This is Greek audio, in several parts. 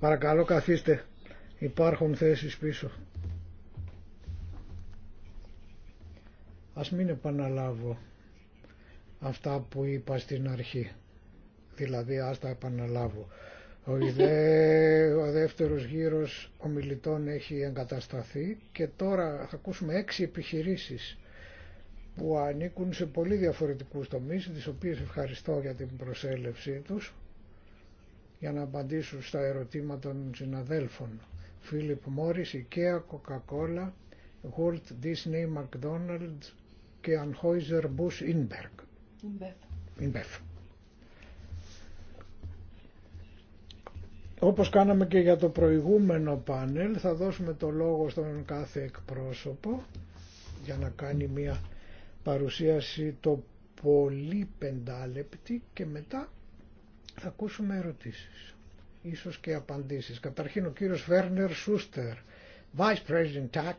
Παρακαλώ καθίστε. Υπάρχουν θέσεις πίσω. Ας μην επαναλάβω αυτά που είπα στην αρχή. Δηλαδή ας τα επαναλάβω. Ο, ιδέ, ο δεύτερος γύρος ομιλητών έχει εγκατασταθεί και τώρα θα ακούσουμε έξι επιχειρήσεις που ανήκουν σε πολύ διαφορετικούς τομείς, τις οποίες ευχαριστώ για την προσέλευσή τους, για να απαντήσουν στα ερωτήματα των συναδέλφων. Φίλιπ Μόρις, ΙΚΕΑ, Coca-Cola, Walt Disney, McDonald's και Anheuser Busch Inberg. InBev. Όπως κάναμε και για το προηγούμενο πάνελ, θα δώσουμε το λόγο στον κάθε εκπρόσωπο για να κάνει μία παρουσίαση το πολύ πεντάλεπτη και μετά θα ακούσουμε ερωτήσεις. Ίσως και απαντήσεις. Καταρχήν ο κύριος Βέρνερ Σούστερ, Vice President Tax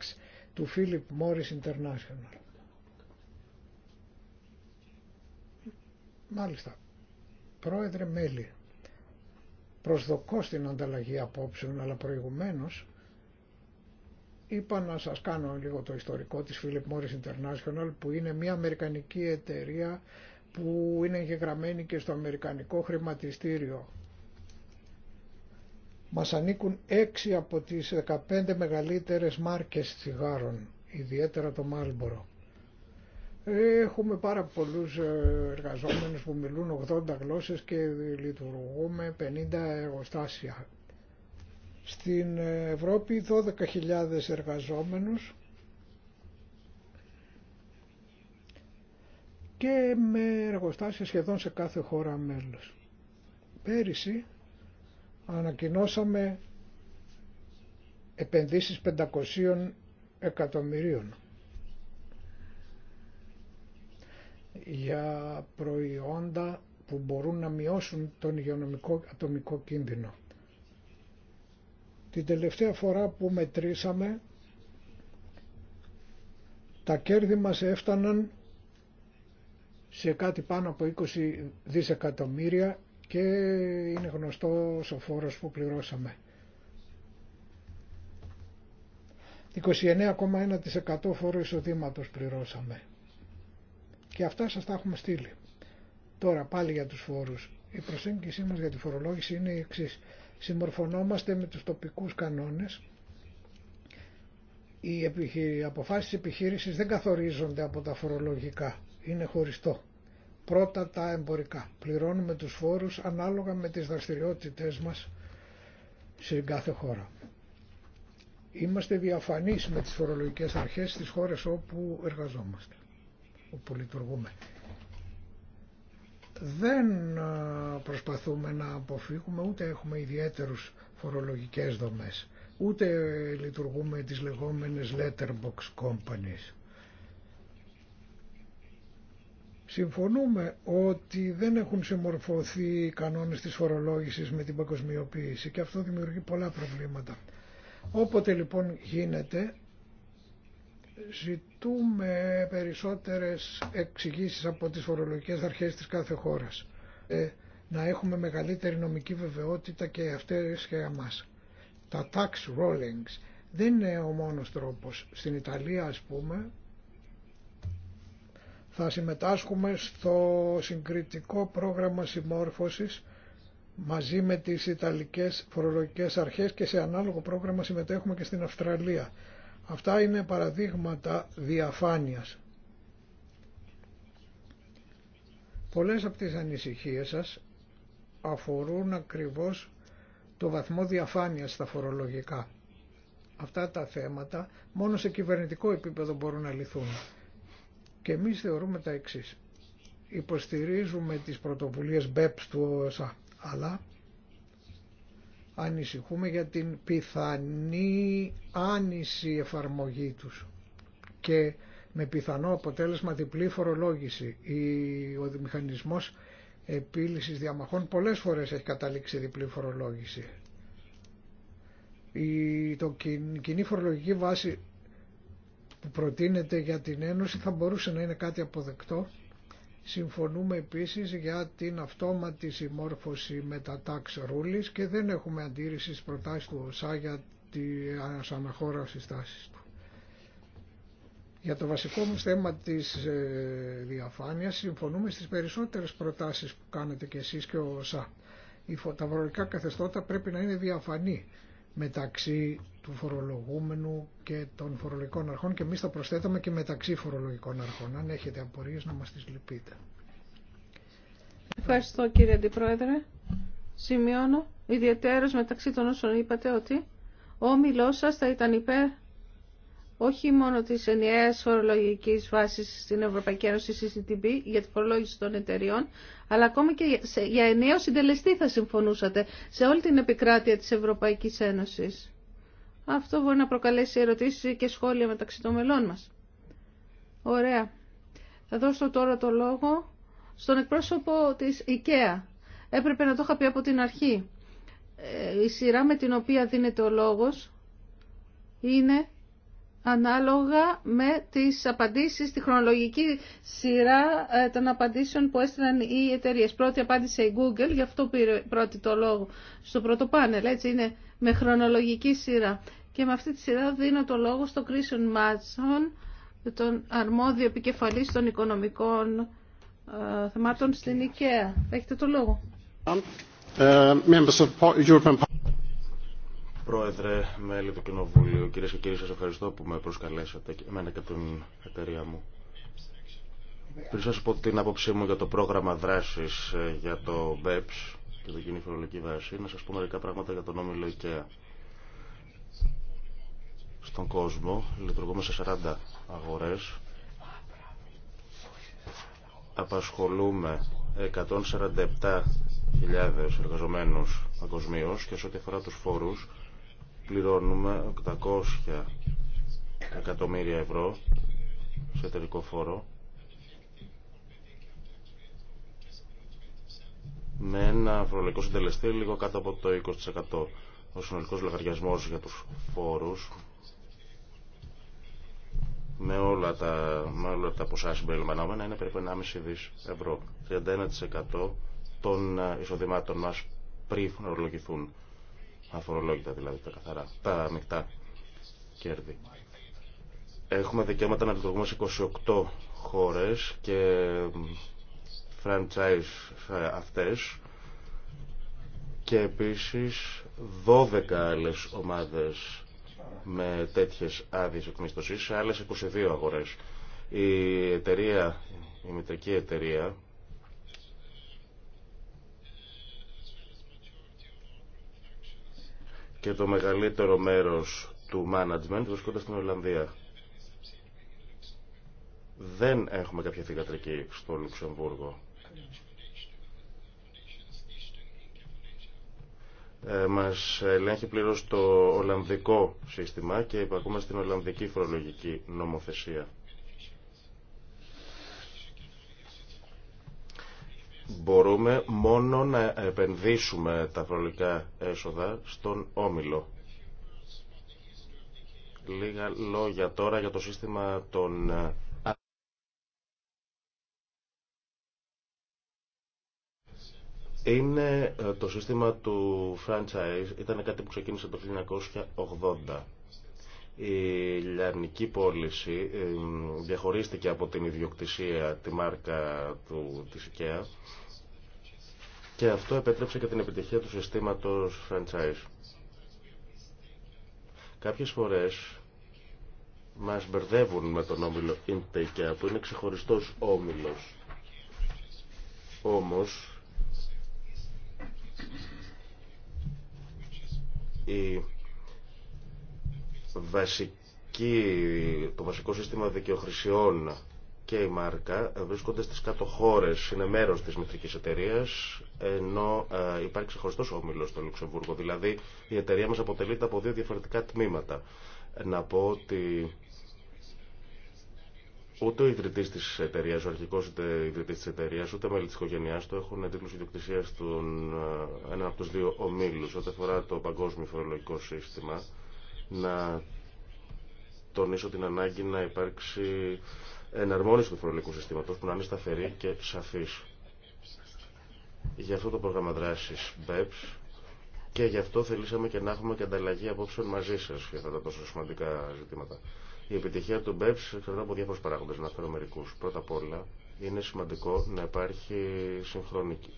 του Philip Morris International. Μάλιστα, πρόεδρε μέλη, προσδοκώ στην ανταλλαγή απόψεων, αλλά προηγουμένως είπα λοιπόν, να σας κάνω λίγο το ιστορικό της Philip Morris International που είναι μια αμερικανική εταιρεία που είναι εγγεγραμμένη και στο αμερικανικό χρηματιστήριο. Μας ανήκουν έξι από τις 15 μεγαλύτερες μάρκες τσιγάρων, ιδιαίτερα το Marlboro. Έχουμε πάρα πολλούς ε, εργαζόμενους που μιλούν 80 γλώσσες και λειτουργούμε 50 εργοστάσια στην Ευρώπη 12.000 εργαζόμενους και με εργοστάσια σχεδόν σε κάθε χώρα μέλος. Πέρυσι ανακοινώσαμε επενδύσεις 500 εκατομμυρίων για προϊόντα που μπορούν να μειώσουν τον υγειονομικό ατομικό κίνδυνο. Την τελευταία φορά που μετρήσαμε τα κέρδη μας έφταναν σε κάτι πάνω από 20 δισεκατομμύρια και είναι γνωστό ο φόρος που πληρώσαμε. 29,1% φόρο εισοδήματος πληρώσαμε. Και αυτά σας τα έχουμε στείλει. Τώρα πάλι για τους φόρους. Η προσέγγιση μας για τη φορολόγηση είναι η εξής συμμορφωνόμαστε με τους τοπικούς κανόνες. Οι αποφάσεις επιχείρησης δεν καθορίζονται από τα φορολογικά, είναι χωριστό. Πρώτα τα εμπορικά. Πληρώνουμε τους φόρους ανάλογα με τις δραστηριότητες μας σε κάθε χώρα. Είμαστε διαφανείς με τις φορολογικές αρχές στις χώρες όπου εργαζόμαστε, όπου λειτουργούμε δεν προσπαθούμε να αποφύγουμε ούτε έχουμε ιδιαίτερους φορολογικές δομές ούτε λειτουργούμε τις λεγόμενες letterbox companies. Συμφωνούμε ότι δεν έχουν συμμορφωθεί οι κανόνες της φορολόγησης με την παγκοσμιοποίηση και αυτό δημιουργεί πολλά προβλήματα. Όποτε λοιπόν γίνεται ζητούμε περισσότερες εξηγήσει από τις φορολογικές αρχές της κάθε χώρας. Ε, να έχουμε μεγαλύτερη νομική βεβαιότητα και αυτές και για μας. Τα tax rollings δεν είναι ο μόνος τρόπος. Στην Ιταλία ας πούμε θα συμμετάσχουμε στο συγκριτικό πρόγραμμα συμμόρφωσης μαζί με τις Ιταλικές φορολογικές αρχές και σε ανάλογο πρόγραμμα συμμετέχουμε και στην Αυστραλία. Αυτά είναι παραδείγματα διαφάνειας. Πολλές από τις ανησυχίες σας αφορούν ακριβώς το βαθμό διαφάνειας στα φορολογικά. Αυτά τα θέματα μόνο σε κυβερνητικό επίπεδο μπορούν να λυθούν. Και εμείς θεωρούμε τα εξής. Υποστηρίζουμε τις πρωτοβουλίες BEPS του ΟΣΑ, αλλά ανησυχούμε για την πιθανή άνηση εφαρμογή τους και με πιθανό αποτέλεσμα διπλή φορολόγηση. Ο μηχανισμός επίλυσης διαμαχών πολλές φορές έχει καταλήξει διπλή φορολόγηση. Η το κοινή φορολογική βάση που προτείνεται για την Ένωση θα μπορούσε να είναι κάτι αποδεκτό Συμφωνούμε επίσης για την αυτόματη συμμόρφωση με τα tax rules και δεν έχουμε αντίρρηση στις προτάσεις του ΩΣΑ για τις αναχώρασεις στάσης του. Για το βασικό μου θέμα της ε, διαφάνειας συμφωνούμε στις περισσότερες προτάσεις που κάνετε και εσείς και ο ΩΣΑ. Τα βρολικά καθεστώτα πρέπει να είναι διαφανή μεταξύ του φορολογούμενου και των φορολογικών αρχών και εμείς θα προσθέταμε και μεταξύ φορολογικών αρχών. Αν έχετε απορίες να μας τις λυπείτε. Ευχαριστώ κύριε Αντιπρόεδρε. Σημειώνω ιδιαίτερος μεταξύ των όσων είπατε ότι ο μιλός σας θα ήταν υπέρ όχι μόνο τη ενιαία φορολογική βάση στην Ευρωπαϊκή Ένωση CCTB για τη φορολόγηση των εταιριών, αλλά ακόμα και για ενιαίο συντελεστή θα συμφωνούσατε σε όλη την επικράτεια τη Ευρωπαϊκή Ένωση. Αυτό μπορεί να προκαλέσει ερωτήσει και σχόλια μεταξύ των μελών μα. Ωραία. Θα δώσω τώρα το λόγο στον εκπρόσωπο τη IKEA. Έπρεπε να το είχα πει από την αρχή. Ε, η σειρά με την οποία δίνεται ο λόγος είναι ανάλογα με τις απαντήσεις, τη χρονολογική σειρά ε, των απαντήσεων που έστειλαν οι εταιρείε. Πρώτη απάντησε η Google, γι' αυτό πήρε πρώτη το λόγο στο πρώτο πάνελ, έτσι είναι με χρονολογική σειρά. Και με αυτή τη σειρά δίνω το λόγο στον Κρίσον Μάτσον, τον αρμόδιο επικεφαλή των οικονομικών ε, θεμάτων στην IKEA. Έχετε το λόγο. Ε, Πρόεδρε, μέλη του Κοινοβουλίου, κυρίε και κύριοι, σα ευχαριστώ που με προσκαλέσατε και εμένα και την εταιρεία μου. Πριν σα πω την άποψή μου για το πρόγραμμα δράση ε, για το BEPS και την κοινή φορολογική βάση, να σα πω μερικά πράγματα για τον όμιλο IKEA. Στον κόσμο λειτουργούμε σε 40 αγορέ. Απασχολούμε 147.000 εργαζομένους παγκοσμίω και σε ό,τι αφορά τους φόρους πληρώνουμε 800 εκατομμύρια ευρώ σε εταιρικό φόρο με ένα φορολογικό συντελεστή λίγο κάτω από το 20%. Ο συνολικός λογαριασμός για τους φόρους με όλα τα, με όλα τα ποσά συμπεριλαμβανόμενα είναι περίπου 1,5 δις ευρώ. 31% των εισοδημάτων μας πριν φορολογηθούν αφορολόγητα δηλαδή τα καθαρά, τα ανοιχτά κέρδη. Έχουμε δικαιώματα να λειτουργούμε σε 28 χώρες και franchise ε, αυτές και επίσης 12 άλλες ομάδες με τέτοιες άδειες εκμισθωσής σε άλλες 22 αγορές. Η εταιρεία, η μητρική εταιρεία και το μεγαλύτερο μέρος του management βρίσκονται στην Ολλανδία. Δεν έχουμε κάποια θηγατρική στο Λουξεμβούργο. Ε, μας ελέγχει πλήρως το Ολλανδικό σύστημα και υπακούμε στην Ολλανδική φορολογική νομοθεσία. μπορούμε μόνο να επενδύσουμε τα προλικά έσοδα στον όμιλο. Λίγα λόγια τώρα για το σύστημα των Είναι ε, το σύστημα του franchise, ήταν κάτι που ξεκίνησε το 1980 η λιανική πώληση ε, διαχωρίστηκε από την ιδιοκτησία, τη μάρκα του, της IKEA και αυτό επέτρεψε και την επιτυχία του συστήματος franchise. Κάποιες φορές μας μπερδεύουν με τον όμιλο IKEA που είναι ξεχωριστός όμιλος. Όμως η βασική, το βασικό σύστημα δικαιοχρησιών και η μάρκα βρίσκονται στις κάτω χώρε είναι μέρος της μητρικής εταιρεία, ενώ ε, υπάρχει ξεχωριστός όμιλος στο Λουξεμβούργο, δηλαδή η εταιρεία μας αποτελείται από δύο διαφορετικά τμήματα. Να πω ότι ούτε ο ιδρυτής της εταιρείας, ο αρχικός ούτε ιδρυτής της εταιρείας, ούτε μέλη της οικογένειάς του έχουν τίτλους ιδιοκτησίας στον ε, έναν από τους δύο ομίλους, ό,τι αφορά το παγκόσμιο φορολογικό σύστημα να τονίσω την ανάγκη να υπάρξει εναρμόνιση του φορολογικού συστήματος που να είναι σταθερή και σαφής. Γι' αυτό το πρόγραμμα δράσης BEPS και γι' αυτό θελήσαμε και να έχουμε και ανταλλαγή απόψεων μαζί σα για αυτά τα τόσο σημαντικά ζητήματα. Η επιτυχία του BEPS εξαρτάται από διάφορου παράγοντε, να φέρω μερικού. Πρώτα απ' όλα, είναι σημαντικό να υπάρχει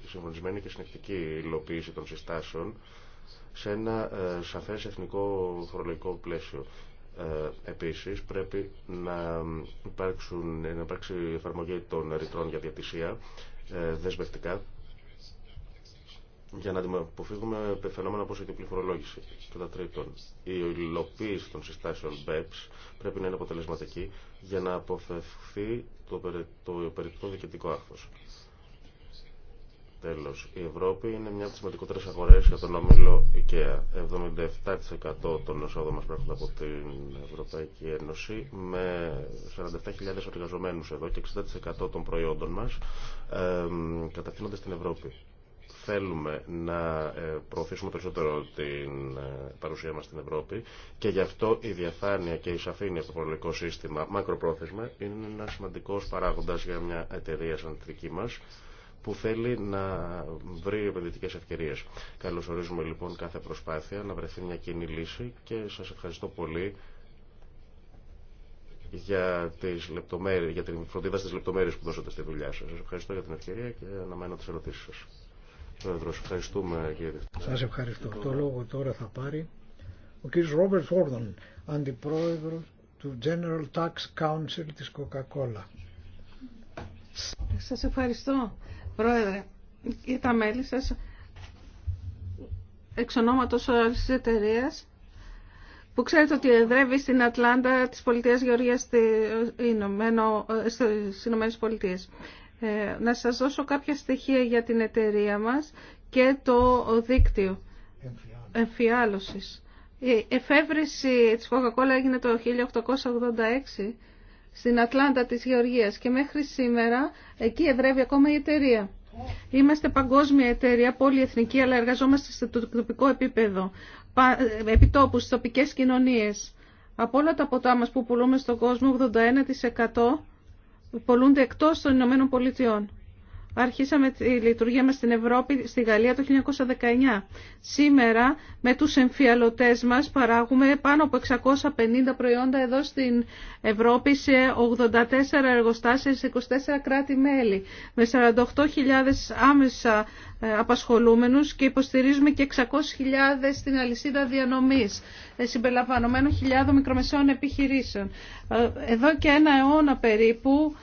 συγχρονισμένη και συνεκτική υλοποίηση των συστάσεων σε ένα ε, σαφές εθνικό φορολογικό πλαίσιο. Ε, επίσης πρέπει να, υπάρξουν, να υπάρξει εφαρμογή των ρητρών για διατησία ε, δεσμευτικά για να αποφύγουμε φαινόμενα όπως η διπλή φορολόγηση. Κατά τρίτον, η υλοποίηση των συστάσεων BEPS πρέπει να είναι αποτελεσματική για να αποφευθεί το, το διοικητικό Τέλος, η Ευρώπη είναι μια από τις σημαντικότερες αγορές για τον ομίλο IKEA. 77% των εσόδων μας προέρχονται από την Ευρωπαϊκή Ένωση με 47.000 εργαζομένους εδώ και 60% των προϊόντων μας ε, στην Ευρώπη. Θέλουμε να ε, προωθήσουμε περισσότερο την ε, παρουσία μας στην Ευρώπη και γι' αυτό η διαφάνεια και η σαφήνεια στο πολιτικό σύστημα μακροπρόθεσμα είναι ένα σημαντικός παράγοντας για μια εταιρεία σαν τη δική μας που θέλει να βρει επενδυτικές ευκαιρίες. ορίζουμε, λοιπόν κάθε προσπάθεια να βρεθεί μια κοινή λύση και σας ευχαριστώ πολύ για, τις λεπτομέρειες, για την φροντίδα στις λεπτομέρειες που δώσατε στη δουλειά σας. Σας ευχαριστώ για την ευκαιρία και αναμένω τις ερωτήσεις σας. Πρόεδρος, ευχαριστούμε κύριε. Σας ευχαριστώ. Το λόγο τώρα θα πάρει ο κύριος Ρόμπερτ Φόρδον, αντιπρόεδρο του General Tax Council της Coca-Cola. Σας ευχαριστώ. Πρόεδρε, για τα μέλη σας, εξ ονόματος της εταιρείας, που ξέρετε ότι εδρεύει στην Ατλάντα της πολιτείας Γεωργίας στις Ηνωμένες Πολιτείες. Ε, να σας δώσω κάποια στοιχεία για την εταιρεία μας και το δίκτυο εμφιάλωσης. Η εφεύρεση της Coca-Cola έγινε το 1886 στην Ατλάντα της Γεωργίας και μέχρι σήμερα εκεί ευρεύει ακόμα η εταιρεία. Είμαστε παγκόσμια εταιρεία, πολυεθνική, αλλά εργαζόμαστε σε τοπικό επίπεδο, ε, επιτόπου, στις τοπικές κοινωνίες. Από όλα τα ποτά μας που πουλούμε στον κόσμο, 81% πουλούνται εκτός των Ηνωμένων Πολιτειών. Αρχίσαμε τη λειτουργία μας στην Ευρώπη, στη Γαλλία το 1919. Σήμερα με τους εμφιαλωτές μας παράγουμε πάνω από 650 προϊόντα εδώ στην Ευρώπη σε 84 εργοστάσια σε 24 κράτη-μέλη. Με 48.000 άμεσα ε, απασχολούμενους και υποστηρίζουμε και 600.000 στην αλυσίδα διανομής, ε, συμπεριλαμβανομένων χιλιάδων μικρομεσαίων επιχειρήσεων. Ε, εδώ και ένα αιώνα περίπου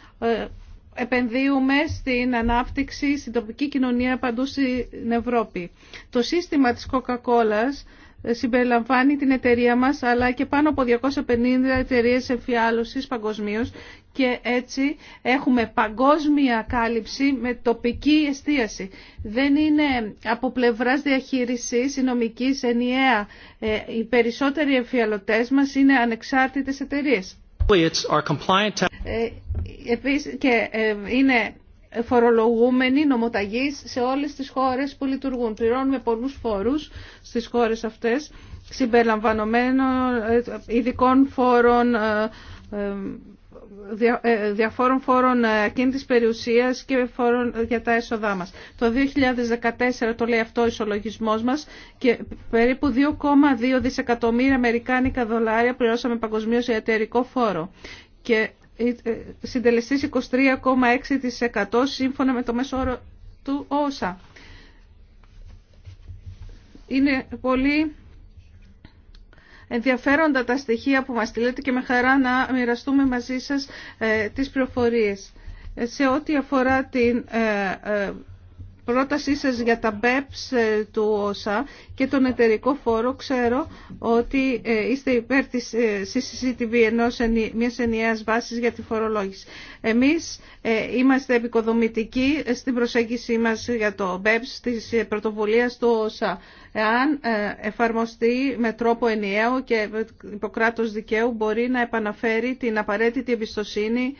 επενδύουμε στην ανάπτυξη, στην τοπική κοινωνία παντού στην Ευρώπη. Το σύστημα της Coca-Cola ε, συμπεριλαμβάνει την εταιρεία μας αλλά και πάνω από 250 εταιρείες εμφιάλωσης παγκοσμίω και έτσι έχουμε παγκόσμια κάλυψη με τοπική εστίαση. Δεν είναι από πλευράς διαχείρισης η νομικής ενιαία. Ε, οι περισσότεροι εμφιαλωτές μας είναι ανεξάρτητες εταιρείες. Ε, επίσης και ε, είναι φορολογούμενοι νομοταγείς σε όλες τις χώρες που λειτουργούν. Πληρώνουμε πολλούς φόρους στις χώρες αυτές, συμπεριλαμβανομένων ε, ειδικών φόρων ε, διαφόρων φόρων ε, κίνητης περιουσίας και φόρων για τα έσοδά μας. Το 2014 το λέει αυτό ο ισολογισμός μας και περίπου 2,2 δισεκατομμύρια αμερικάνικα δολάρια πληρώσαμε παγκοσμίω σε εταιρικό φόρο. Και ε, συντελεστής 23,6% σύμφωνα με το μέσο όρο του ΩΣΑ. Είναι πολύ ενδιαφέροντα τα στοιχεία που μας στείλετε και με χαρά να μοιραστούμε μαζί σας ε, τις πληροφορίες. Ε, σε ό,τι αφορά την ε, πρότασή σας για τα BEPS ε, του ΩΣΑ και τον εταιρικό φόρο ξέρω ότι ε, είστε υπέρ της ε, CCTV ενός, μιας ενιαίας βάσης για τη φορολόγηση. Εμείς είμαστε επικοδομητικοί στην προσέγγιση μας για το BEPS της πρωτοβουλίας του ΩΣΑ. Εάν εφαρμοστεί με τρόπο ενιαίο και υποκράτος δικαίου μπορεί να επαναφέρει την απαραίτητη εμπιστοσύνη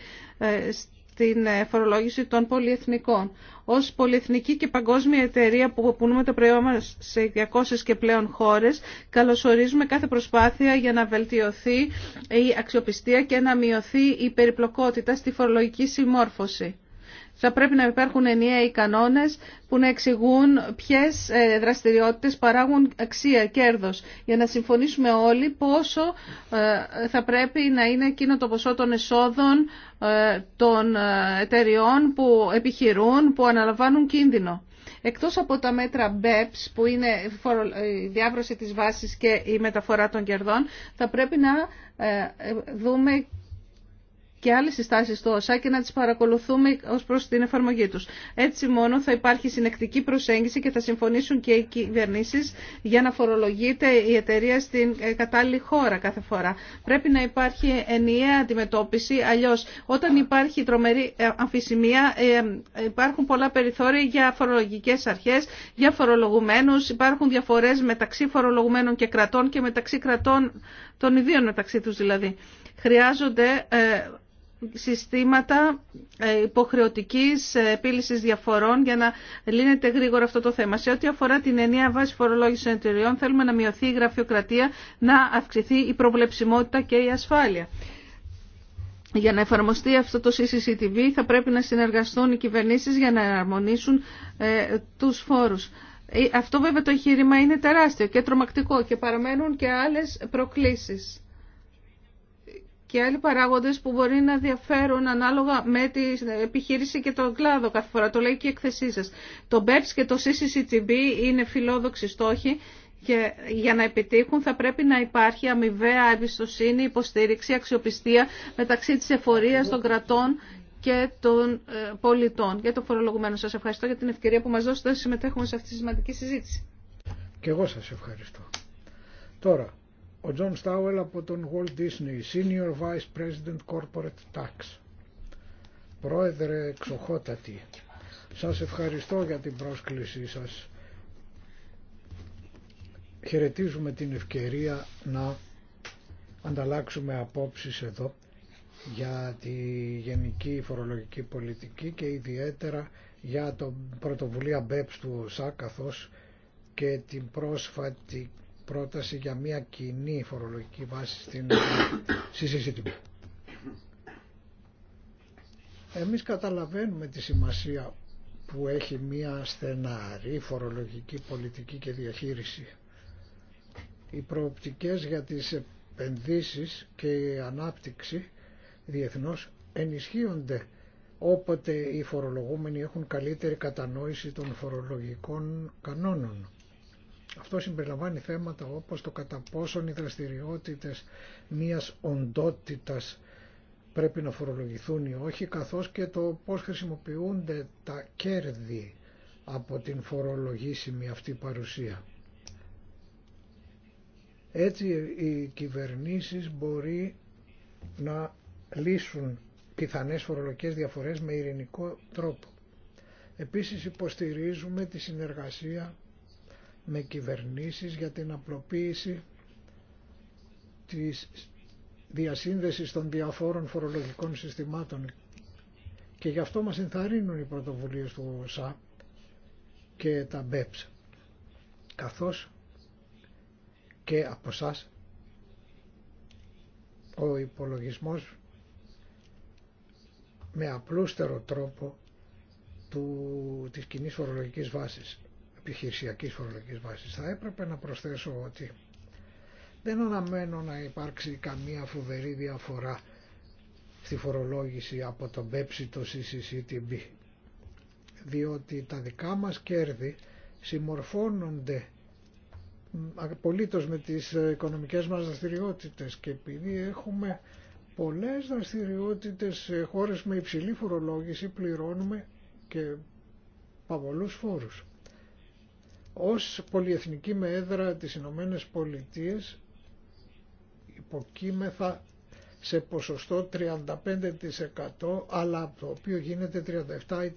στην φορολόγηση των πολυεθνικών ως πολυεθνική και παγκόσμια εταιρεία που το προϊόν προϊόντα σε 200 και πλέον χώρες, καλωσορίζουμε κάθε προσπάθεια για να βελτιωθεί η αξιοπιστία και να μειωθεί η περιπλοκότητα στη φορολογική συμμόρφωση. Θα πρέπει να υπάρχουν ενιαίοι κανόνες που να εξηγούν ποιες ε, δραστηριότητες παράγουν αξία, κέρδος, για να συμφωνήσουμε όλοι πόσο ε, θα πρέπει να είναι εκείνο το ποσό των εσόδων ε, των εταιριών που επιχειρούν, που αναλαμβάνουν κίνδυνο. Εκτός από τα μέτρα BEPS που είναι η διάβρωση της βάσης και η μεταφορά των κερδών, θα πρέπει να δούμε και άλλε συστάσει του ΩΣΑ και να τι παρακολουθούμε ω προ την εφαρμογή του. Έτσι μόνο θα υπάρχει συνεκτική προσέγγιση και θα συμφωνήσουν και οι κυβερνήσει για να φορολογείται η εταιρεία στην ε, κατάλληλη χώρα κάθε φορά. Πρέπει να υπάρχει ενιαία αντιμετώπιση, Αλλιώ. όταν υπάρχει τρομερή ε, αμφισημία ε, υπάρχουν πολλά περιθώρια για φορολογικέ αρχέ, για φορολογουμένους, υπάρχουν διαφορέ μεταξύ φορολογουμένων και κρατών και μεταξύ κρατών των ιδίων μεταξύ του, δηλαδή. Χρειάζονται συστήματα ε, υποχρεωτικής επίλυσης διαφορών για να λύνεται γρήγορα αυτό το θέμα. Σε ό,τι αφορά την ενιαία βάση φορολόγηση εταιριών θέλουμε να μειωθεί η γραφειοκρατία, να αυξηθεί η προβλεψιμότητα και η ασφάλεια. Για να εφαρμοστεί αυτό το CCCTV θα πρέπει να συνεργαστούν οι κυβερνήσεις για να εναρμονίσουν ε, τους φόρους. Ε, αυτό βέβαια το εγχείρημα είναι τεράστιο και τρομακτικό και παραμένουν και άλλες προκλήσεις και άλλοι παράγοντε που μπορεί να διαφέρουν ανάλογα με την επιχείρηση και τον κλάδο κάθε φορά. Το λέει και η εκθεσή σα. Το BEPS και το CCCTB είναι φιλόδοξοι στόχοι και για να επιτύχουν θα πρέπει να υπάρχει αμοιβαία εμπιστοσύνη, υποστήριξη, αξιοπιστία μεταξύ τη εφορία των κρατών και των ε, πολιτών Για το φορολογουμένο Σα ευχαριστώ για την ευκαιρία που μας δώσετε να συμμετέχουμε σε αυτή τη σημαντική συζήτηση. Και εγώ σα ευχαριστώ. Τώρα, ο Τζον Στάουελ από τον Walt Disney, Senior Vice President Corporate Tax. Πρόεδρε εξοχότατη, σας ευχαριστώ για την πρόσκλησή σας. Χαιρετίζουμε την ευκαιρία να ανταλλάξουμε απόψεις εδώ για τη γενική φορολογική πολιτική και ιδιαίτερα για το πρωτοβουλία BEPS του ΩΣΑ καθώς και την πρόσφατη πρόταση για μια κοινή φορολογική βάση στην συζήτηση. Εμείς καταλαβαίνουμε τη σημασία που έχει μια στεναρή φορολογική πολιτική και διαχείριση. Οι προοπτικές για τις επενδύσεις και η ανάπτυξη διεθνώς ενισχύονται όποτε οι φορολογούμενοι έχουν καλύτερη κατανόηση των φορολογικών κανόνων. Αυτό συμπεριλαμβάνει θέματα όπως το κατά πόσον οι δραστηριότητες μιας οντότητας πρέπει να φορολογηθούν ή όχι, καθώς και το πώς χρησιμοποιούνται τα κέρδη από την φορολογήσιμη αυτή παρουσία. Έτσι οι κυβερνήσεις μπορεί να λύσουν πιθανές φορολογικές διαφορές με ειρηνικό τρόπο. Επίσης υποστηρίζουμε τη συνεργασία με κυβερνήσεις για την απλοποίηση της διασύνδεσης των διαφόρων φορολογικών συστημάτων και γι' αυτό μας ενθαρρύνουν οι πρωτοβουλίες του ΣΑ και τα ΜΠΕΠΣ καθώς και από εσά ο υπολογισμός με απλούστερο τρόπο του, της κοινή φορολογικής βάσης επιχειρησιακής φορολογικής βάσης. Θα έπρεπε να προσθέσω ότι δεν αναμένω να υπάρξει καμία φοβερή διαφορά στη φορολόγηση από τον Πέψη το CCCTB διότι τα δικά μας κέρδη συμμορφώνονται απολύτως με τις οικονομικές μας δραστηριότητες και επειδή έχουμε πολλές δραστηριότητες σε χώρες με υψηλή φορολόγηση πληρώνουμε και παβολούς φόρους. Ως πολυεθνική με έδρα της Ηνωμένε Πολιτείε υποκείμεθα σε ποσοστό 35% αλλά το οποίο γίνεται 37% ή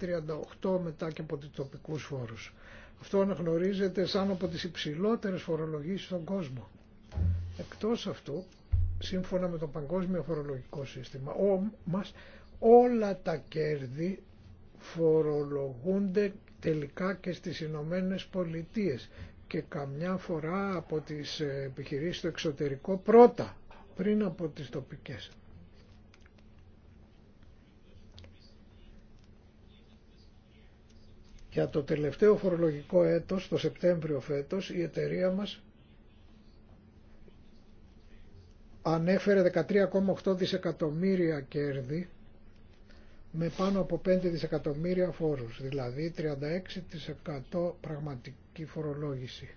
38% μετά και από τους τοπικούς φόρους. Αυτό αναγνωρίζεται σαν από τις υψηλότερες φορολογίες στον κόσμο. Εκτός αυτού, σύμφωνα με το Παγκόσμιο Φορολογικό Σύστημα, μας, όλα τα κέρδη φορολογούνται τελικά και στις Ηνωμένε Πολιτείες και καμιά φορά από τις ε, επιχειρήσεις στο εξωτερικό πρώτα πριν από τις τοπικές. Για το τελευταίο φορολογικό έτος, το Σεπτέμβριο φέτος, η εταιρεία μας ανέφερε 13,8 δισεκατομμύρια κέρδη με πάνω από 5 δισεκατομμύρια φόρους, δηλαδή 36% πραγματική φορολόγηση.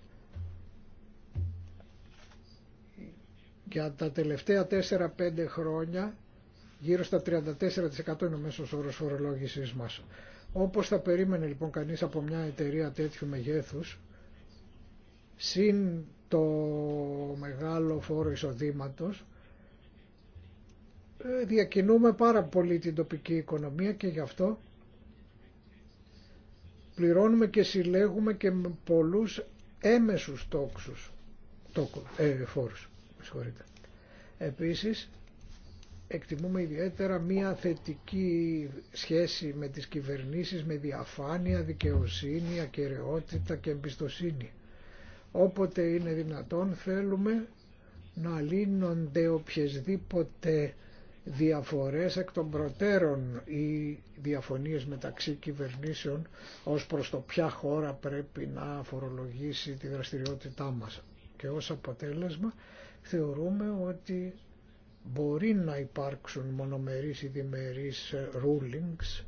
Για τα τελευταία 4-5 χρόνια γύρω στα 34% είναι ο μέσος όρος φορολόγησης μας. Όπως θα περίμενε λοιπόν κανείς από μια εταιρεία τέτοιου μεγέθους, συν το μεγάλο φόρο εισοδήματος, ε, διακινούμε πάρα πολύ την τοπική οικονομία και γι' αυτό πληρώνουμε και συλλέγουμε και πολλούς έμεσους τόξους, τόκου, ε, φόρους. Συγχωρείτε. Επίσης, εκτιμούμε ιδιαίτερα μία θετική σχέση με τις κυβερνήσεις, με διαφάνεια, δικαιοσύνη, ακεραιότητα και εμπιστοσύνη. Όποτε είναι δυνατόν θέλουμε να λύνονται οποιασδήποτε διαφορές εκ των προτέρων ή διαφωνίες μεταξύ κυβερνήσεων ως προς το ποια χώρα πρέπει να φορολογήσει τη δραστηριότητά μας. Και ως αποτέλεσμα θεωρούμε ότι μπορεί να υπάρξουν μονομερείς ή διμερείς rulings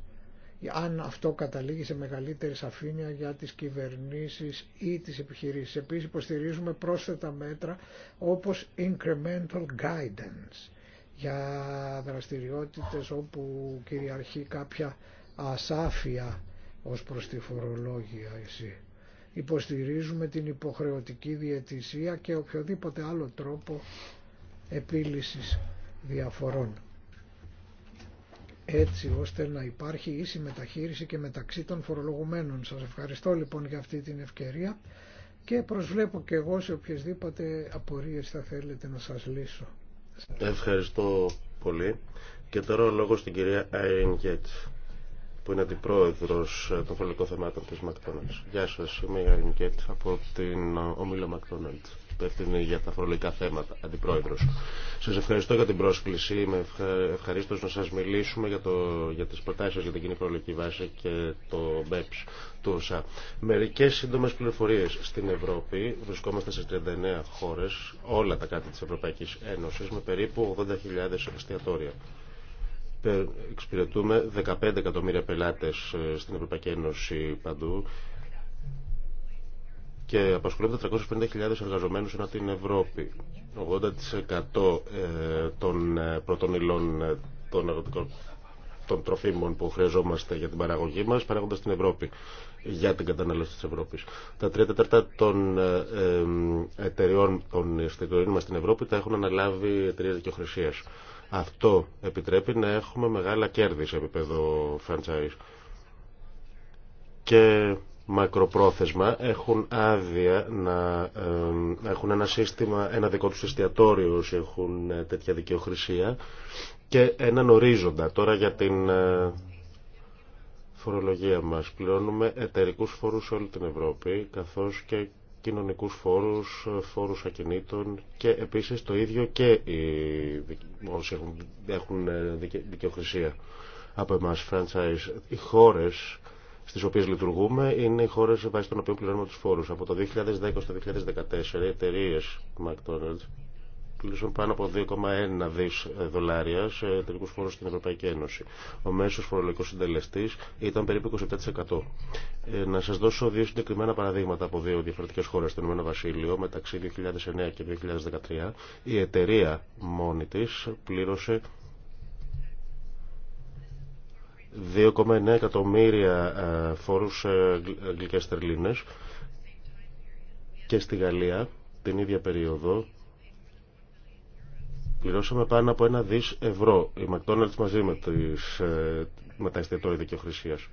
αν αυτό καταλήγει σε μεγαλύτερη σαφήνεια για τις κυβερνήσεις ή τις επιχειρήσεις. Επίσης υποστηρίζουμε πρόσθετα μέτρα όπως incremental guidance για δραστηριότητες όπου κυριαρχεί κάποια ασάφεια ως προς τη φορολόγια εσύ. Υποστηρίζουμε την υποχρεωτική διαιτησία και οποιοδήποτε άλλο τρόπο επίλυσης διαφορών έτσι ώστε να υπάρχει ίση μεταχείριση και μεταξύ των φορολογουμένων. Σας ευχαριστώ λοιπόν για αυτή την ευκαιρία και προσβλέπω και εγώ σε οποιασδήποτε απορίες θα θέλετε να σας λύσω. Ευχαριστώ πολύ. Και τώρα ο λόγος στην κυρία Άιριν Γκέτς, που είναι αντιπρόεδρος των πολιτικών θεμάτων της McDonald's. Γεια σας, είμαι η Άιριν Γκέτς από την ομίλα McDonald's υπεύθυνη για τα φορολογικά θέματα, αντιπρόεδρος. Σας ευχαριστώ για την πρόσκληση. Είμαι ευχαριστώ να σας μιλήσουμε για, το, για τις προτάσεις για την κοινή φορολογική βάση και το BEPS του ΩΣΑ. Μερικές σύντομες πληροφορίες. Στην Ευρώπη βρισκόμαστε σε 39 χώρες, όλα τα κράτη της Ευρωπαϊκής Ένωσης, με περίπου 80.000 εστιατόρια εξυπηρετούμε 15 εκατομμύρια πελάτες ε, στην Ευρωπαϊκή Ένωση παντού και απασχολούνται 350.000 εργαζομένους ενώ την Ευρώπη. 80% ε, των ε, πρώτων ε, των αγροτικών των τροφίμων που χρειαζόμαστε για την παραγωγή μας παράγονται στην Ευρώπη για την κατανάλωση της Ευρώπης. Τα τρία τέταρτα των εταιριών των εστιατορίων μας στην Ευρώπη τα έχουν αναλάβει εταιρείε δικαιοχρησία. Αυτό επιτρέπει να έχουμε μεγάλα κέρδη σε επίπεδο franchise. Και μακροπρόθεσμα έχουν άδεια να έχουν ένα σύστημα, ένα δικό τους εστιατόριο όσοι έχουν ε, τέτοια δικαιοχρησία και έναν ορίζοντα. Τώρα για την ε, φορολογία μας πληρώνουμε εταιρικούς φόρους σε όλη την Ευρώπη καθώς και κοινωνικούς φόρους, φόρους ακινήτων και επίσης το ίδιο και οι, όσοι έχουν, έχουν ε, δικαιοχρησία από εμάς franchise. Οι χώρες στι οποίε λειτουργούμε είναι οι χώρε βάσει των οποίων πληρώνουμε του φόρου. Από το 2010 στο 2014 οι εταιρείε McDonald's πλήρωσαν πάνω από 2,1 δι ε, δολάρια σε εταιρικού φόρου στην Ευρωπαϊκή Ένωση. Ο μέσο φορολογικό συντελεστή ήταν περίπου 27%. Ε, να σα δώσω δύο συγκεκριμένα παραδείγματα από δύο διαφορετικέ χώρε. Στον Ηνωμένο μεταξύ 2009 και 2013, η εταιρεία μόνη τη πλήρωσε 2,9 εκατομμύρια ε, φόρους αγγλικές ε, ε, στερλίνες και στη Γαλλία την ίδια περίοδο πληρώσαμε πάνω από ένα δις ευρώ η McDonald's μαζί με, τις, με τα εστιατόρια δικαιοχρησίας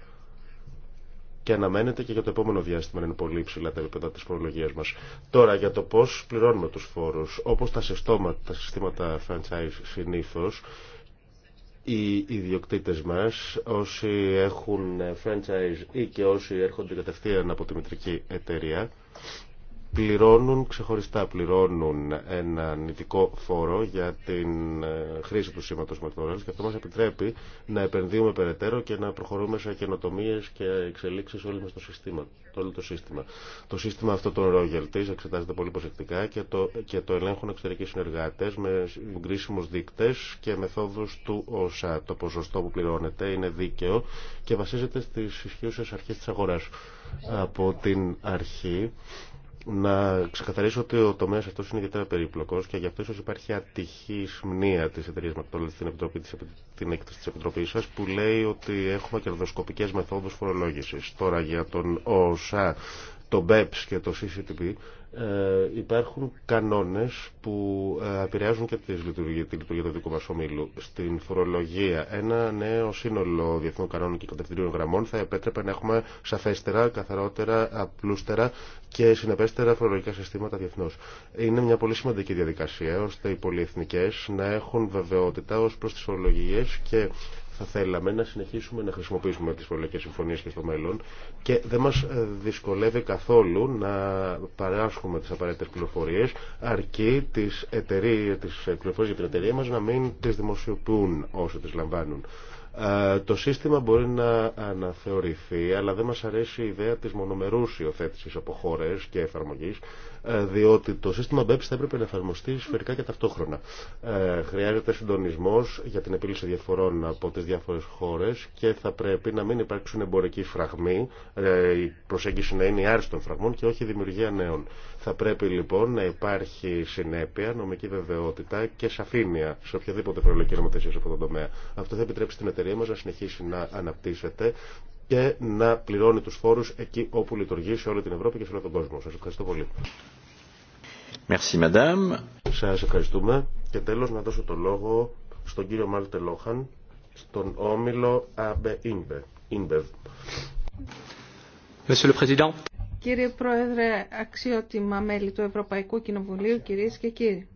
και αναμένεται και για το επόμενο διάστημα να είναι πολύ ψηλά τα επίπεδα τη φορολογία μα. Τώρα, για το πώ πληρώνουμε του φόρου. Όπω τα συστήματα, τα συστήματα franchise συνήθω, οι ιδιοκτήτες μας, όσοι έχουν franchise ή και όσοι έρχονται κατευθείαν από τη μητρική εταιρεία, πληρώνουν ξεχωριστά, πληρώνουν ένα νητικό φόρο για την ε, χρήση του σήματος μεταφοράς και αυτό μας επιτρέπει να επενδύουμε περαιτέρω και να προχωρούμε σε καινοτομίε και εξελίξεις όλοι μας το σύστημα. Το όλο το σύστημα. Το σύστημα αυτό των royalties εξετάζεται πολύ προσεκτικά και το, και το ελέγχουν εξωτερικοί συνεργάτες με κρίσιμους δείκτες και μεθόδους του ΩΣΑ. Το ποσοστό που πληρώνεται είναι δίκαιο και βασίζεται στις ισχύουσες αρχές της αγοράς. Από την αρχή να ξεκαθαρίσω ότι ο τομέας αυτό είναι ιδιαίτερα περίπλοκος και γι' αυτό ίσω υπάρχει ατυχή μνήα της εταιρεία Μακτόλη στην Επιτροπή της, την έκθεση της Επιτροπή σα που λέει ότι έχουμε κερδοσκοπικέ μεθόδους φορολόγηση. Τώρα για τον ΟΣΑ, το BEPS και το CCTP ε, υπάρχουν κανόνες που ε, επηρεάζουν και τη λειτουργία, τη λειτουργία του δικού μας ομίλου. Στην φορολογία, ένα νέο σύνολο διεθνών κανόνων και κατευθυντήριων γραμμών θα επέτρεπε να έχουμε σαφέστερα, καθαρότερα, απλούστερα και συνεπέστερα φορολογικά συστήματα διεθνώ. Είναι μια πολύ σημαντική διαδικασία ώστε οι πολυεθνικές να έχουν βεβαιότητα ως προς τις φορολογίε και θα θέλαμε να συνεχίσουμε να χρησιμοποιήσουμε τις πολιτικές συμφωνίες και στο μέλλον και δεν μας ε, δυσκολεύει καθόλου να παράσχουμε τις απαραίτητες πληροφορίες αρκεί τις, εταιρείες, τις πληροφορίες για την εταιρεία μας να μην τις δημοσιοποιούν όσο τις λαμβάνουν. Ε, το σύστημα μπορεί να αναθεωρηθεί, αλλά δεν μας αρέσει η ιδέα της μονομερούς υιοθέτηση από χώρε και εφαρμογής, ε, διότι το σύστημα BEPS θα έπρεπε να εφαρμοστεί σφαιρικά και ταυτόχρονα. Ε, χρειάζεται συντονισμό για την επίλυση διαφορών από τι διάφορε χώρε και θα πρέπει να μην υπάρξουν εμπορικοί φραγμοί, ε, η προσέγγιση να είναι η άρση των φραγμών και όχι η δημιουργία νέων. Θα πρέπει λοιπόν να υπάρχει συνέπεια, νομική βεβαιότητα και σαφήνεια σε οποιαδήποτε φορολογική νομοθεσία σε αυτό το τομέα. Αυτό θα επιτρέψει την εταιρεία μα να συνεχίσει να αναπτύσσεται και να πληρώνει τους φόρους εκεί όπου λειτουργεί σε όλη την Ευρώπη και σε όλο τον κόσμο. Σας ευχαριστώ πολύ. Merci, madame. Σας ευχαριστούμε. Και τέλος να δώσω το λόγο στον κύριο Μάλτε Λόχαν, στον όμιλο ΑΜΠΕ Président. Κύριε Πρόεδρε, αξιότιμα μέλη του Ευρωπαϊκού Κοινοβουλίου, κυρίες και κύριοι.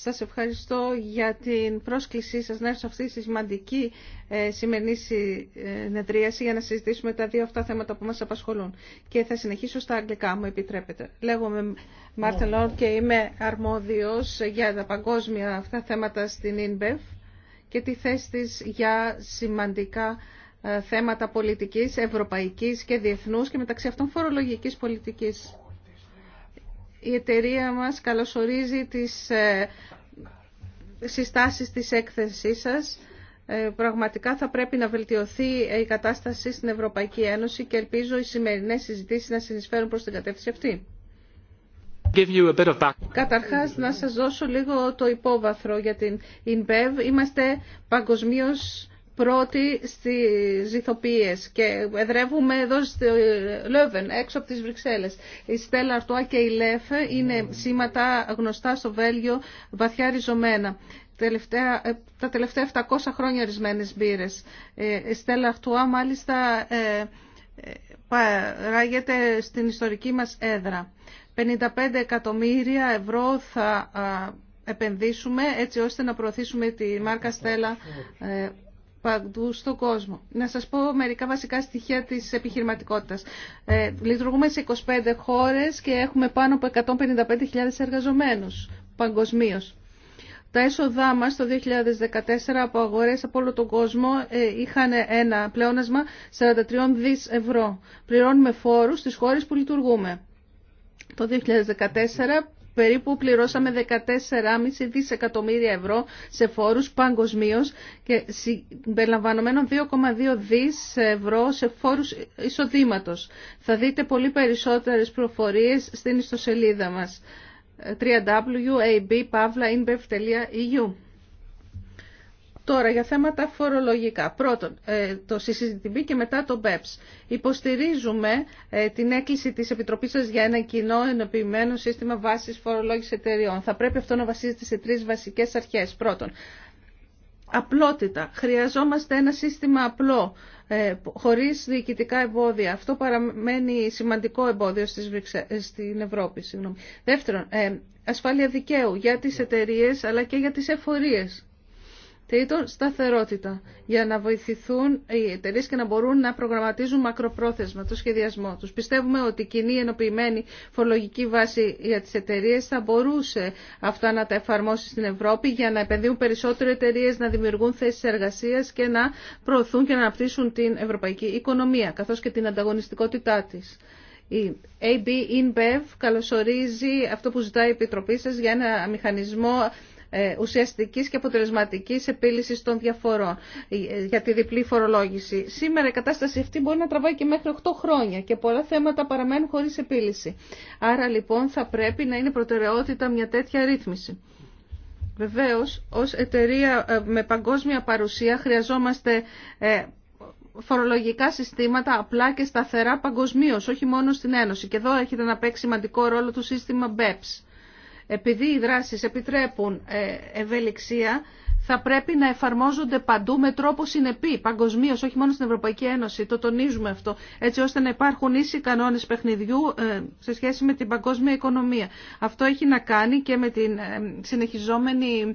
Σας ευχαριστώ για την πρόσκλησή σας να έρθω αυτή τη σημαντική ε, σημερινή συνεδρίαση για να συζητήσουμε τα δύο αυτά θέματα που μας απασχολούν. Και θα συνεχίσω στα αγγλικά, μου επιτρέπετε. Λέγομαι Μάρτα ναι. Λόρν και είμαι αρμόδιος για τα παγκόσμια αυτά θέματα στην ΙΝΠΕΦ και τη θέση της για σημαντικά ε, θέματα πολιτικής, ευρωπαϊκής και διεθνούς και μεταξύ αυτών φορολογικής πολιτικής η εταιρεία μας καλωσορίζει τις ε, συστάσεις της έκθεσής σας. Ε, πραγματικά θα πρέπει να βελτιωθεί η κατάσταση στην Ευρωπαϊκή Ένωση και ελπίζω οι σημερινές συζητήσεις να συνεισφέρουν προς την κατεύθυνση αυτή. Καταρχάς, να σας δώσω λίγο το υπόβαθρο για την InBev. Είμαστε παγκοσμίως πρώτοι στι ηθοποιίες και εδρεύουμε εδώ στη Λόβεν, έξω από τις Βρυξέλλες. Η Στέλλα Αρτουά και η Λέφε είναι σήματα γνωστά στο Βέλγιο, βαθιά ριζωμένα. Τελευταία, ε, τα τελευταία 700 χρόνια ορισμένε μπύρε. Ε, η Στέλλα Αρτουά μάλιστα ε, παράγεται στην ιστορική μας έδρα. 55 εκατομμύρια ευρώ θα επενδύσουμε έτσι ώστε να προωθήσουμε τη μάρκα Στέλλα παντού στον κόσμο. Να σας πω μερικά βασικά στοιχεία της επιχειρηματικότητας. Ε, λειτουργούμε σε 25 χώρες και έχουμε πάνω από 155.000 εργαζομένους παγκοσμίως. Τα έσοδά μας το 2014 από αγορές από όλο τον κόσμο ε, είχαν ένα πλεόνασμα 43 δις ευρώ. Πληρώνουμε φόρους στις χώρες που λειτουργούμε. Το 2014 περίπου πληρώσαμε 14,5 δισεκατομμύρια ευρώ σε φόρους παγκοσμίω και συμπεριλαμβανομένων 2,2 δις ευρώ σε φόρους εισοδήματος. Θα δείτε πολύ περισσότερες προφορίες στην ιστοσελίδα μας www.abpavlainbev.eu Τώρα για θέματα φορολογικά. Πρώτον, ε, το CCTV και μετά το BEPS. Υποστηρίζουμε ε, την έκκληση της Επιτροπής σας για ένα κοινό ενοποιημένο σύστημα βάσης φορολόγησης εταιριών. Θα πρέπει αυτό να βασίζεται σε τρεις βασικές αρχές. Πρώτον, απλότητα. Χρειαζόμαστε ένα σύστημα απλό, ε, χωρίς διοικητικά εμπόδια. Αυτό παραμένει σημαντικό εμπόδιο στην Ευρώπη. Συγγνώμη. Δεύτερον, ασφάλεια δικαίου για τις εταιρείε αλλά και για τις εφορίες. Τρίτον, σταθερότητα για να βοηθηθούν οι εταιρείε και να μπορούν να προγραμματίζουν μακροπρόθεσμα το σχεδιασμό του. Πιστεύουμε ότι η κοινή ενοποιημένη φορολογική βάση για τι εταιρείε θα μπορούσε αυτά να τα εφαρμόσει στην Ευρώπη για να επενδύουν περισσότερο εταιρείε, να δημιουργούν θέσει εργασία και να προωθούν και να αναπτύσσουν την ευρωπαϊκή οικονομία καθώ και την ανταγωνιστικότητά τη. Η AB InBev καλωσορίζει αυτό που ζητάει η Επιτροπή σα για ένα μηχανισμό ε, ουσιαστικής και αποτελεσματικής επίλυσης των διαφορών ε, για τη διπλή φορολόγηση. Σήμερα η κατάσταση αυτή μπορεί να τραβάει και μέχρι 8 χρόνια και πολλά θέματα παραμένουν χωρίς επίλυση. Άρα λοιπόν θα πρέπει να είναι προτεραιότητα μια τέτοια ρύθμιση. Βεβαίως, ως εταιρεία ε, με παγκόσμια παρουσία χρειαζόμαστε φορολογικά συστήματα απλά και σταθερά παγκοσμίω, όχι μόνο στην Ένωση. Και εδώ έρχεται να παίξει σημαντικό ρόλο το σύστημα BEPS. Επειδή οι δράσεις επιτρέπουν ε, ευελιξία, θα πρέπει να εφαρμόζονται παντού με τρόπο συνεπή, παγκοσμίω, όχι μόνο στην Ευρωπαϊκή Ένωση. Το τονίζουμε αυτό, έτσι ώστε να υπάρχουν ίσοι κανόνε παιχνιδιού ε, σε σχέση με την παγκόσμια οικονομία. Αυτό έχει να κάνει και με την ε, συνεχιζόμενη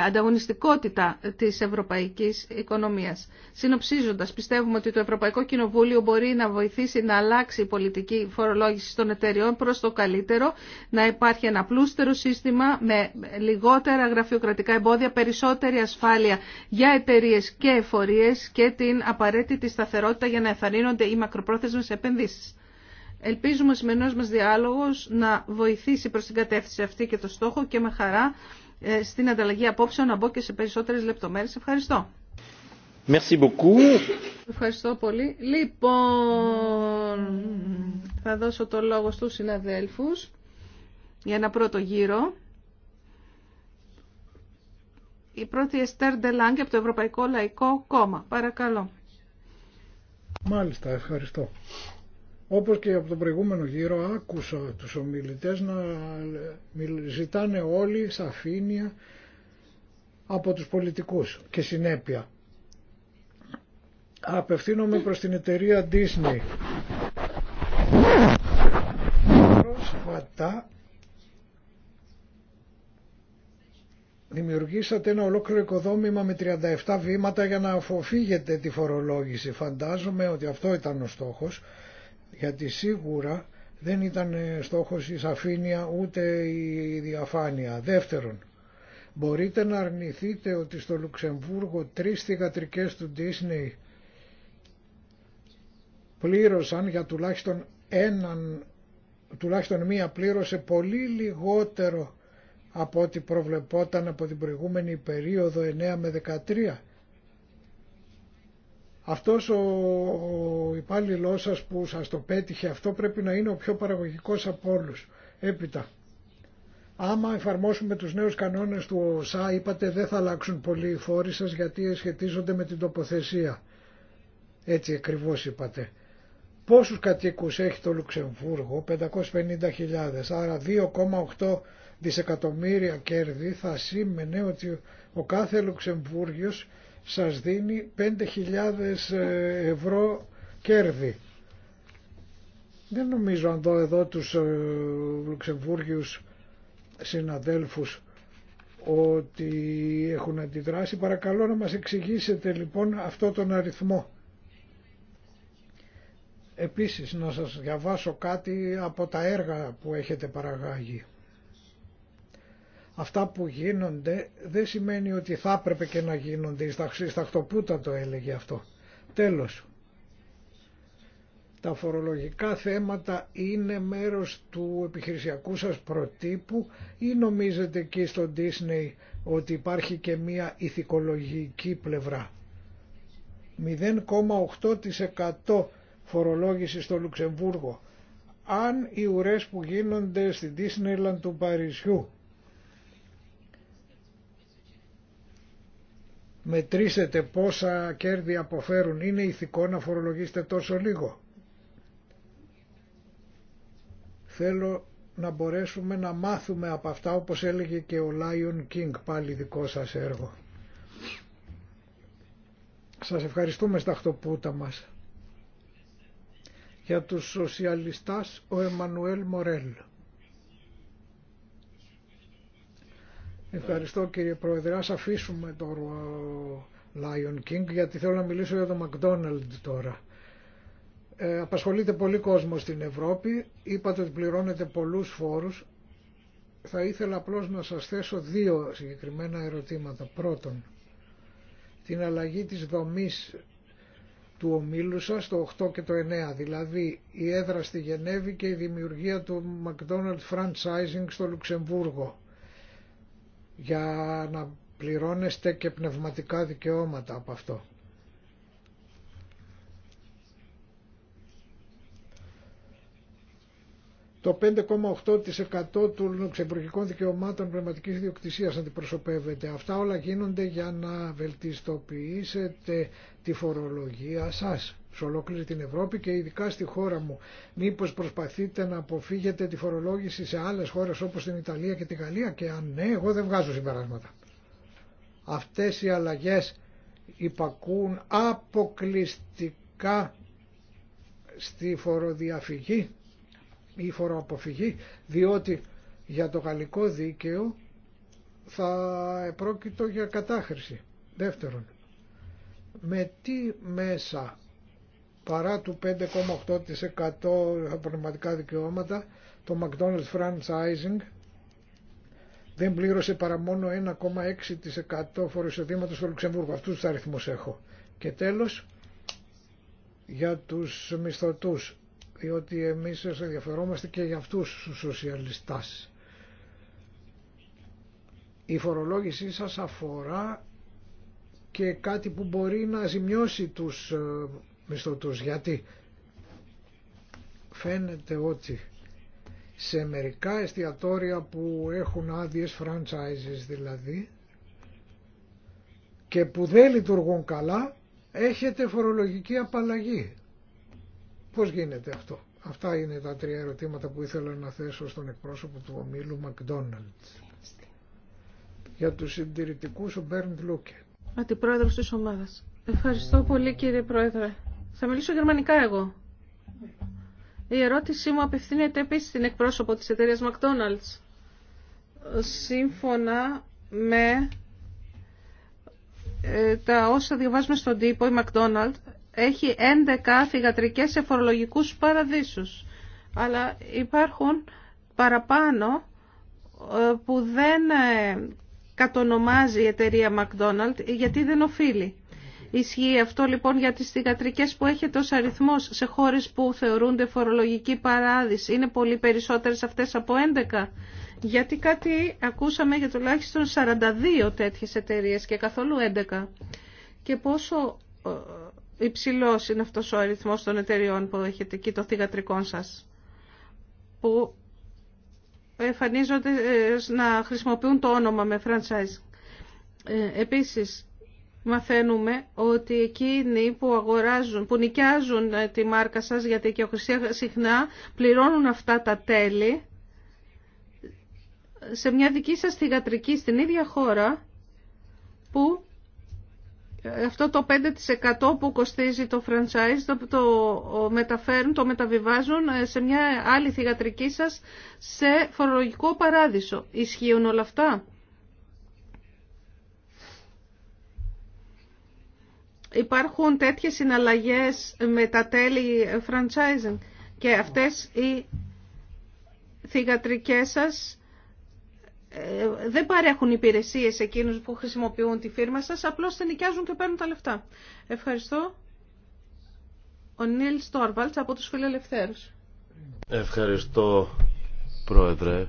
ανταγωνιστικότητα της ευρωπαϊκής οικονομίας. Συνοψίζοντας, πιστεύουμε ότι το Ευρωπαϊκό Κοινοβούλιο μπορεί να βοηθήσει να αλλάξει η πολιτική φορολόγηση των εταιριών προς το καλύτερο, να υπάρχει ένα πλούστερο σύστημα με λιγότερα γραφειοκρατικά εμπόδια, περισσότερη ασφάλεια για εταιρείε και εφορίες και την απαραίτητη σταθερότητα για να εθαρρύνονται οι μακροπρόθεσμες επενδύσεις. Ελπίζουμε ο σημερινός μας διάλογος να βοηθήσει προς την κατεύθυνση αυτή και το στόχο και με χαρά ε, στην ανταλλαγή απόψεων να μπω και σε περισσότερες λεπτομέρειες. Ευχαριστώ. Merci beaucoup. Ευχαριστώ πολύ. Λοιπόν, θα δώσω το λόγο στους συναδέλφους για ένα πρώτο γύρο. Η πρώτη Εστέρ Ντελάνγκ από το Ευρωπαϊκό Λαϊκό Κόμμα. Παρακαλώ. Μάλιστα, ευχαριστώ. Όπως και από τον προηγούμενο γύρο άκουσα τους ομιλητές να ζητάνε όλοι σαφήνεια από τους πολιτικούς και συνέπεια. Απευθύνομαι προς την εταιρεία Disney. Πρόσφατα δημιουργήσατε ένα ολόκληρο οικοδόμημα με 37 βήματα για να αφοφύγετε τη φορολόγηση. Φαντάζομαι ότι αυτό ήταν ο στόχος γιατί σίγουρα δεν ήταν ε, στόχος η σαφήνεια ούτε η διαφάνεια. Δεύτερον, μπορείτε να αρνηθείτε ότι στο Λουξεμβούργο τρεις θηγατρικές του Disney πλήρωσαν για τουλάχιστον έναν, τουλάχιστον μία πλήρωσε πολύ λιγότερο από ό,τι προβλεπόταν από την προηγούμενη περίοδο 9 με 13 αυτός ο υπάλληλό σας που σας το πέτυχε αυτό πρέπει να είναι ο πιο παραγωγικός από όλους. Έπειτα, άμα εφαρμόσουμε τους νέους κανόνες του ΟΣΑ είπατε δεν θα αλλάξουν πολύ οι φόροι σας γιατί σχετίζονται με την τοποθεσία. Έτσι ακριβώς είπατε. Πόσους κατοίκους έχει το Λουξεμβούργο, 550.000, άρα 2,8 δισεκατομμύρια κέρδη θα σήμαινε ότι ο κάθε Λουξεμβούργιος σας δίνει 5.000 ε, ευρώ κέρδη. Δεν νομίζω αν δω εδώ τους ε, Λουξεμβούργιους συναδέλφους ότι έχουν αντιδράσει. Παρακαλώ να μας εξηγήσετε λοιπόν αυτό τον αριθμό. Επίσης να σας διαβάσω κάτι από τα έργα που έχετε παραγάγει. Αυτά που γίνονται δεν σημαίνει ότι θα έπρεπε και να γίνονται. Στα Σταχτοπούτα το έλεγε αυτό. Τέλος. Τα φορολογικά θέματα είναι μέρος του επιχειρησιακού σας προτύπου ή νομίζετε εκεί στο Disney ότι υπάρχει και μία ηθικολογική πλευρά. 0,8% φορολόγηση στο Λουξεμβούργο. Αν οι ουρές που γίνονται στην Disneyland του Παρισιού μετρήσετε πόσα κέρδη αποφέρουν. Είναι ηθικό να φορολογήσετε τόσο λίγο. Θέλω να μπορέσουμε να μάθουμε από αυτά όπως έλεγε και ο Lion King πάλι δικό σας έργο. Σας ευχαριστούμε στα χτωπούτα μας. Για τους σοσιαλιστάς ο Εμμανουέλ Μορέλ. Ευχαριστώ κύριε Πρόεδρε. Ας αφήσουμε το Lion King γιατί θέλω να μιλήσω για το McDonald's τώρα. Ε, απασχολείται πολύ κόσμο στην Ευρώπη. Είπατε ότι πληρώνετε πολλούς φόρους. Θα ήθελα απλώς να σας θέσω δύο συγκεκριμένα ερωτήματα. Πρώτον, την αλλαγή της δομής του ομίλου σας το 8 και το 9, δηλαδή η έδρα στη Γενέβη και η δημιουργία του McDonald's franchising στο Λουξεμβούργο για να πληρώνεστε και πνευματικά δικαιώματα από αυτό. Το 5,8% των luxemburgικών δικαιωμάτων πνευματική ιδιοκτησία αντιπροσωπεύεται. Αυτά όλα γίνονται για να βελτιστοποιήσετε τη φορολογία σας σε ολόκληρη την Ευρώπη και ειδικά στη χώρα μου. Μήπως προσπαθείτε να αποφύγετε τη φορολόγηση σε άλλες χώρες όπως την Ιταλία και τη Γαλλία και αν ναι, εγώ δεν βγάζω συμπεράσματα. Αυτές οι αλλαγές υπακούν αποκλειστικά στη φοροδιαφυγή ή φοροαποφυγή διότι για το γαλλικό δίκαιο θα επρόκειτο για κατάχρηση. Δεύτερον, με τι μέσα παρά του 5,8% πνευματικά δικαιώματα το McDonald's franchising δεν πλήρωσε παρά μόνο 1,6% φοροεισοδήματο στο Λουξεμβούργο. Αυτού του αριθμού έχω. Και τέλος, για του μισθωτούς, διότι εμείς ενδιαφερόμαστε και για αυτούς τους σοσιαλιστέ. Η φορολόγησή σας αφορά και κάτι που μπορεί να ζημιώσει τους ε, μισθωτούς γιατί φαίνεται ότι σε μερικά εστιατόρια που έχουν άδειες franchises δηλαδή και που δεν λειτουργούν καλά έχετε φορολογική απαλλαγή. Πώς γίνεται αυτό. Αυτά είναι τα τρία ερωτήματα που ήθελα να θέσω στον εκπρόσωπο του ομίλου Μακδόναλτς. Για τους συντηρητικούς ο Μπέρντ Λούκε. Αντιπρόεδρος της ομάδας. Ευχαριστώ πολύ κύριε Πρόεδρε. Θα μιλήσω γερμανικά εγώ. Η ερώτησή μου απευθύνεται επίσης στην εκπρόσωπο της εταιρείας McDonald's. Σύμφωνα με ε, τα όσα διαβάζουμε στον τύπο, η McDonald's έχει 11 θηγατρικές σε φορολογικούς παραδείσους. Αλλά υπάρχουν παραπάνω ε, που δεν ε, κατονομάζει η εταιρεία McDonald's γιατί δεν οφείλει. Ισχύει αυτό λοιπόν για τις θηγατρικές που έχετε ως αριθμός σε χώρες που θεωρούνται φορολογική παράδειση. Είναι πολύ περισσότερες αυτές από 11. Γιατί κάτι ακούσαμε για τουλάχιστον 42 τέτοιες εταιρείες και καθόλου 11. Και πόσο ε, υψηλό είναι αυτός ο αριθμός των εταιρεών που έχετε εκεί των θηγατρικών σας. Που εμφανίζονται ε, να χρησιμοποιούν το όνομα με franchise. Ε, επίσης, μαθαίνουμε ότι εκείνοι που αγοράζουν, που νοικιάζουν ε, τη μάρκα σας, γιατί και συχνά πληρώνουν αυτά τα τέλη, σε μια δική σας θηγατρική στην ίδια χώρα, που ε, αυτό το 5% που κοστίζει το franchise το, το μεταφέρουν, το μεταβιβάζουν ε, σε μια άλλη θηγατρική σας σε φορολογικό παράδεισο. Ισχύουν όλα αυτά. υπάρχουν τέτοιες συναλλαγές με τα τέλη franchising και αυτές οι θηγατρικές σας ε, δεν παρέχουν υπηρεσίες εκείνους που χρησιμοποιούν τη φίρμα σας, απλώς την νοικιάζουν και παίρνουν τα λεφτά. Ευχαριστώ. Ο Νίλ Στόρβαλτς από τους Φιλελευθέρους. Ευχαριστώ, Πρόεδρε.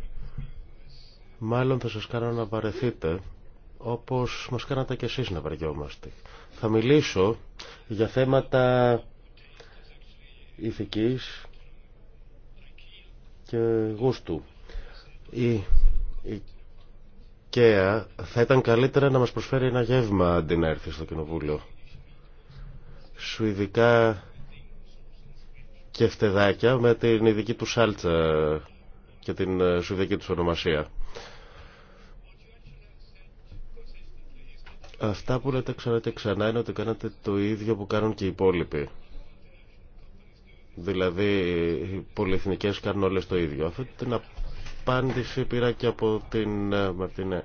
Μάλλον θα σας κάνω να βαρεθείτε, όπως μας κάνατε κι εσείς να βαριόμαστε. Θα μιλήσω για θέματα ηθικής και γούστου. Η ΚΕΑ θα ήταν καλύτερα να μας προσφέρει ένα γεύμα αντί να έρθει στο κοινοβούλιο. Σουηδικά και φτεδάκια με την ειδική του σάλτσα και την ε, σουηδική του ονομασία. Αυτά που λέτε ξανά και ξανά είναι ότι κάνατε το ίδιο που κάνουν και οι υπόλοιποι. Δηλαδή οι πολυεθνικές κάνουν όλες το ίδιο. Αυτή την απάντηση πήρα και από την ε, Μαρτίνα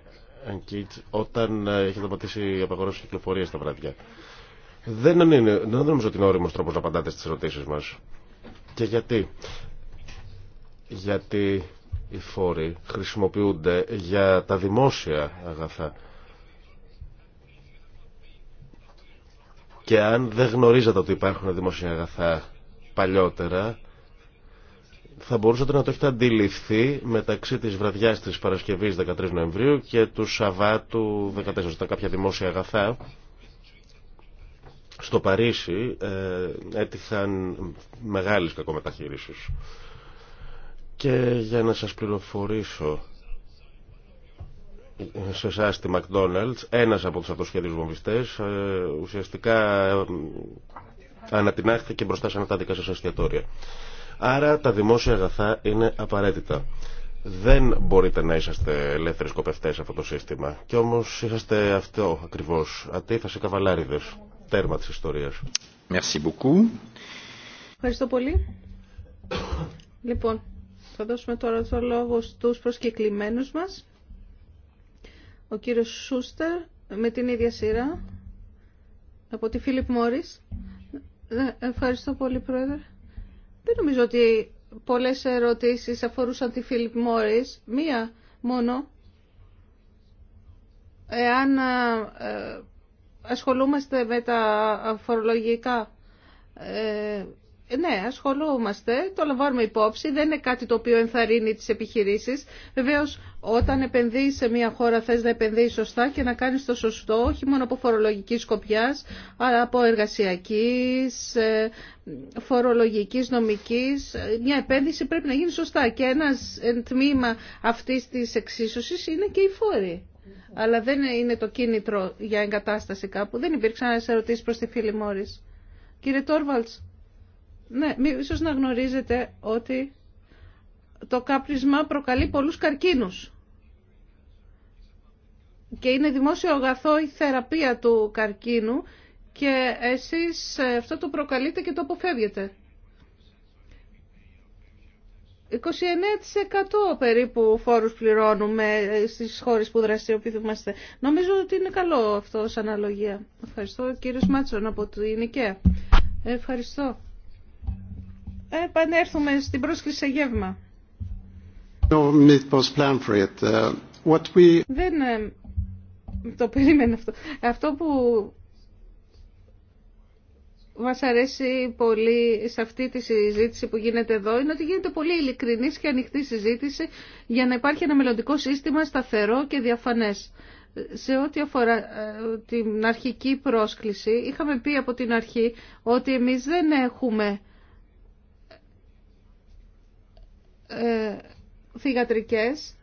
Ανκίτ όταν ε, είχε δοματίσει η απαγόρευση κυκλοφορία στα βράδια. Δεν, είναι, δεν νομίζω ότι είναι όριμος τρόπος να απαντάτε στις ερωτήσεις μας. Και γιατί. Γιατί οι φόροι χρησιμοποιούνται για τα δημόσια αγαθά Και αν δεν γνωρίζατε ότι υπάρχουν δημόσια αγαθά παλιότερα, θα μπορούσατε να το έχετε αντιληφθεί μεταξύ της βραδιάς της Παρασκευής 13 Νοεμβρίου και του Σαββάτου 14. τα κάποια δημόσια αγαθά στο Παρίσι ε, έτυχαν μεγάλες κακομεταχειρίσεις Και για να σας πληροφορήσω σε εσά στη McDonald's ένας από τους αυτοσχέδιους βομβιστές ε, ουσιαστικά ε, ανατινάχθηκε μπροστά σε ένα τα δικά σα εστιατόρια. Άρα τα δημόσια αγαθά είναι απαραίτητα. Δεν μπορείτε να είσαστε ελεύθεροι σε αυτό το σύστημα. Κι όμως είσαστε αυτό ακριβώς. Αντίθεση καβαλάριδε. Τέρμα της ιστορίας. Ευχαριστώ πολύ. λοιπόν, θα δώσουμε τώρα το λόγο στους προσκεκλημένους μας. Ο κύριος Σούστερ με την ίδια σειρά από τη Φίλιπ Μόρις. Ε, ευχαριστώ πολύ Πρόεδρε. Δεν νομίζω ότι πολλές ερωτήσεις αφορούσαν τη Φίλιπ Μόρις. Μία μόνο. Εάν ε, ε, ασχολούμαστε με τα φορολογικά ναι, ασχολούμαστε, το λαμβάνουμε υπόψη, δεν είναι κάτι το οποίο ενθαρρύνει τις επιχειρήσεις. Βεβαίως, όταν επενδύεις σε μια χώρα θες να επενδύεις σωστά και να κάνεις το σωστό, όχι μόνο από φορολογική σκοπιά, αλλά από εργασιακής, ε, φορολογικής, νομικής. Ε, μια επένδυση πρέπει να γίνει σωστά και ένα τμήμα αυτής της εξίσωσης είναι και οι φόροι. Αλλά δεν είναι το κίνητρο για εγκατάσταση κάπου. Δεν υπήρξαν άλλε ερωτήσει προς τη φίλη Μόρις. Κύριε ναι, ίσως να γνωρίζετε ότι το κάπνισμα προκαλεί πολλούς καρκίνους. Και είναι δημόσιο αγαθό η θεραπεία του καρκίνου και εσείς ε, αυτό το προκαλείτε και το αποφεύγετε. 29% περίπου φόρους πληρώνουμε ε, στις χώρες που δραστηριοποιούμαστε. Νομίζω ότι είναι καλό αυτό σαν αναλογία. Ευχαριστώ κύριος Μάτσον από την ΙΚΕΑ. Ευχαριστώ επανέλθουμε στην πρόσκληση σε γεύμα. No, for it. Uh, what we... Δεν ε, το περίμενα αυτό. Αυτό που μας αρέσει πολύ σε αυτή τη συζήτηση που γίνεται εδώ είναι ότι γίνεται πολύ ειλικρινής και ανοιχτή συζήτηση για να υπάρχει ένα μελλοντικό σύστημα σταθερό και διαφανές. Σε ό,τι αφορά ε, την αρχική πρόσκληση, είχαμε πει από την αρχή ότι εμείς δεν έχουμε ε, θυγατρικές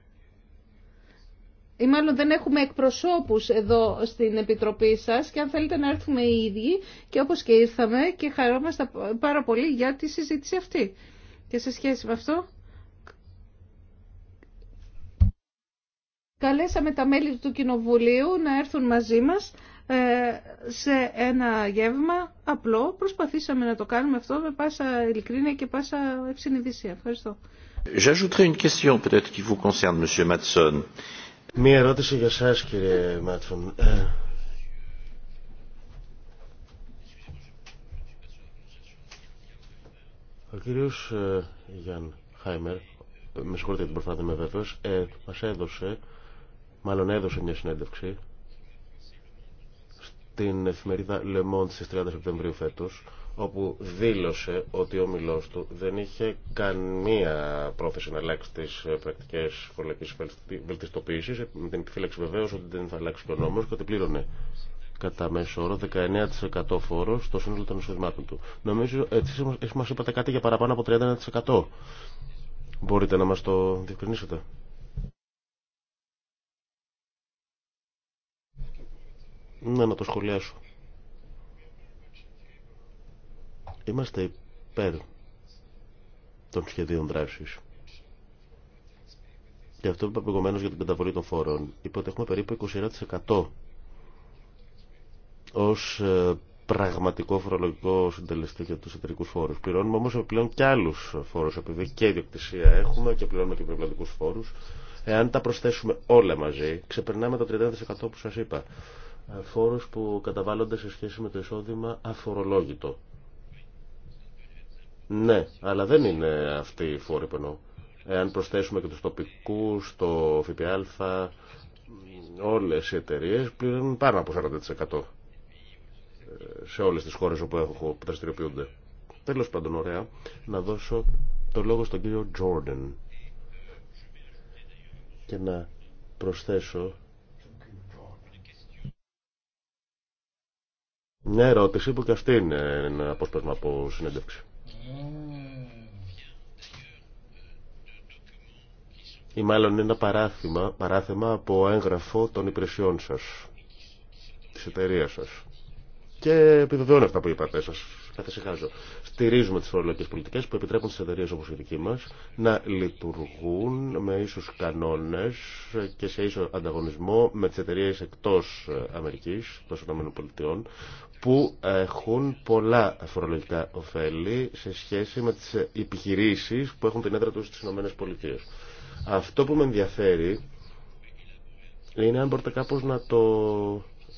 ή μάλλον δεν έχουμε εκπροσώπους εδώ στην Επιτροπή σας και αν θέλετε να έρθουμε οι ίδιοι και όπως και ήρθαμε και χαρόμαστε πάρα πολύ για τη συζήτηση αυτή. Και σε σχέση με αυτό, καλέσαμε τα μέλη του Κοινοβουλίου να έρθουν μαζί μας ε, σε ένα γεύμα απλό. Προσπαθήσαμε να το κάνουμε αυτό με πάσα ειλικρίνεια και πάσα ευσυνειδησία. Ευχαριστώ. Μία ερώτηση για σας κύριε Μάτσον. Ε, ο κύριος ε, γιαν Χάιμερ, ε, με συγχωρείτε την προσπάθεια με βέβαιος, ε, μας έδωσε, μάλλον έδωσε μια συνέντευξη στην εφημερίδα Le Monde στις 30 Σεπτεμβρίου φέτος όπου δήλωσε ότι ο μιλός του δεν είχε καμία πρόθεση να αλλάξει τις πρακτικές φορολογικής βελτιστοποίησης, ε, με την επιφύλαξη βεβαίως ότι δεν θα αλλάξει και ο νόμος και ότι πλήρωνε κατά μέσο όρο 19% φόρο στο σύνολο των εισοδημάτων του. Νομίζω έτσι ε, μας είπατε κάτι για παραπάνω από 31%. Μπορείτε να μας το διευκρινίσετε. Ναι, να το σχολιάσω. Είμαστε υπέρ των σχεδίων δράση Και αυτό είπα προηγουμένω για την καταβολή των φόρων. Είπα ότι έχουμε περίπου 21% ω ε, πραγματικό φορολογικό συντελεστή για του εταιρικού φόρου. Πληρώνουμε όμω επιπλέον και άλλου φόρου, επειδή και ιδιοκτησία έχουμε και πληρώνουμε και περιβαλλοντικού φόρου. Εάν τα προσθέσουμε όλα μαζί, ξεπερνάμε το 30% που σα είπα. Ε, φόρου που καταβάλλονται σε σχέση με το εισόδημα αφορολόγητο. Ναι, αλλά δεν είναι αυτή η φόρη που εννοώ. Εάν προσθέσουμε και του τοπικού το ΦΠΑ, όλε οι εταιρείε πληρώνουν πάνω από 40% ε, σε όλε τι χώρε όπου, έχω, που δραστηριοποιούνται. Τέλος πάντων, ωραία, να δώσω το λόγο στον κύριο Τζόρντεν και να προσθέσω μια ερώτηση που και αυτή είναι ένα απόσπασμα από συνέντευξη ή μάλλον ένα παράθυμα, παράθεμα από έγγραφο των υπηρεσιών σας, της εταιρείας σας. Και επιβεβαιώνω αυτά που είπατε, σας καθησυχάζω. Στηρίζουμε τι φορολογικέ πολιτικέ που επιτρέπουν στι εταιρείε όπω η δική μα να λειτουργούν με ίσου κανόνε και σε ίσο ανταγωνισμό με τι εταιρείε εκτό Αμερική, των ΗΠΑ, που έχουν πολλά φορολογικά ωφέλη σε σχέση με τις επιχειρήσει που έχουν την έδρα τους στις ΗΠΑ. Αυτό που με ενδιαφέρει είναι αν μπορείτε κάπως να το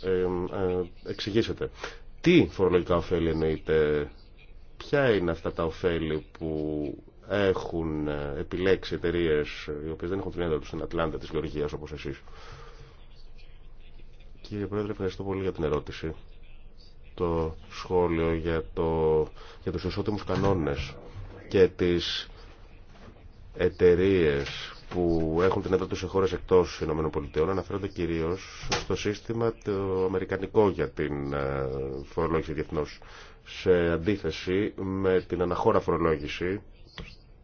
ε, ε, εξηγήσετε. Τι φορολογικά ωφέλη εννοείται, ποια είναι αυτά τα ωφέλη που έχουν ε, επιλέξει εταιρείε οι οποίε δεν έχουν την έδρα στην Ατλάντα τη Γεωργία όπω εσεί. Κύριε Πρόεδρε, ευχαριστώ πολύ για την ερώτηση. Το σχόλιο για, το, για τους ισότιμους κανόνες και τις εταιρείε που έχουν την έδρα σε χώρες εκτός ΗΠΑ αναφέρονται κυρίω στο σύστημα το αμερικανικό για την ε, φορολόγηση διεθνώ. σε αντίθεση με την αναχώρα φορολόγηση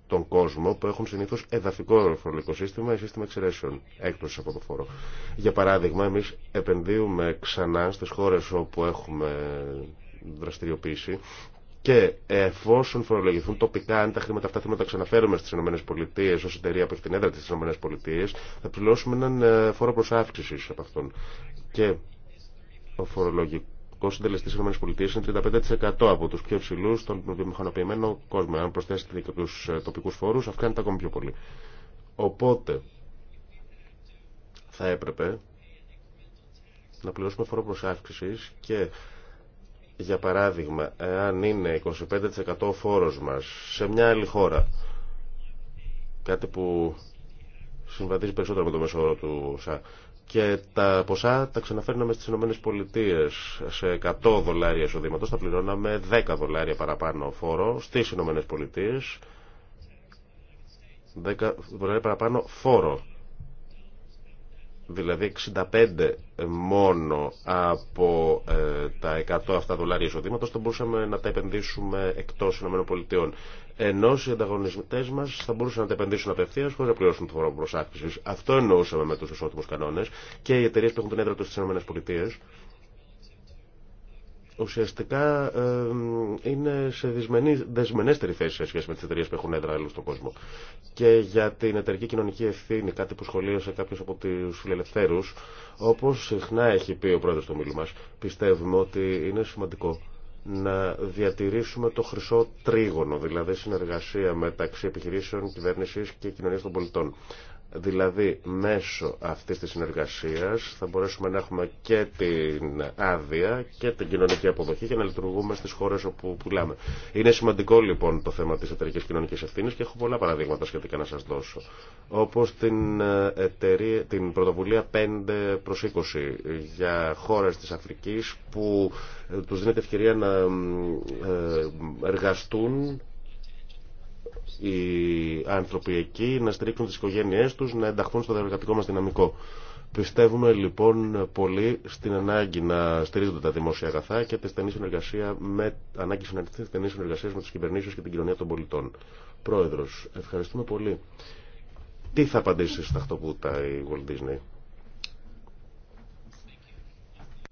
τον κόσμο που έχουν συνήθω εδαφικό φορολογικό σύστημα ή σύστημα εξαιρέσεων έκπτωση από το φόρο. Για παράδειγμα, εμεί επενδύουμε ξανά στι χώρε όπου έχουμε δραστηριοποίηση και εφόσον φορολογηθούν τοπικά, αν τα χρήματα αυτά θέλουμε να τα ξαναφέρουμε στι ΗΠΑ ω εταιρεία που έχει την έδρα τη στι ΗΠΑ, θα πληρώσουμε έναν ε, φόρο προ αύξηση από αυτόν. Και ο φορολογικό συντελεστή στι ΗΠΑ είναι 35% από του πιο υψηλού στον βιομηχανοποιημένο κόσμο. Αν προσθέσετε και του ε, τοπικού φόρου, αυξάνεται ακόμη πιο πολύ. Οπότε, θα έπρεπε να πληρώσουμε φόρο προς αύξηση και για παράδειγμα, εάν είναι 25% ο φόρος μας σε μια άλλη χώρα, κάτι που συμβαδίζει περισσότερο με το μέσο όρο του ΣΑ, και τα ποσά τα ξαναφέρναμε στις ΗΠΑ σε 100 δολάρια εισοδήματος θα πληρώναμε 10 δολάρια παραπάνω φόρο στις ΗΠΑ. 10 δολάρια παραπάνω φόρο δηλαδή 65 μόνο από ε, τα 100 αυτά δολάρια εισοδήματο, θα μπορούσαμε να τα επενδύσουμε εκτός ΗΠΑ. Ενώ οι ανταγωνιστέ μα θα μπορούσαν να τα επενδύσουν απευθεία χωρί να πληρώσουν το φόρο προσάκτηση. Αυτό εννοούσαμε με του ισότιμου κανόνε και οι εταιρείε που έχουν την έδρα του στι ΗΠΑ ουσιαστικά ε, είναι σε δεσμενέστερη θέση σε σχέση με τι εταιρείε που έχουν έδρα αλλού στον κόσμο. Και για την εταιρική κοινωνική ευθύνη, κάτι που σχολίασε κάποιο από του φιλελευθέρους, όπω συχνά έχει πει ο πρόεδρος του μήλου μα, πιστεύουμε ότι είναι σημαντικό να διατηρήσουμε το χρυσό τρίγωνο, δηλαδή συνεργασία μεταξύ επιχειρήσεων, κυβέρνηση και κοινωνία των πολιτών. Δηλαδή μέσω αυτής της συνεργασίας θα μπορέσουμε να έχουμε και την άδεια και την κοινωνική αποδοχή για να λειτουργούμε στις χώρες όπου πουλάμε. Είναι σημαντικό λοιπόν το θέμα της εταιρικής κοινωνικής ευθύνης και έχω πολλά παραδείγματα σχετικά να σας δώσω. Όπως την, ε, την πρωτοβουλία 5 προς 20 για χώρες της Αφρικής που ε, τους δίνεται ευκαιρία να ε, εργαστούν οι άνθρωποι εκεί, να στηρίξουν τις οικογένειές τους, να ενταχθούν στο εργατικό μας δυναμικό. Πιστεύουμε λοιπόν πολύ στην ανάγκη να στηρίζονται τα δημόσια αγαθά και τη στενή συνεργασία με, ανάγκη στενή συνεργασία με τι κυβερνήσει και την κοινωνία των πολιτών. Πρόεδρο, ευχαριστούμε πολύ. Τι θα απαντήσει στα χτωπούτα η Walt Disney.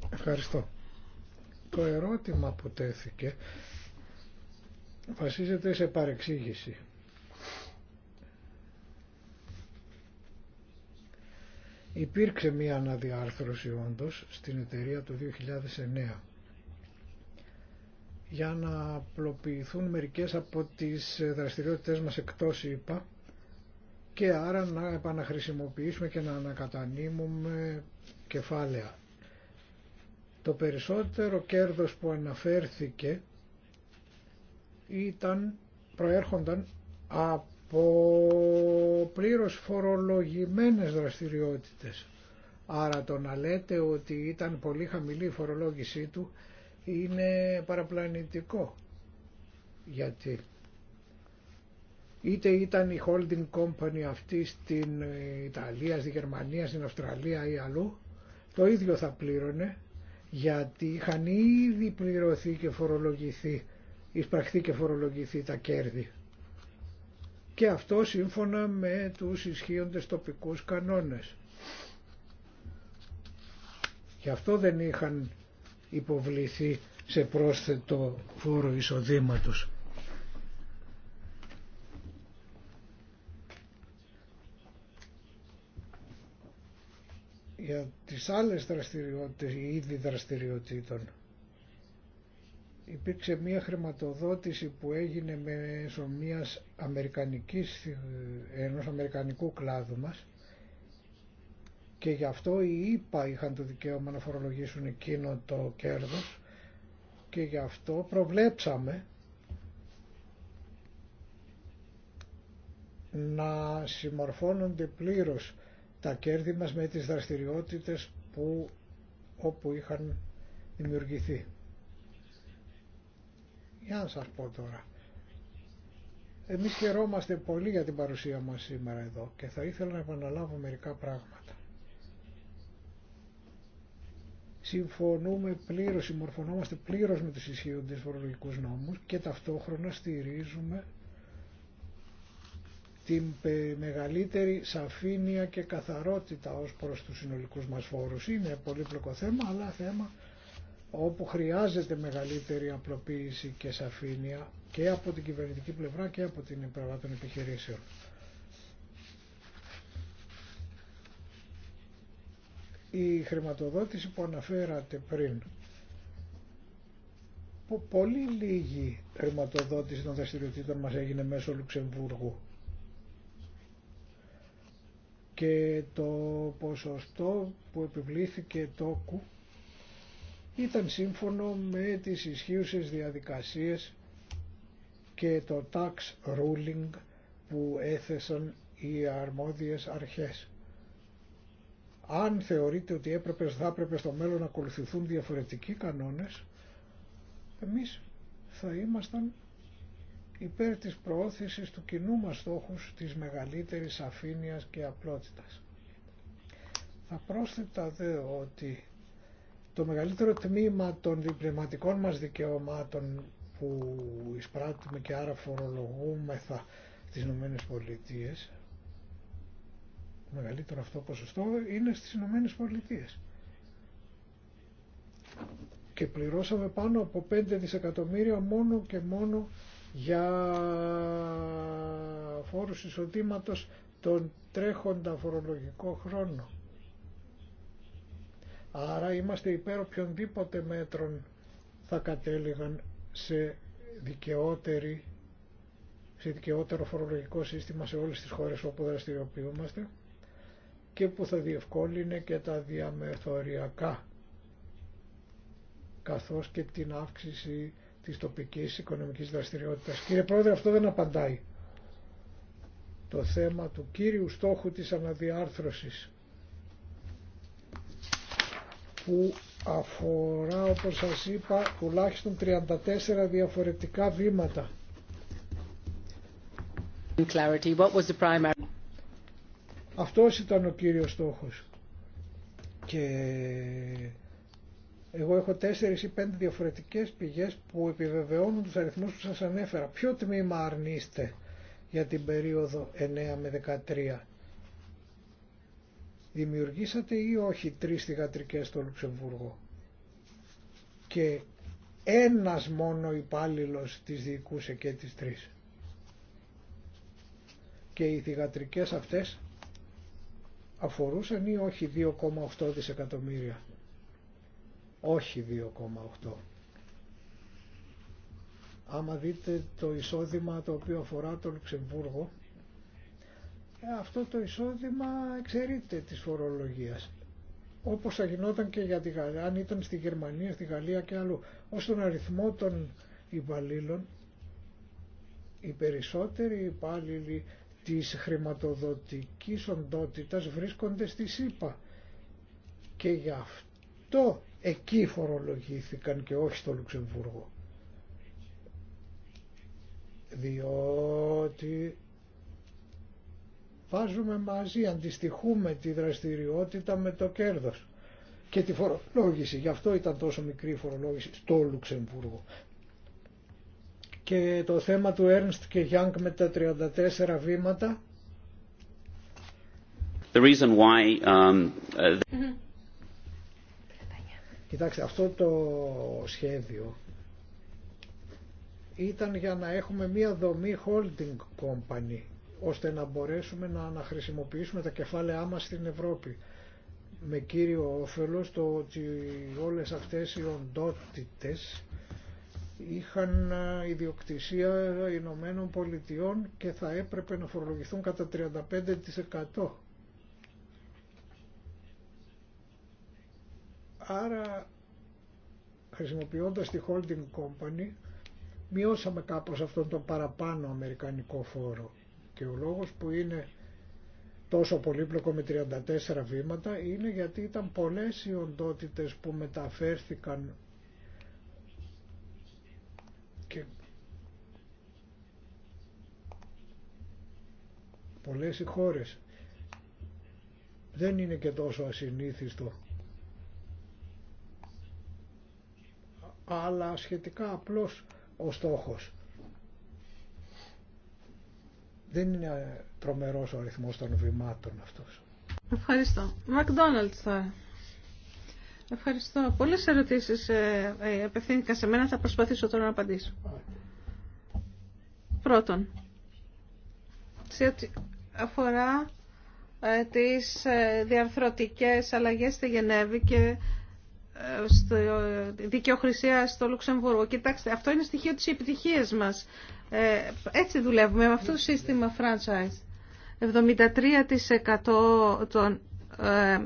Ευχαριστώ. Το ερώτημα που τέθηκε βασίζεται σε παρεξήγηση. Υπήρξε μία αναδιάρθρωση όντως στην εταιρεία το 2009 για να απλοποιηθούν μερικές από τις δραστηριότητες μας εκτός ΕΠΑ και άρα να επαναχρησιμοποιήσουμε και να ανακατανύμουμε κεφάλαια. Το περισσότερο κέρδος που αναφέρθηκε ήταν, προέρχονταν από από πλήρως φορολογημένες δραστηριότητες. Άρα το να λέτε ότι ήταν πολύ χαμηλή η φορολόγησή του είναι παραπλανητικό. Γιατί είτε ήταν η holding company αυτή στην Ιταλία, στη Γερμανία, στην Αυστραλία ή αλλού, το ίδιο θα πλήρωνε γιατί είχαν ήδη πληρωθεί και φορολογηθεί, εισπραχθεί και φορολογηθεί τα κέρδη και αυτό σύμφωνα με τους ισχύοντες τοπικούς κανόνες. Γι' αυτό δεν είχαν υποβληθεί σε πρόσθετο φόρο εισοδήματος. για τις άλλες δραστηριότητες, οι είδη δραστηριοτήτων υπήρξε μια χρηματοδότηση που έγινε με μιας αμερικανικής, ενός αμερικανικού κλάδου μας και γι' αυτό οι ΙΠΑ είχαν το δικαίωμα να φορολογήσουν εκείνο το κέρδος και γι' αυτό προβλέψαμε να συμμορφώνονται πλήρως τα κέρδη μας με τις δραστηριότητες που όπου είχαν δημιουργηθεί. Για να σας πω τώρα. Εμείς χαιρόμαστε πολύ για την παρουσία μας σήμερα εδώ και θα ήθελα να επαναλάβω μερικά πράγματα. Συμφωνούμε πλήρως, συμμορφωνόμαστε πλήρως με τους ισχύοντες φορολογικούς νόμους και ταυτόχρονα στηρίζουμε την μεγαλύτερη σαφήνεια και καθαρότητα ως προς τους συνολικούς μας φόρους. Είναι πολύπλοκο θέμα, αλλά θέμα όπου χρειάζεται μεγαλύτερη απλοποίηση και σαφήνεια και από την κυβερνητική πλευρά και από την πλευρά των επιχειρήσεων. Η χρηματοδότηση που αναφέρατε πριν, που πολύ λίγη χρηματοδότηση των δραστηριοτήτων μας έγινε μέσω Λουξεμβούργου και το ποσοστό που επιβλήθηκε τόκου ήταν σύμφωνο με τις ισχύουσες διαδικασίες και το tax ruling που έθεσαν οι αρμόδιες αρχές. Αν θεωρείτε ότι έπρεπε, θα έπρεπε στο μέλλον να ακολουθηθούν διαφορετικοί κανόνες, εμείς θα ήμασταν υπέρ της προώθησης του κοινού μας στόχους της μεγαλύτερης αφήνειας και απλότητας. Θα πρόσθετα δε ότι το μεγαλύτερο τμήμα των διπλωματικών μας δικαιωμάτων που εισπράττουμε και άρα φορολογούμεθα στις Ηνωμένες Πολιτείες, το μεγαλύτερο αυτό ποσοστό είναι στις Ηνωμένες Πολιτείες. Και πληρώσαμε πάνω από 5 δισεκατομμύρια μόνο και μόνο για φόρους εισοδήματος τον τρέχοντα φορολογικό χρόνο. Άρα είμαστε υπέρ οποιονδήποτε μέτρων θα κατέληγαν σε δικαιότερη σε δικαιότερο φορολογικό σύστημα σε όλες τις χώρες όπου δραστηριοποιούμαστε και που θα διευκόλυνε και τα διαμεθοριακά καθώς και την αύξηση της τοπικής οικονομικής δραστηριότητας. Κύριε Πρόεδρε, αυτό δεν απαντάει. Το θέμα του κύριου στόχου της αναδιάρθρωσης που αφορά όπως σας είπα τουλάχιστον 34 διαφορετικά βήματα. Clarity. What was the primary... Αυτός ήταν ο κύριος στόχος. Και εγώ έχω τέσσερις ή πέντε διαφορετικές πηγές που επιβεβαιώνουν τους αριθμούς που σας ανέφερα. Ποιο τμήμα αρνείστε για την περίοδο 9 με 13 δημιουργήσατε ή όχι τρεις θηγατρικές στο Λουξεμβούργο και ένας μόνο υπάλληλο τις διοικούσε και τις τρεις και οι θηγατρικές αυτές αφορούσαν ή όχι 2,8 δισεκατομμύρια όχι 2,8 άμα δείτε το εισόδημα το οποίο αφορά το Λουξεμβούργο αυτό το εισόδημα εξαιρείται της φορολογίας. Όπως θα γινόταν και για τη Γαλλία, αν ήταν στη Γερμανία, στη Γαλλία και αλλού. Ως τον αριθμό των υπαλλήλων, οι περισσότεροι υπάλληλοι της χρηματοδοτικής οντότητας βρίσκονται στη ΣΥΠΑ και γι' αυτό εκεί φορολογήθηκαν και όχι στο Λουξεμβούργο διότι βάζουμε μαζί, αντιστοιχούμε τη δραστηριότητα με το κέρδος και τη φορολόγηση. Γι' αυτό ήταν τόσο μικρή η φορολόγηση στο Λουξεμβούργο. Και το θέμα του Ernst και Young με τα 34 βήματα. The reason why, um, uh, Κοιτάξτε, αυτό το σχέδιο ήταν για να έχουμε μία δομή holding company ώστε να μπορέσουμε να αναχρησιμοποιήσουμε τα κεφάλαιά μας στην Ευρώπη με κύριο όφελος το ότι όλες αυτές οι οντότητες είχαν ε, ιδιοκτησία Ηνωμένων Πολιτειών και θα έπρεπε να φορολογηθούν κατά 35%. Άρα χρησιμοποιώντας τη holding company μειώσαμε κάπως αυτόν τον παραπάνω αμερικανικό φόρο. Και ο λόγος που είναι τόσο πολύπλοκο με 34 βήματα είναι γιατί ήταν πολλές οι οντότητες που μεταφέρθηκαν και πολλές οι χώρες. Δεν είναι και τόσο ασυνήθιστο. Αλλά σχετικά απλός ο στόχος. Δεν είναι τρομερός ο αριθμός των βημάτων αυτό. Ευχαριστώ. Μακδόναλτ τώρα. Ε. Ευχαριστώ. Πολλές ερωτήσεις ε, ε, απευθύνθηκαν σε μένα. Θα προσπαθήσω τώρα να απαντήσω. Πρώτον, σε ό,τι αφορά ε, τις ε, διαρθρωτικές αλλαγές στη Γενέβη και στο ε, δικαιοχρησία στο Λουξεμβούργο. Κοιτάξτε, αυτό είναι στοιχείο της επιτυχίας μας. Ε, έτσι δουλεύουμε με αυτό το σύστημα franchise. 73% των ε,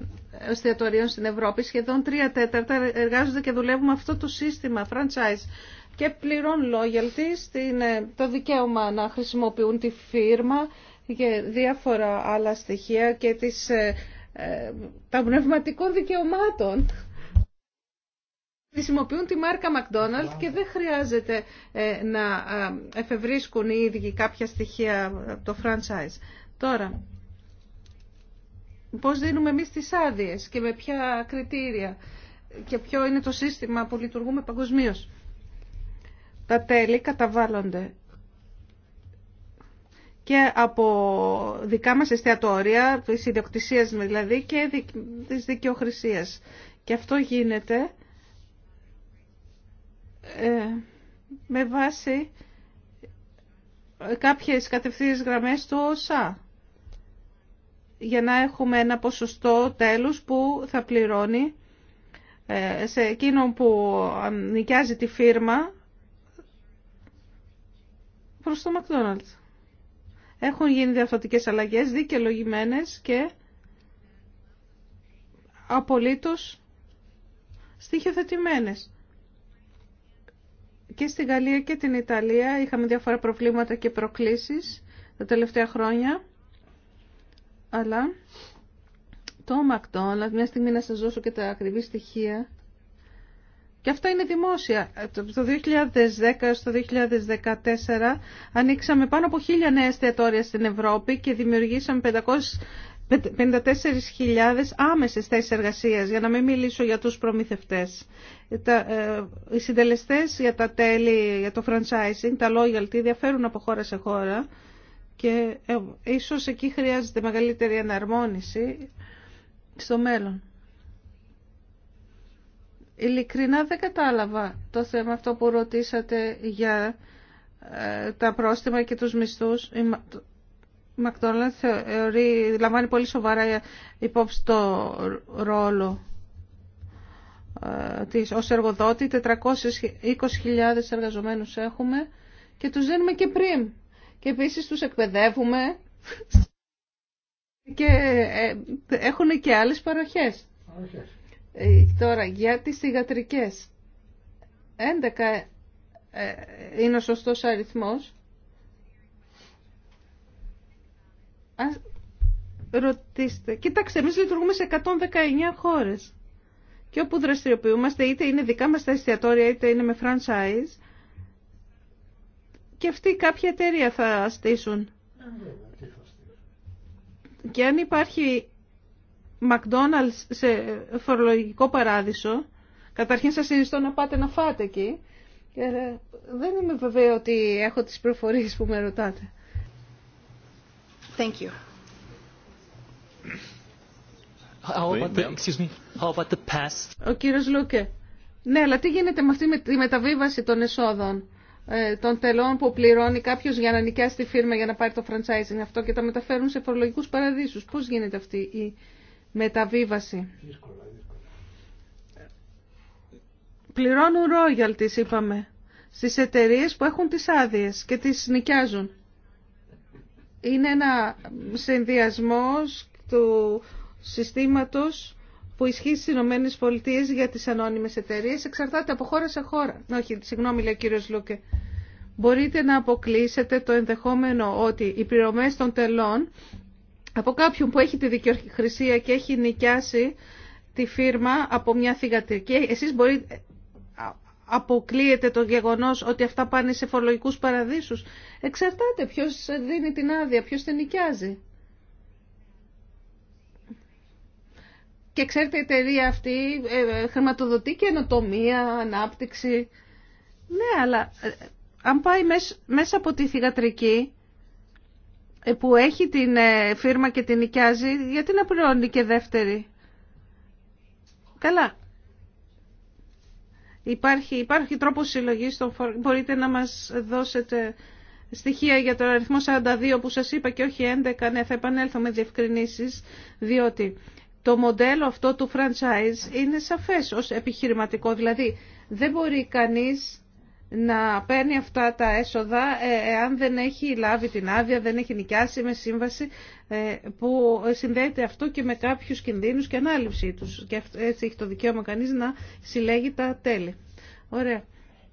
εστιατορίων στην Ευρώπη, σχεδόν 3 τέταρτα εργάζονται και δουλεύουν αυτό το σύστημα franchise και πληρών loyalty στην, το δικαίωμα να χρησιμοποιούν τη φύρμα και διάφορα άλλα στοιχεία και τις, τα πνευματικών δικαιωμάτων χρησιμοποιούν τη μάρκα McDonald's και δεν χρειάζεται ε, να ε, εφευρίσκουν οι ίδιοι κάποια στοιχεία από ε, το franchise. Τώρα, πώς δίνουμε εμείς τις άδειες και με ποια κριτήρια και ποιο είναι το σύστημα που λειτουργούμε παγκοσμίω. Τα τέλη καταβάλλονται και από δικά μας εστιατόρια, της ιδιοκτησίας δηλαδή και της δικαιοχρησίας. Και αυτό γίνεται ε, με βάση κάποιες κατευθύνες γραμμές του ΩΣΑ για να έχουμε ένα ποσοστό τέλους που θα πληρώνει ε, σε εκείνον που νοικιάζει τη φύρμα προς το McDonald's. Έχουν γίνει διαφορετικές αλλαγές, δικαιολογημένες και απολύτως στοιχειοθετημένες. Και στην Γαλλία και την Ιταλία είχαμε διάφορα προβλήματα και προκλήσεις τα τελευταία χρόνια. Αλλά το McDonald's, μια στιγμή να σας δώσω και τα ακριβή στοιχεία, και αυτά είναι δημόσια. Ε, το 2010 στο 2014 ανοίξαμε πάνω από χίλια νέα εστιατόρια στην Ευρώπη και δημιουργήσαμε 500 54.000 άμεσες θέσεις εργασίας, για να μην μιλήσω για τους προμηθευτές. Τα, ε, οι συντελεστές για τα τέλη, για το franchising, τα loyalty διαφέρουν από χώρα σε χώρα και ε, ίσως εκεί χρειάζεται μεγαλύτερη εναρμόνιση στο μέλλον. Ειλικρινά δεν κατάλαβα το θέμα αυτό που ρωτήσατε για ε, τα πρόστιμα και τους μισθούς. Μακδόναλντ θεωρεί, λαμβάνει πολύ σοβαρά υπόψη το ρόλο ε, της ως εργοδότη. 420.000 εργαζομένους έχουμε και τους δίνουμε και πριν. Και επίσης τους εκπαιδεύουμε και ε, έχουν και άλλες παροχές. Ε, τώρα, για τις θηγατρικές. 11 είναι ο σωστός αριθμός Ας ρωτήστε. Κοιτάξτε, εμείς λειτουργούμε σε 119 χώρες. Και όπου δραστηριοποιούμαστε, είτε είναι δικά μας τα εστιατόρια, είτε είναι με franchise, και αυτοί κάποια εταιρεία θα στήσουν. Και αν υπάρχει McDonald's σε φορολογικό παράδεισο, καταρχήν σας συνιστώ να πάτε να φάτε εκεί. Και ε, δεν είμαι βεβαία ότι έχω τις προφορίες που με ρωτάτε. Thank you. How about the, excuse me, how about the past? Ο κύριος Λούκε. Ναι, αλλά τι γίνεται με αυτή τη μεταβίβαση των εσόδων, ε, των τελών που πληρώνει κάποιος για να νοικιάσει τη φίρμα για να πάρει το franchising αυτό και τα μεταφέρουν σε φορολογικούς παραδείσους. Πώς γίνεται αυτή η μεταβίβαση. Πληρώνουν royalties, είπαμε, στις εταιρείες που έχουν τις άδειες και τις νοικιάζουν είναι ένα συνδυασμός του συστήματος που ισχύει στι Ηνωμένε Πολιτείε για τι ανώνυμες εταιρείε εξαρτάται από χώρα σε χώρα. Όχι, συγγνώμη, λέει ο κύριο Λούκε. Μπορείτε να αποκλείσετε το ενδεχόμενο ότι οι πληρωμέ των τελών από κάποιον που έχει τη δικαιοχρησία και έχει νοικιάσει τη φύρμα από μια θηγατρική. Εσείς μπορείτε αποκλείεται το γεγονός ότι αυτά πάνε σε φορολογικούς παραδείσους. Εξαρτάται ποιος δίνει την άδεια, ποιος την νοικιάζει. Και ξέρετε η εταιρεία αυτή ε, ε, χρηματοδοτεί και ενοτομία, ανάπτυξη. Ναι, αλλά ε, αν πάει μέσα από τη θηγατρική που έχει την φύρμα και την νοικιάζει, γιατί να πληρώνει και δεύτερη. Καλά, Υπάρχει, υπάρχει τρόπος συλλογής, μπορείτε να μας δώσετε στοιχεία για τον αριθμό 42 που σας είπα και όχι 11, ναι θα επανέλθω με διευκρινήσεις, διότι το μοντέλο αυτό του franchise είναι σαφές ως επιχειρηματικό, δηλαδή δεν μπορεί κανείς να παίρνει αυτά τα έσοδα ε, εάν δεν έχει λάβει την άδεια, δεν έχει νοικιάσει με σύμβαση ε, που συνδέεται αυτό και με κάποιους κινδύνους και ανάληψή τους. Και έτσι έχει το δικαίωμα κανείς να συλλέγει τα τέλη. Ωραία.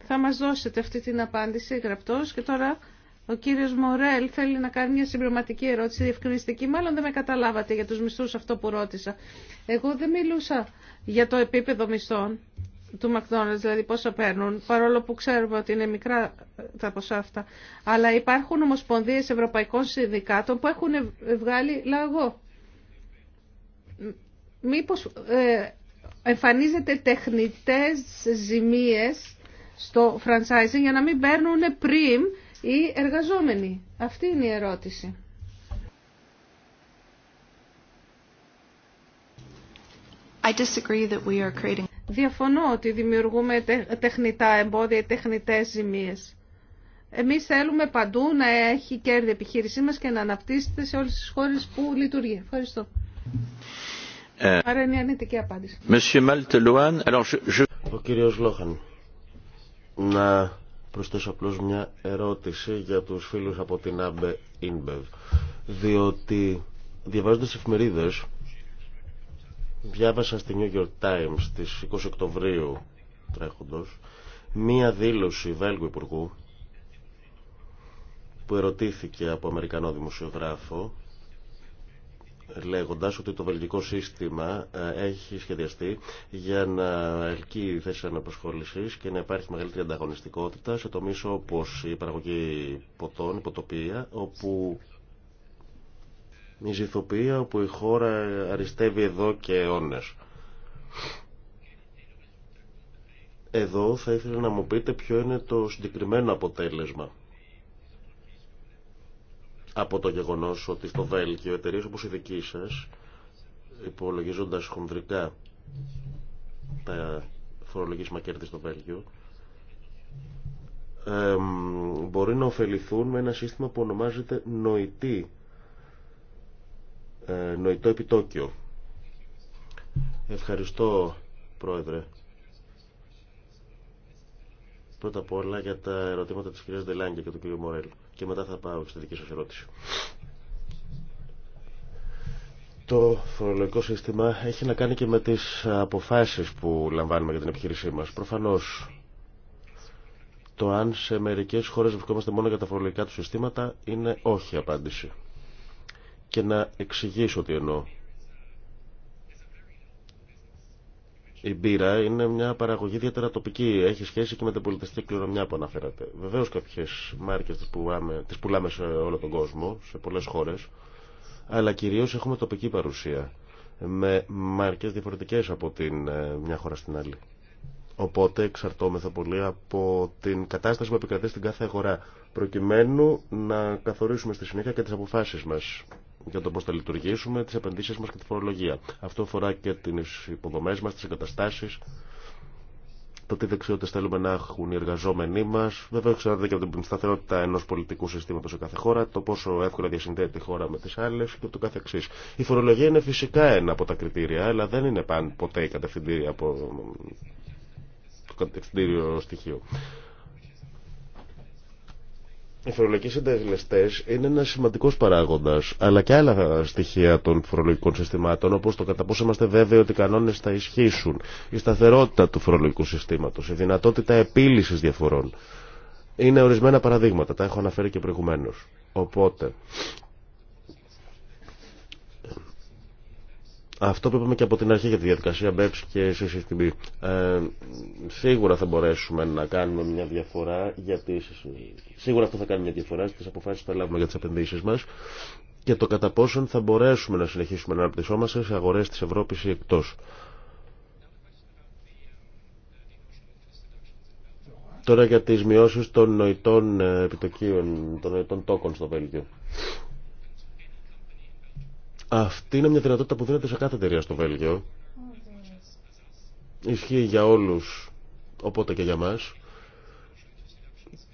Θα μας δώσετε αυτή την απάντηση γραπτός και τώρα ο κύριος Μορέλ θέλει να κάνει μια συμπληρωματική ερώτηση, διευκρινιστική. Μάλλον δεν με καταλάβατε για τους μισθούς αυτό που ρώτησα. Εγώ δεν μιλούσα για το επίπεδο μισθών του McDonald's, δηλαδή πόσο παίρνουν, παρόλο που ξέρουμε ότι είναι μικρά τα ποσά αυτά. Αλλά υπάρχουν ομοσπονδίες ευρωπαϊκών συνδικάτων που έχουν βγάλει λαγό. Μήπως ε, εμφανίζεται τεχνητές ζημίες στο franchising για να μην παίρνουν πριν οι εργαζόμενοι. Αυτή είναι η ερώτηση. Διαφωνώ ότι δημιουργούμε τεχνητά εμπόδια, τεχνητές ζημίες. Εμείς θέλουμε παντού να έχει κέρδη επιχείρησή μας και να αναπτύσσεται σε όλες τις χώρες που λειτουργεί. Ευχαριστώ. Ε, Άρα είναι η ανετική απάντηση. Ο κύριος Λόχαν, να προσθέσω απλώς μια ερώτηση για τους φίλους από την ΑΜΠΕ ΙΝΠΕΒ. διότι διαβάζοντας εφημερίδες Διάβασα στη New York Times στις 20 Οκτωβρίου τρέχοντος μία δήλωση Βέλγου Υπουργού που ερωτήθηκε από Αμερικανό δημοσιογράφο λέγοντας ότι το βελγικό σύστημα ε, έχει σχεδιαστεί για να ελκύει η θέση αναπασχόλησης και να υπάρχει μεγαλύτερη ανταγωνιστικότητα σε τομείς όπως η παραγωγή ποτών, υποτοπία, όπου ζηθοποιία όπου η χώρα αριστεύει εδώ και αιώνες. Εδώ θα ήθελα να μου πείτε ποιο είναι το συγκεκριμένο αποτέλεσμα από το γεγονός ότι στο Βέλγιο εταιρείε όπως η δική σας υπολογίζοντας χονδρικά τα φορολογίσμα κέρδη στο Βέλγιο μπορεί να ωφεληθούν με ένα σύστημα που ονομάζεται νοητή ε, νοητό επιτόκιο. Ευχαριστώ, Πρόεδρε. Πρώτα απ' όλα για τα ερωτήματα της κυρίας Δελάνγκη και του κυρίου Μορέλ. Και μετά θα πάω στη δική σας ερώτηση. Το φορολογικό σύστημα έχει να κάνει και με τις αποφάσεις που λαμβάνουμε για την επιχείρησή μας. Προφανώς το αν σε μερικές χώρες βρισκόμαστε μόνο για τα φορολογικά του συστήματα είναι όχι απάντηση και να εξηγήσω τι εννοώ. Η μπύρα είναι μια παραγωγή ιδιαίτερα τοπική. Έχει σχέση και με την πολιτιστική κληρονομιά που αναφέρατε. Βεβαίω κάποιε μάρκε τι πουλάμε, τις πουλάμε σε όλο τον κόσμο, σε πολλέ χώρε. Αλλά κυρίω έχουμε τοπική παρουσία. Με μάρκε διαφορετικέ από την ε, μια χώρα στην άλλη. Οπότε εξαρτώμεθα πολύ από την κατάσταση που επικρατεί στην κάθε αγορά. Προκειμένου να καθορίσουμε στη συνέχεια και τι αποφάσει μα για το πώ θα λειτουργήσουμε, τι επενδύσει μα και τη φορολογία. Αυτό αφορά και τι υποδομέ μα, τι εγκαταστάσει, το τι δεξιότητε θέλουμε να έχουν οι εργαζόμενοι μα. Βέβαια, ξέρετε και από την σταθερότητα ενό πολιτικού συστήματο σε κάθε χώρα, το πόσο εύκολα διασυνδέεται τη χώρα με τι άλλε και το κάθε εξή. Η φορολογία είναι φυσικά ένα από τα κριτήρια, αλλά δεν είναι πάντα ποτέ η κατευθυντήρια από το κατευθυντήριο στοιχείο. Οι φορολογικοί συντελεστέ είναι ένα σημαντικό παράγοντα, αλλά και άλλα στοιχεία των φορολογικών συστημάτων, όπω το κατά πόσο είμαστε βέβαιοι ότι οι κανόνε θα ισχύσουν, η σταθερότητα του φορολογικού συστήματο, η δυνατότητα επίλυση διαφορών. Είναι ορισμένα παραδείγματα, τα έχω αναφέρει και προηγουμένω. Οπότε, Αυτό που είπαμε και από την αρχή για τη διαδικασία BEPS και CCTV. Ε, σίγουρα θα μπορέσουμε να κάνουμε μια διαφορά, γιατί σίγουρα αυτό θα κάνει μια διαφορά στις αποφάσεις που θα λάβουμε για τι επενδύσεις μα και το κατά πόσον θα μπορέσουμε να συνεχίσουμε να αναπτυσσόμαστε σε αγορέ τη Ευρώπη ή εκτός. Τώρα για τι μειώσει των νοητών ε, επιτοκίων, των νοητών τόκων στο Βέλγιο. Αυτή είναι μια δυνατότητα που δίνεται σε κάθε εταιρεία στο Βέλγιο. Ισχύει για όλους, οπότε και για μας.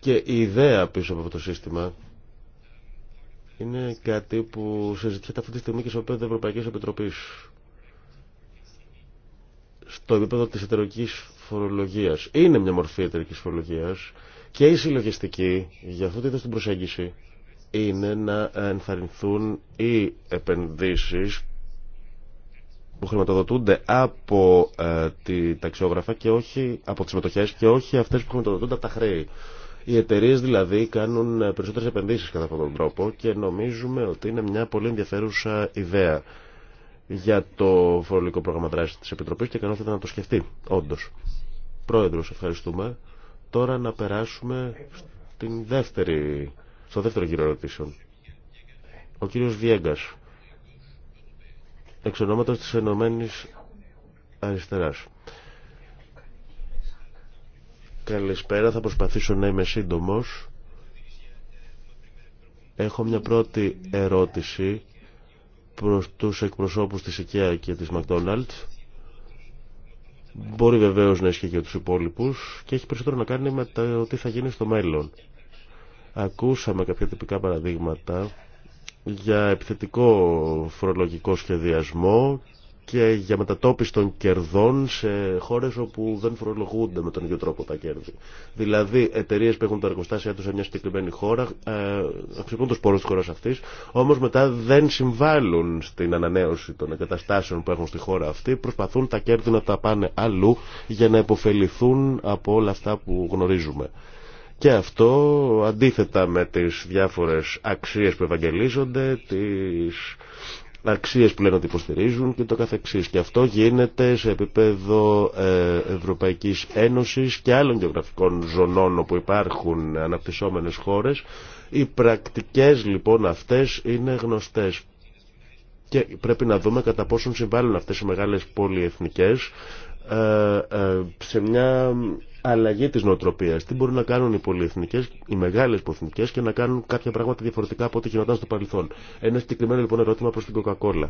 Και η ιδέα πίσω από αυτό το σύστημα είναι κάτι που συζητιέται αυτή τη στιγμή και σε επίπεδο Ευρωπαϊκής Επιτροπής. Στο επίπεδο της εταιρικής φορολογίας. Είναι μια μορφή εταιρικής φορολογίας και η συλλογιστική για αυτό το είδος την προσέγγιση είναι να ενθαρρυνθούν οι επενδύσεις που χρηματοδοτούνται από ε, τη ταξιόγραφα και όχι από τις μετοχές και όχι αυτές που χρηματοδοτούνται από τα χρέη. Οι εταιρείε δηλαδή κάνουν ε, περισσότερες επενδύσεις κατά αυτόν τον τρόπο και νομίζουμε ότι είναι μια πολύ ενδιαφέρουσα ιδέα για το φορολογικό πρόγραμμα δράσης της Επιτροπής και καλό να το σκεφτεί, όντως. Πρόεδρος, ευχαριστούμε. Τώρα να περάσουμε στην δεύτερη στο δεύτερο γύρο ερωτήσεων. Ο κύριο Βιέγκας, εξ ονόματο της Ενωμένη Αριστερά. Καλησπέρα, θα προσπαθήσω να είμαι σύντομο. Έχω μια πρώτη ερώτηση προς τους εκπροσώπους της IKEA και της McDonald's. Μπορεί βεβαίως να ισχύει και για τους υπόλοιπους και έχει περισσότερο να κάνει με το τι θα γίνει στο μέλλον. Ακούσαμε κάποια τυπικά παραδείγματα για επιθετικό φορολογικό σχεδιασμό και για μετατόπιση των κερδών σε χώρες όπου δεν φορολογούνται με τον ίδιο τρόπο τα κέρδη. Δηλαδή, εταιρείε που έχουν τα εργοστάσια του σε μια συγκεκριμένη χώρα, ε, αξιοποιούν του πόρου τη χώρα αυτή, όμω μετά δεν συμβάλλουν στην ανανέωση των εγκαταστάσεων που έχουν στη χώρα αυτή, προσπαθούν τα κέρδη να τα πάνε αλλού για να υποφεληθούν από όλα αυτά που γνωρίζουμε. Και αυτό αντίθετα με τις διάφορες αξίες που ευαγγελίζονται, τις αξίες που λένε ότι υποστηρίζουν και το καθεξής. Και αυτό γίνεται σε επίπεδο ε, Ευρωπαϊκής Ένωσης και άλλων γεωγραφικών ζωνών όπου υπάρχουν αναπτυσσόμενες χώρες. Οι πρακτικές λοιπόν αυτές είναι γνωστές και πρέπει να δούμε κατά πόσον συμβάλλουν αυτές οι μεγάλες πολυεθνικές ε, ε, σε μια αλλαγή της νοοτροπίας. Τι μπορούν να κάνουν οι πολυεθνικές, οι μεγάλες πολυεθνικές και να κάνουν κάποια πράγματα διαφορετικά από ό,τι γινόταν στο παρελθόν. Ένα συγκεκριμένο λοιπόν ερώτημα προς την Coca-Cola.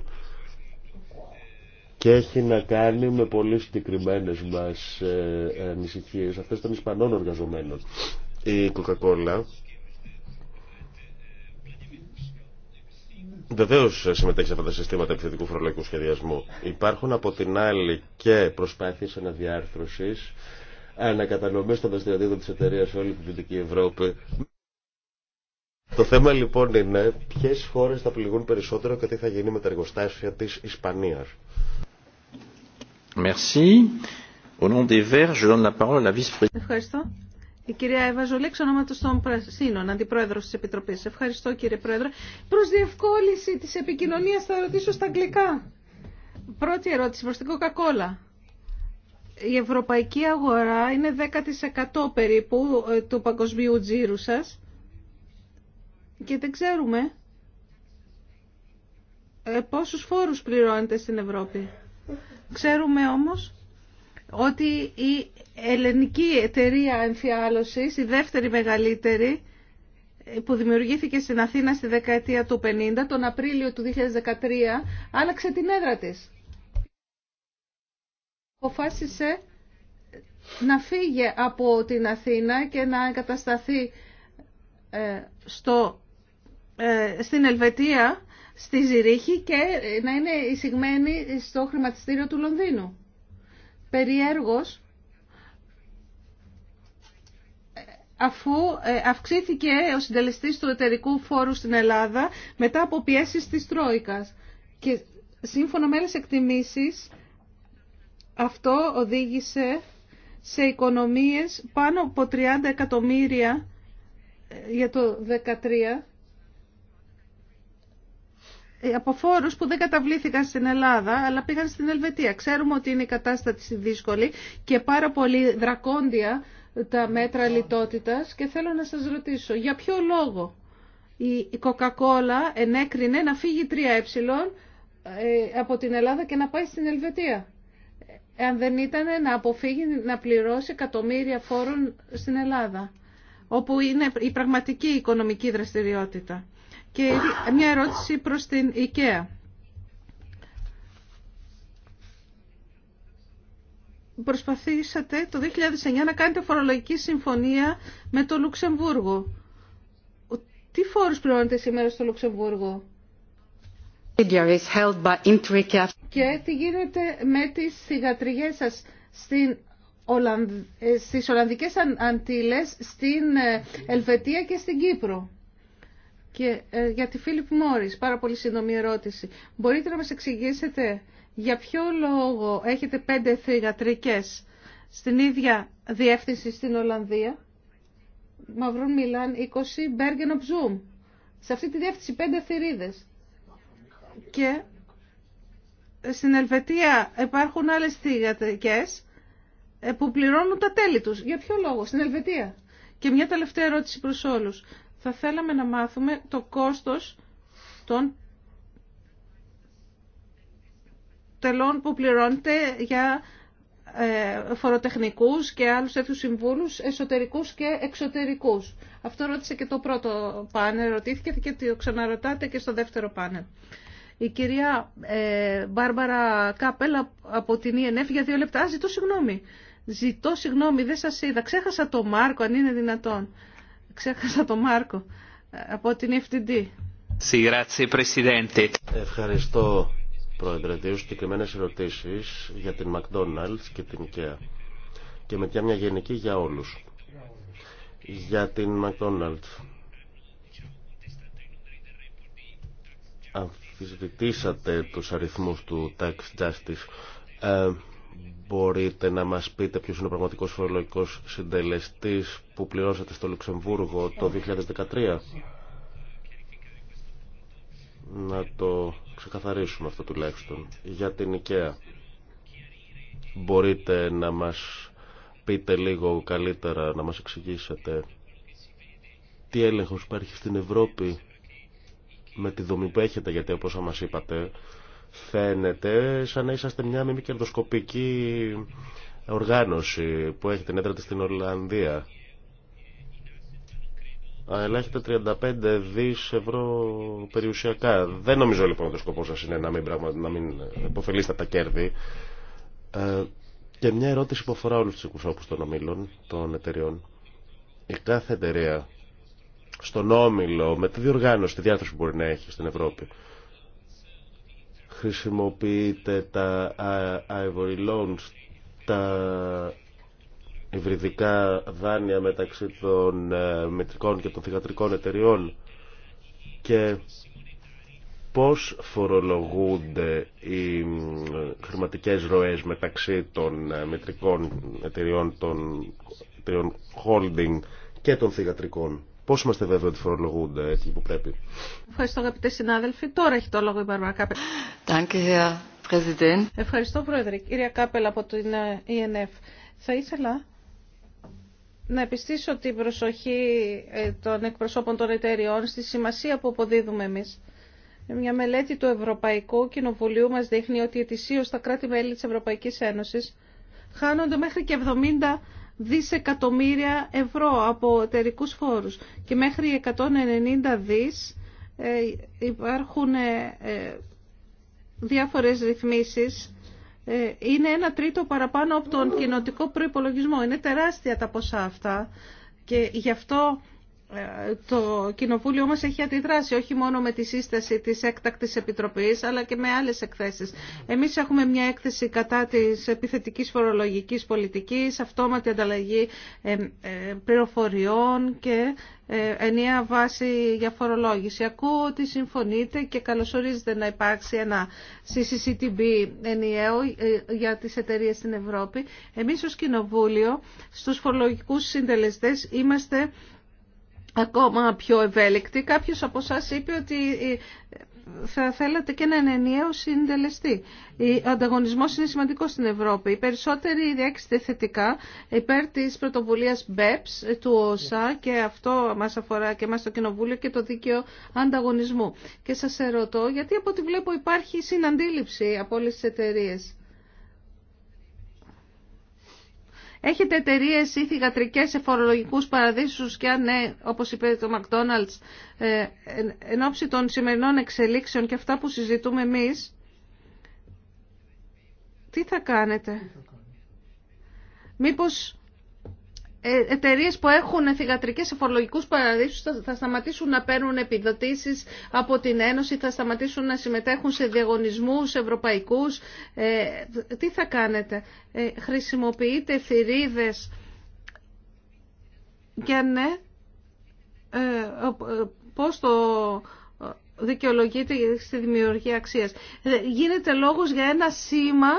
Και έχει να κάνει με πολύ συγκεκριμένε μας ε, ε, ανησυχίες, αυτές των Ισπανών εργαζομένων. Η Coca-Cola Βεβαίω συμμετέχει σε αυτά τα συστήματα επιθετικού φορολογικού σχεδιασμού. Υπάρχουν από την άλλη και προσπάθειε αναδιάρθρωση ανακατανομές των δραστηριοτήτων της εταιρείας σε όλη την Δυτική Ευρώπη. Το θέμα λοιπόν είναι ποιες χώρες θα πληγούν περισσότερο και τι θα γίνει με τα εργοστάσια της Ισπανίας. Ευχαριστώ. Η κυρία Εύα Ζολή, εξ των Πρασίνων, αντιπρόεδρος της Επιτροπής. Ευχαριστώ κύριε Πρόεδρε. Προς διευκόλυνση της επικοινωνίας θα ρωτήσω στα αγγλικά. Πρώτη ερώτηση προς την Κοκακόλα η ευρωπαϊκή αγορά είναι 10% περίπου ε, του παγκοσμίου τζίρου σας και δεν ξέρουμε ε, πόσους φόρους πληρώνετε στην Ευρώπη. Ξέρουμε όμως ότι η ελληνική εταιρεία εμφιάλωσης, η δεύτερη μεγαλύτερη, ε, που δημιουργήθηκε στην Αθήνα στη δεκαετία του 50, τον Απρίλιο του 2013, άλλαξε την έδρα της αποφάσισε να φύγει από την Αθήνα και να εγκατασταθεί ε, στο, ε, στην Ελβετία, στη Ζηρίχη και να είναι εισηγμένη στο χρηματιστήριο του Λονδίνου. Περιέργως, αφού ε, αυξήθηκε ο συντελεστής του εταιρικού φόρου στην Ελλάδα μετά από πιέσεις της Τρόικας. Και σύμφωνα με άλλες εκτιμήσεις, αυτό οδήγησε σε οικονομίες πάνω από 30 εκατομμύρια ε, για το 2013 ε, από φόρους που δεν καταβλήθηκαν στην Ελλάδα αλλά πήγαν στην Ελβετία. Ξέρουμε ότι είναι η κατάσταση δύσκολη και πάρα πολύ δρακόντια τα μέτρα λιτότητας και θέλω να σας ρωτήσω για ποιο λόγο η Coca-Cola ενέκρινε να φύγει 3 ε από την Ελλάδα και να πάει στην Ελβετία αν δεν ήταν να αποφύγει να πληρώσει εκατομμύρια φόρων στην Ελλάδα, όπου είναι η πραγματική οικονομική δραστηριότητα. Και μια ερώτηση προς την IKEA. Προσπαθήσατε το 2009 να κάνετε φορολογική συμφωνία με το Λουξεμβούργο. Τι φόρους πληρώνετε σήμερα στο Λουξεμβούργο και τι γίνεται με τις θυγατριές σας στην Ολλανδ... Ε, στις Ολλανδικές Αντίλες, στην ε, Ελβετία και στην Κύπρο. Και ε, για τη Φίλιπ Μόρις, πάρα πολύ σύντομη ερώτηση. Μπορείτε να μας εξηγήσετε για ποιο λόγο έχετε πέντε θηγατρικές στην ίδια διεύθυνση στην Ολλανδία. Μαυρούν Μιλάν 20, Μπέργεν Οπζούμ. Σε αυτή τη διεύθυνση πέντε θηρίδες και στην Ελβετία υπάρχουν άλλες θηγατρικές ε, που πληρώνουν τα τέλη τους. Για ποιο λόγο, στην Ελβετία. Και μια τελευταία ερώτηση προς όλους. Θα θέλαμε να μάθουμε το κόστος των τελών που πληρώνεται για ε, φοροτεχνικούς και άλλους τέτοιου συμβούλους εσωτερικούς και εξωτερικούς. Αυτό ρώτησε και το πρώτο πάνελ, ρωτήθηκε και το ξαναρωτάτε και στο δεύτερο πάνελ. Η κυρία ε, Μπάρμπαρα Κάπελα από την ΙΕΝΕΦ e για δύο λεπτά. Α, ζητώ συγγνώμη. Ζητώ συγγνώμη, δεν σας είδα. Ξέχασα το Μάρκο, αν είναι δυνατόν. Ξέχασα το Μάρκο ε, από την FTD. Ευχαριστώ, Πρόεδρε. Δύο συγκεκριμένε ερωτήσει για την McDonald's και την IKEA. Και μετά μια γενική για όλους. Για την McDonald's αμφισβητήσατε τους αριθμούς του Tax Justice. Ε, μπορείτε να μας πείτε ποιος είναι ο πραγματικός φορολογικός συντελεστής που πληρώσατε στο Λουξεμβούργο το 2013. Να το ξεκαθαρίσουμε αυτό τουλάχιστον. Για την IKEA. Μπορείτε να μας πείτε λίγο καλύτερα, να μας εξηγήσετε τι έλεγχος υπάρχει στην Ευρώπη με τη δομή που έχετε, γιατί όπως μας είπατε, φαίνεται σαν να είσαστε μια μη κερδοσκοπική οργάνωση που έχει την έντρα της στην Ολλανδία. Αλλά έχετε 35 δις ευρώ περιουσιακά. Δεν νομίζω λοιπόν ότι ο σκοπός σας είναι να μην, πραγμα... να μην υποφελείστε τα κέρδη. Ε, και μια ερώτηση που αφορά όλους τους εκπροσώπους των ομίλων, των εταιριών. Η κάθε εταιρεία στον Όμιλο, με τη διοργάνωση, τη διάθεση που μπορεί να έχει στην Ευρώπη. χρησιμοποιείτε τα ivory loans, τα υβριδικά δάνεια μεταξύ των ε, μετρικών και των θηγατρικών εταιριών και πώς φορολογούνται οι ε, χρηματικές ροές μεταξύ των ε, μετρικών εταιριών, των εταιριών holding και των θηγατρικών. Πώ είμαστε βέβαιοι ότι φορολογούνται έτσι που πρέπει. Ευχαριστώ αγαπητέ συνάδελφοι. Τώρα έχει το λόγο η Μπαρμπαρά Κάπελ. Ευχαριστώ Πρόεδρε. Κυρία Κάπελ από την ΕΝΕΦ. E Θα ήθελα να επιστήσω την προσοχή ε, των εκπροσώπων των εταιριών στη σημασία που αποδίδουμε εμεί, Μια μελέτη του Ευρωπαϊκού Κοινοβουλίου μας δείχνει ότι ετησίως τα κράτη-μέλη της Ευρωπαϊκής Ένωσης χάνονται μέχρι και 70 δισεκατομμύρια ευρώ από εταιρικού φόρους και μέχρι 190 δις ε, υπάρχουν ε, ε, διάφορες ρυθμίσεις είναι ένα τρίτο παραπάνω από τον κοινοτικό προϋπολογισμό. Είναι τεράστια τα ποσά αυτά και γι' αυτό το κοινοβούλιο μας έχει αντιδράσει όχι μόνο με τη σύσταση της έκτακτης επιτροπής αλλά και με άλλες εκθέσεις. Εμείς έχουμε μια έκθεση κατά της επιθετικής φορολογικής πολιτικής, αυτόματη ανταλλαγή ε, ε, πληροφοριών και ε, ενιαία βάση για φορολόγηση. Ακούω ότι συμφωνείτε και καλωσορίζετε να υπάρξει ένα CCTB ενιαίο για τις εταιρείες στην Ευρώπη. Εμείς ως Κοινοβούλιο στους φορολογικούς συντελεστές είμαστε ακόμα πιο ευέλικτη. Κάποιος από εσά είπε ότι ε, θα θέλατε και έναν ενιαίο συντελεστή. Ο ανταγωνισμός είναι σημαντικός στην Ευρώπη. Οι περισσότεροι διέξετε θετικά υπέρ της πρωτοβουλίας BEPS ε, του ΩΣΑ και αυτό μας αφορά και μας το Κοινοβούλιο και το δίκαιο ανταγωνισμού. Και σας ερωτώ γιατί από ό,τι βλέπω υπάρχει συναντήληψη από όλες τις εταιρείες. Έχετε εταιρείε ή θηγατρικέ σε φορολογικού παραδείσου και αν ναι, όπω είπε το McDonald's, ε, εν ώψη των σημερινών εξελίξεων και αυτά που συζητούμε εμεί, τι θα κάνετε. Μήπως ε, εταιρείε που έχουν θηγατρικές σε φορολογικούς παραδείσους θα σταματήσουν να παίρνουν επιδοτήσεις από την Ένωση, θα σταματήσουν να συμμετέχουν σε διαγωνισμούς ευρωπαϊκούς. Ε, τι θα κάνετε, ε, χρησιμοποιείτε θηρίδες και ναι, ε, πώς το δικαιολογείτε στη δημιουργία αξίας. Γίνεται λόγος για ένα σήμα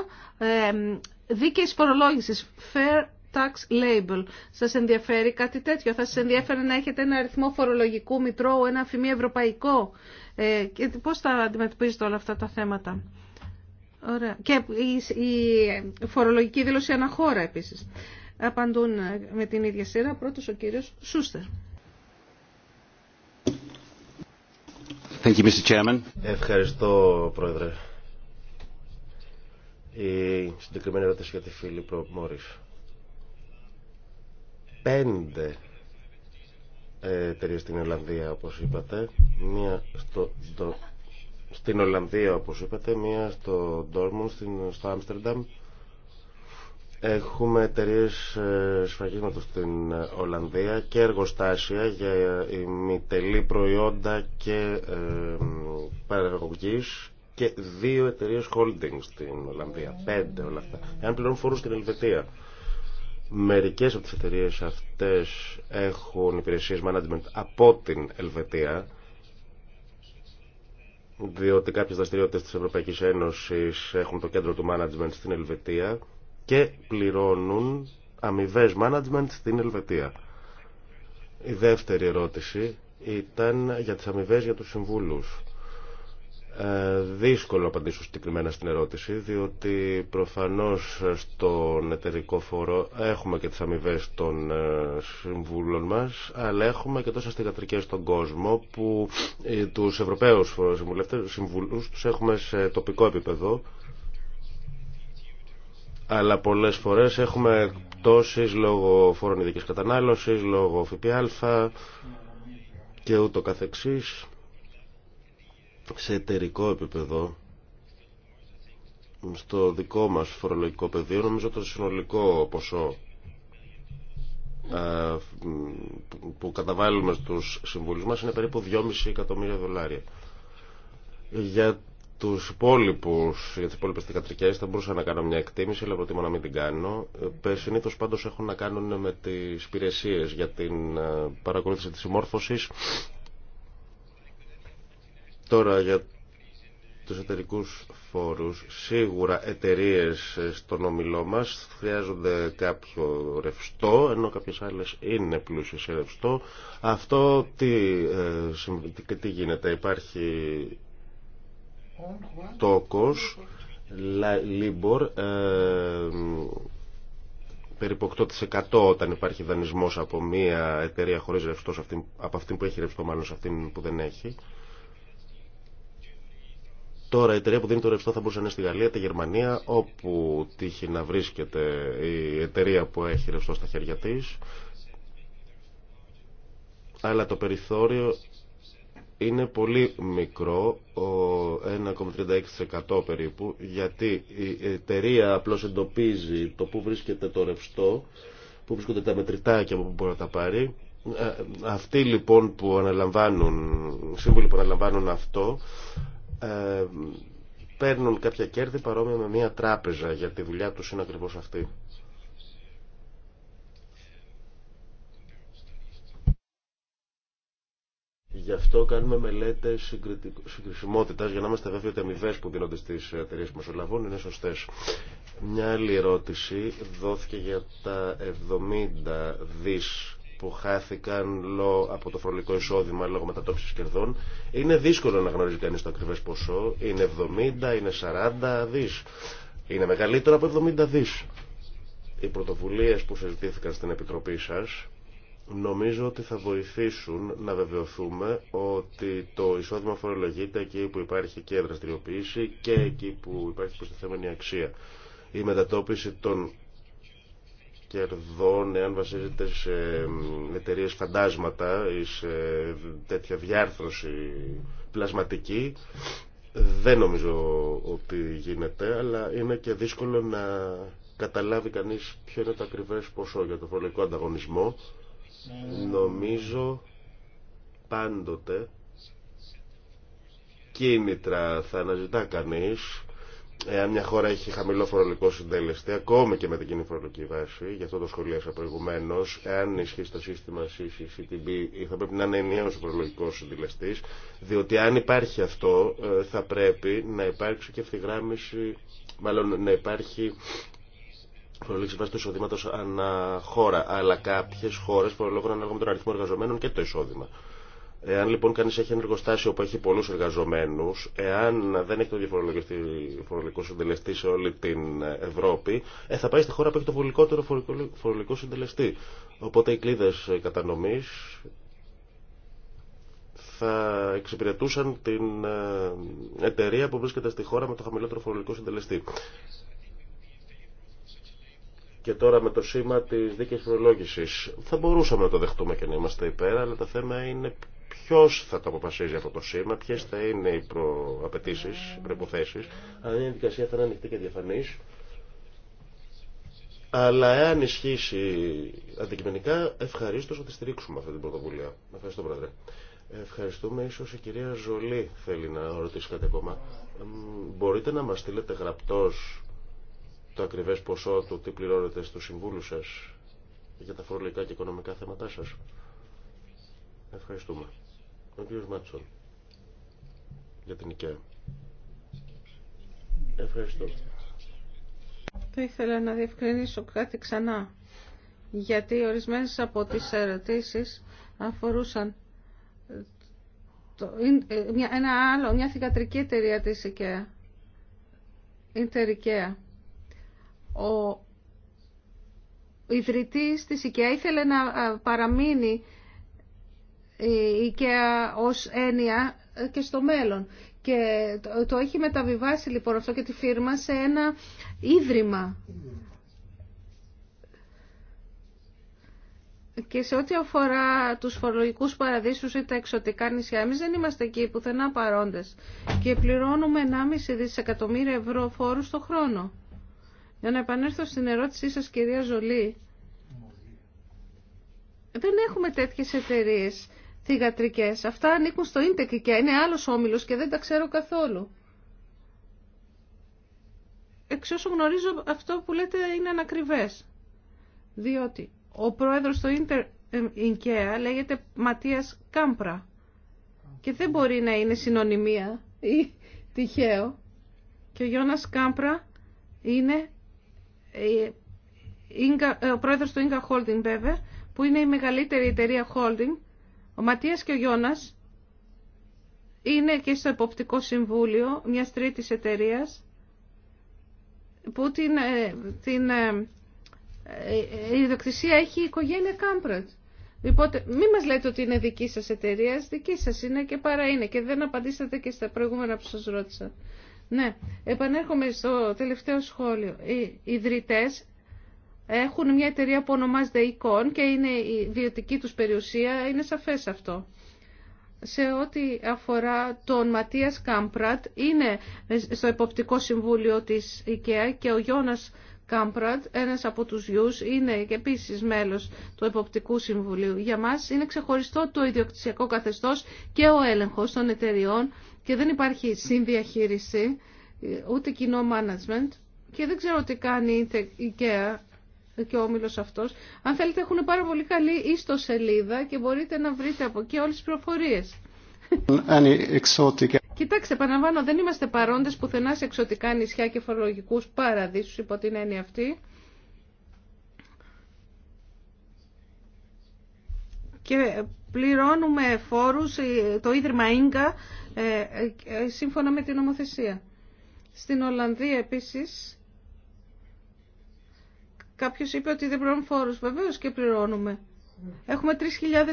δίκαιης φορολόγησης, fair tax label. Σας ενδιαφέρει κάτι τέτοιο. Θα σας ενδιαφέρει να έχετε ένα αριθμό φορολογικού μητρώου, ένα αφημί ευρωπαϊκό. Ε, και πώς θα αντιμετωπίζετε όλα αυτά τα θέματα. Ωραία. Και η, η φορολογική δήλωση αναχώρα επίσης. Απαντούν με την ίδια σειρά. Πρώτος ο κύριος Σούστερ. Thank you, Mr. Chairman. Ευχαριστώ, Πρόεδρε. Η συγκεκριμένη ερώτηση για τη φίλη Μόρις πέντε ε, εταιρείε στην Ολλανδία όπως είπατε μία στο, στην Ολλανδία όπως είπατε μία στο Ντόρμουν στο Άμστερνταμ Έχουμε εταιρείε σφραγίσματο στην ε, Ολλανδία και εργοστάσια για ε, ημιτελή προϊόντα και ε, παραγωγή και δύο εταιρείε holding στην Ολλανδία. Πέντε όλα αυτά. Εάν πληρώνουν φόρου στην Ελβετία. Μερικές από τις εταιρείες αυτές έχουν υπηρεσίες management από την Ελβετία διότι κάποιες δραστηριότητες της Ευρωπαϊκής Ένωσης έχουν το κέντρο του management στην Ελβετία και πληρώνουν αμοιβέ management στην Ελβετία. Η δεύτερη ερώτηση ήταν για τις αμοιβέ για τους συμβούλους. Ε, δύσκολο να απαντήσω συγκεκριμένα στην ερώτηση, διότι προφανώς στον εταιρικό φόρο έχουμε και τις αμοιβέ των ε, συμβούλων μας, αλλά έχουμε και τόσες θηγατρικές στον κόσμο που ε, τους Ευρωπαίους συμβουλούς τους έχουμε σε τοπικό επίπεδο, αλλά πολλές φορές έχουμε πτώσει λόγω φόρων ειδικής κατανάλωσης, λόγω ΦΠΑ και ούτω καθεξής σε εταιρικό επίπεδο στο δικό μας φορολογικό πεδίο νομίζω το συνολικό ποσό ε, που καταβάλουμε στους συμβούλους μας είναι περίπου 2,5 εκατομμύρια δολάρια. Για τους υπόλοιπους, για τις υπόλοιπες δικατρικές θα μπορούσα να κάνω μια εκτίμηση, αλλά προτιμώ να μην την κάνω. Ε, Συνήθω πάντως έχουν να κάνουν με τις υπηρεσίε για την ε, παρακολούθηση της συμμόρφωσης Τώρα για τους εταιρικούς φόρους, σίγουρα εταιρείε στον ομιλό μας χρειάζονται κάποιο ρευστό, ενώ κάποιες άλλες είναι πλούσιες σε ρευστό. Αυτό τι, ε, γίνεται, υπάρχει τόκος, λίμπορ, ε, περίπου 8% όταν υπάρχει δανεισμός από μία εταιρεία χωρίς ρευστό, από αυτήν που έχει ρευστό μάλλον σε αυτήν που δεν έχει. Τώρα η εταιρεία που δίνει το ρευστό θα μπορούσε να είναι στη Γαλλία, τη Γερμανία, όπου τύχει να βρίσκεται η εταιρεία που έχει ρευστό στα χέρια τη. Αλλά το περιθώριο είναι πολύ μικρό, 1,36% περίπου, γιατί η εταιρεία απλώς εντοπίζει το που βρίσκεται το ρευστό, που βρίσκονται τα μετρητά και από που μπορεί να τα πάρει. Ε, αυτοί λοιπόν που αναλαμβάνουν, σύμβουλοι που αναλαμβάνουν αυτό, ε, παίρνουν κάποια κέρδη παρόμοια με μια τράπεζα για τη δουλειά τους είναι ακριβώς αυτή. Γι' αυτό κάνουμε μελέτε συγκρισιμότητα για να είμαστε βέβαιοι ότι οι αμοιβέ που δίνονται στι εταιρείε που μεσολαβούν είναι σωστέ. Μια άλλη ερώτηση δόθηκε για τα 70 δι που χάθηκαν από το φρονικό εισόδημα λόγω μετατόπιση κερδών. Είναι δύσκολο να γνωρίζει κανεί το ακριβέ ποσό. Είναι 70, είναι 40 δι. Είναι μεγαλύτερο από 70 δι. Οι πρωτοβουλίε που συζητήθηκαν στην Επιτροπή σα νομίζω ότι θα βοηθήσουν να βεβαιωθούμε ότι το εισόδημα φορολογείται εκεί που υπάρχει και δραστηριοποίηση και εκεί που υπάρχει προστιθέμενη αξία. Η μετατόπιση των κερδών εάν βασίζεται σε εταιρείε φαντάσματα ή σε τέτοια διάρθρωση πλασματική δεν νομίζω ότι γίνεται αλλά είναι και δύσκολο να καταλάβει κανείς ποιο είναι το ακριβές ποσό για το φορολογικό ανταγωνισμό νομίζω πάντοτε κίνητρα θα αναζητά κανείς Εάν μια χώρα έχει χαμηλό φορολογικό συντέλεστη, ακόμη και με την κοινή φορολογική βάση, γι' αυτό το σχολίασα προηγουμένω, εάν ισχύει το σύστημα CCCTB, θα πρέπει να είναι ενιαίο ο φορολογικό συντελεστή, διότι αν υπάρχει αυτό, ε, θα πρέπει να υπάρξει και ευθυγράμμιση, μάλλον να υπάρχει φορολογική βάση του εισοδήματο ανά χώρα. Αλλά κάποιε χώρε φορολογούν ανάλογα με τον αριθμό εργαζομένων και το εισόδημα. Εάν λοιπόν κανείς έχει ένα εργοστάσιο που έχει πολλούς εργαζομένους, εάν δεν έχει το ίδιο φορολογικό συντελεστή σε όλη την Ευρώπη, ε, θα πάει στη χώρα που έχει το βολικότερο φορολογικό συντελεστή. Οπότε οι κλίδες κατανομής θα εξυπηρετούσαν την ε, εταιρεία που βρίσκεται στη χώρα με το χαμηλότερο φορολογικό συντελεστή. Και τώρα με το σήμα τη δίκαιη φορολόγηση. Θα μπορούσαμε να το δεχτούμε και να είμαστε υπέρα, αλλά το θέμα είναι Ποιο θα το αποφασίζει αυτό το σήμα, ποιε θα είναι οι προαπαιτήσεις, οι προποθέσει. αν η δικασία θα είναι ανοιχτή και διαφανή. Αλλά εάν ισχύσει αντικειμενικά, ευχαριστώ θα τη στηρίξουμε αυτή την πρωτοβουλία. Ευχαριστώ, Πρόεδρε. Ευχαριστούμε. Ίσως η κυρία Ζολή θέλει να ρωτήσει κάτι ακόμα. Μπορείτε να μα στείλετε γραπτό το ακριβές ποσό του τι πληρώνετε στους συμβούλους σας για τα φορολογικά και οικονομικά θέματά σας. Ευχαριστούμε. Ο κ. Μάτσον. Για την ΙΚΕΑ. Ευχαριστώ. Θα ήθελα να διευκρινίσω κάτι ξανά. Γιατί ορισμένες από τις ερωτήσεις αφορούσαν το, ε, μια, ένα άλλο, μια θηγατρική εταιρεία της IKEA. Ο ιδρυτής της ΙΚΕΑ ήθελε να παραμείνει η IKEA ως έννοια και στο μέλλον. Και το έχει μεταβιβάσει λοιπόν αυτό και τη φίρμα σε ένα ίδρυμα. Και σε ό,τι αφορά τους φορολογικούς παραδείσους ή τα εξωτικά νησιά, εμείς δεν είμαστε εκεί πουθενά παρόντες και πληρώνουμε 1,5 δισεκατομμύρια ευρώ φόρους το χρόνο. Για να επανέλθω στην ερώτησή σας κυρία Ζολή, δεν έχουμε τέτοιες εταιρείες θηγατρικές. Αυτά ανήκουν στο ίντεκ και είναι άλλος όμιλος και δεν τα ξέρω καθόλου. Εξ όσο γνωρίζω αυτό που λέτε είναι ανακριβές. Διότι ο πρόεδρος του Ιντερ ε, Ινκέα λέγεται Ματίας Κάμπρα και δεν μπορεί να είναι συνωνυμία ή τυχαίο. Και ο Γιώνας Κάμπρα είναι ε, ε, ο πρόεδρος του Ίνκα Holding βέβαια, που είναι η μεγαλύτερη εταιρεία holding ο Ματίας και ο Γιώνας είναι και στο εποπτικό συμβούλιο μιας τρίτης εταιρείας που την, ε, την ε, ε, η ιδιοκτησία έχει η οικογένεια Κάμπραντ. Λοιπόν, μην μας λέτε ότι είναι δική σας εταιρεία, δική σας είναι και παρά είναι και δεν απαντήσατε και στα προηγούμενα που σας ρώτησα. Ναι, επανέρχομαι στο τελευταίο σχόλιο. Οι ιδρυτές έχουν μια εταιρεία που ονομάζεται Econ και είναι η ιδιωτική τους περιουσία, είναι σαφές αυτό. Σε ό,τι αφορά τον Ματίας Κάμπρατ, είναι στο εποπτικό συμβούλιο της IKEA και ο Γιώνας Κάμπρατ, ένας από τους γιους, είναι και επίσης μέλος του Εποπτικού Συμβουλίου. Για μας είναι ξεχωριστό το ιδιοκτησιακό καθεστώς και ο έλεγχος των εταιριών και δεν υπάρχει συνδιαχείριση, ούτε κοινό management. Και δεν ξέρω τι κάνει η IKEA και ο όμιλος αυτός. Αν θέλετε έχουν πάρα πολύ καλή ιστοσελίδα και μπορείτε να βρείτε από εκεί όλες τις προφορίες. Κοιτάξτε, επαναλαμβάνω, δεν είμαστε παρόντες πουθενά σε εξωτικά νησιά και φορολογικούς παραδείσους υπό την έννοια αυτή. Και πληρώνουμε φόρους, ε, το Ίδρυμα Ίγκα, ε, ε, σύμφωνα με την νομοθεσία. Στην Ολλανδία επίσης Κάποιος είπε ότι δεν πληρώνουμε φόρους. Βεβαίως και πληρώνουμε. Έχουμε 3.000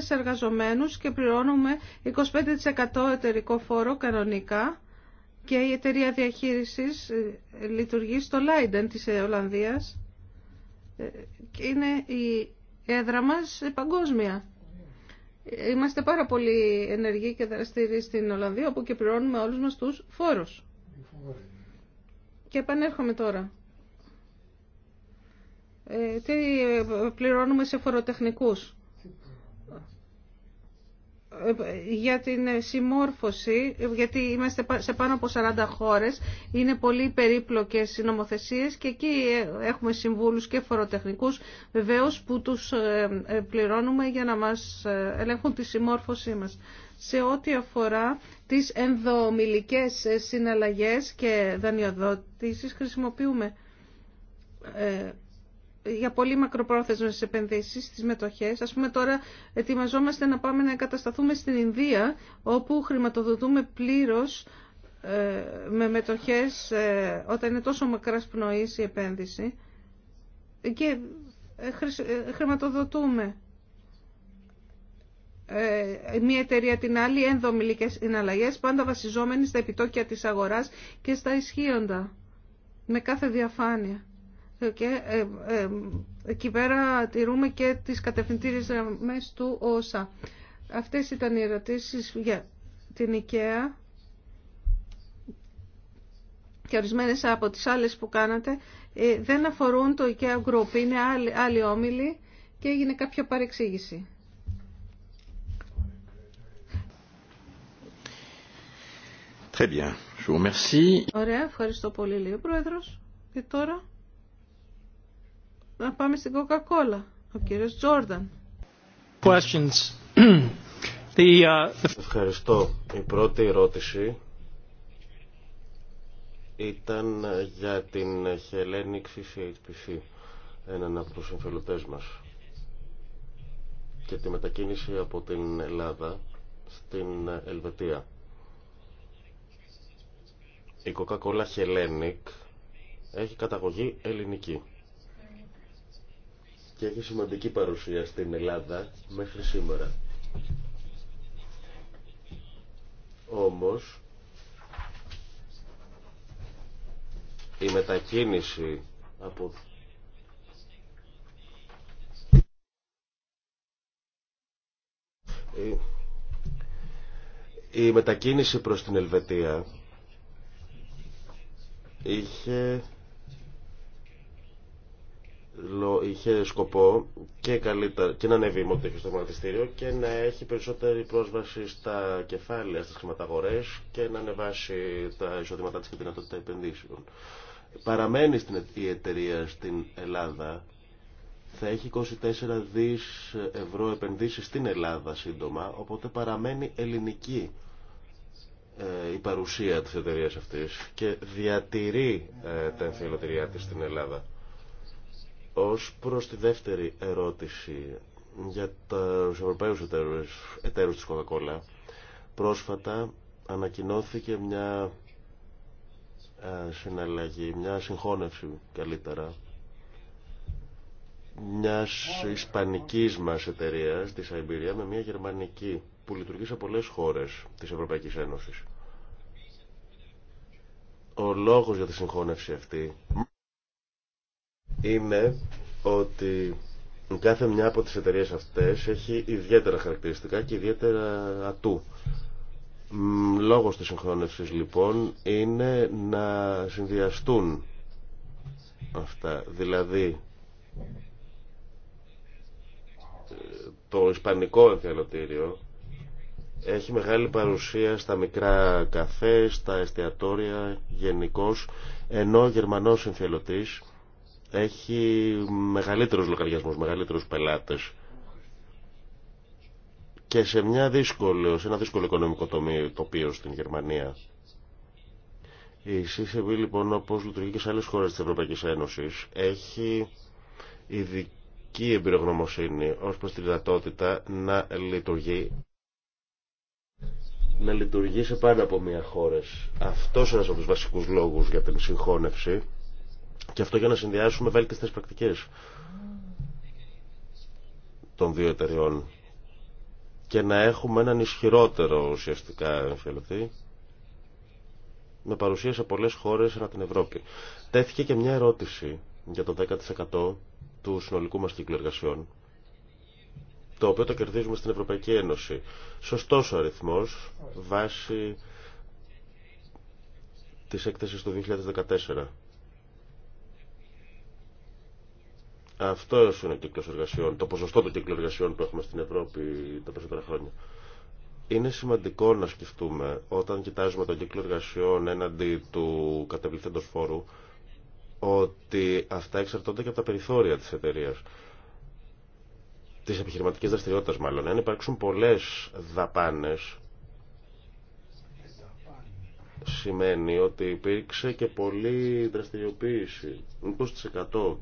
εργαζομένους και πληρώνουμε 25% εταιρικό φόρο κανονικά και η εταιρεία διαχείρισης ε, λειτουργεί στο Λάιντεν της Ολλανδίας ε, και είναι η έδρα μας παγκόσμια. Είμαστε πάρα πολύ ενεργοί και δραστήριοι στην Ολλανδία όπου και πληρώνουμε όλους μας τους φόρους. Και επανέρχομαι τώρα ε, τι πληρώνουμε σε φοροτεχνικούς ε, για την ε, συμμόρφωση, γιατί είμαστε σε πάνω από 40 χώρες, είναι πολύ περίπλοκες οι νομοθεσίες και εκεί έχουμε συμβούλους και φοροτεχνικούς βεβαίως που τους πληρώνουμε για να μας ελέγχουν τη συμμόρφωσή μας. Σε ό,τι αφορά τις ενδομιλικές συναλλαγές και δανειοδότησεις χρησιμοποιούμε για πολύ μακροπρόθεσμες επενδύσει στις μετοχές. Α πούμε τώρα ετοιμαζόμαστε να πάμε να εγκατασταθούμε στην Ινδία όπου χρηματοδοτούμε πλήρως ε, με μετοχές ε, όταν είναι τόσο μακράς πνοή η επένδυση και ε, χρηματοδοτούμε μία εταιρεία την άλλη ενδομιλικές συναλλαγές πάντα βασιζόμενοι στα επιτόκια της αγοράς και στα ισχύοντα με κάθε διαφάνεια και ε, ε, εκεί πέρα τηρούμε και τις κατευθυντήριες γραμμές του ΩΣΑ. Αυτές ήταν οι ερωτήσεις για την ΙΚΕΑ και ορισμένε από τις άλλες που κάνατε ε, δεν αφορούν το IKEA Group, είναι άλλοι, άλλοι όμιλοι και έγινε κάποια παρεξήγηση. Très bien. Je vous remercie. Ωραία, ευχαριστώ πολύ, λέει ο Πρόεδρος. Και τώρα... Να πάμε στην Coca-Cola. Ο κύριος Τζόρνταν. Uh, Ευχαριστώ. Η πρώτη ερώτηση ήταν ε, για την Χελένη CCHPC, έναν από τους συμφελωτές μας και τη μετακίνηση από την Ελλάδα στην ε, Ελβετία. Η Coca-Cola Hellenic έχει καταγωγή ελληνική και έχει σημαντική παρουσία στην Ελλάδα μέχρι σήμερα. Όμως, η μετακίνηση από η μετακίνηση προς την Ελβετία είχε είχε σκοπό και, καλύτερα, και να ανέβει η έχει στο χρηματιστήριο και να έχει περισσότερη πρόσβαση στα κεφάλαια, στις χρηματαγορές και να ανεβάσει τα εισοδήματά της και τη δυνατότητα επενδύσεων. Παραμένει στην, η εταιρεία στην Ελλάδα, θα έχει 24 δις ευρώ επενδύσεις στην Ελλάδα σύντομα, οπότε παραμένει ελληνική ε, η παρουσία της εταιρείας αυτής και διατηρεί ε, τα εμφυλωτηριά της στην Ελλάδα. Ως προς τη δεύτερη ερώτηση για του Ευρωπαίου εταίρους, εταίρους της Coca-Cola, πρόσφατα ανακοινώθηκε μια ε, συναλλαγή, μια συγχώνευση καλύτερα, μιας ισπανικής μας εταιρείας, της Αϊμπηρία, με μια γερμανική που λειτουργεί σε πολλές χώρες της Ευρωπαϊκής Ένωσης. Ο λόγος για τη συγχώνευση αυτή είναι ότι κάθε μια από τις εταιρείες αυτές έχει ιδιαίτερα χαρακτηριστικά και ιδιαίτερα ατού. Λόγος της συγχρονεύσης, λοιπόν είναι να συνδυαστούν αυτά. Δηλαδή το ισπανικό εμφιαλωτήριο έχει μεγάλη παρουσία στα μικρά καφέ, στα εστιατόρια γενικώ, ενώ ο Γερμανός εμφιαλωτής έχει μεγαλύτερους λογαριασμούς, μεγαλύτερους πελάτες και σε, μια δύσκολη, σε ένα δύσκολο οικονομικό τοπίο στην Γερμανία. Η CCB λοιπόν όπως λειτουργεί και σε άλλες χώρες της Ευρωπαϊκής Ένωσης έχει ειδική εμπειρογνωμοσύνη ως προς τη δυνατότητα να λειτουργεί να λειτουργεί σε πάνω από μία χώρες. Αυτός είναι ένας από τους βασικούς λόγους για την συγχώνευση και αυτό για να συνδυάσουμε βέλτιστες πρακτικές των δύο εταιριών και να έχουμε έναν ισχυρότερο ουσιαστικά εμφιαλωτή με παρουσία σε πολλές χώρες ανά την Ευρώπη. Τέθηκε και μια ερώτηση για το 10% του συνολικού μας κύκλου εργασιών, το οποίο το κερδίζουμε στην Ευρωπαϊκή Ένωση. Σωστός ο αριθμός, βάσει της έκθεσης του 2014. Αυτό είναι ο κύκλο εργασιών, το ποσοστό των κύκλων εργασιών που έχουμε στην Ευρώπη τα περισσότερα χρόνια. Είναι σημαντικό να σκεφτούμε όταν κοιτάζουμε τον κύκλο εργασιών έναντι του κατεβληθέντος φόρου ότι αυτά εξαρτώνται και από τα περιθώρια της εταιρεία. τη επιχειρηματική δραστηριότητα, μάλλον. Αν υπάρξουν πολλέ δαπάνες σημαίνει ότι υπήρξε και πολλή δραστηριοποίηση. 100%.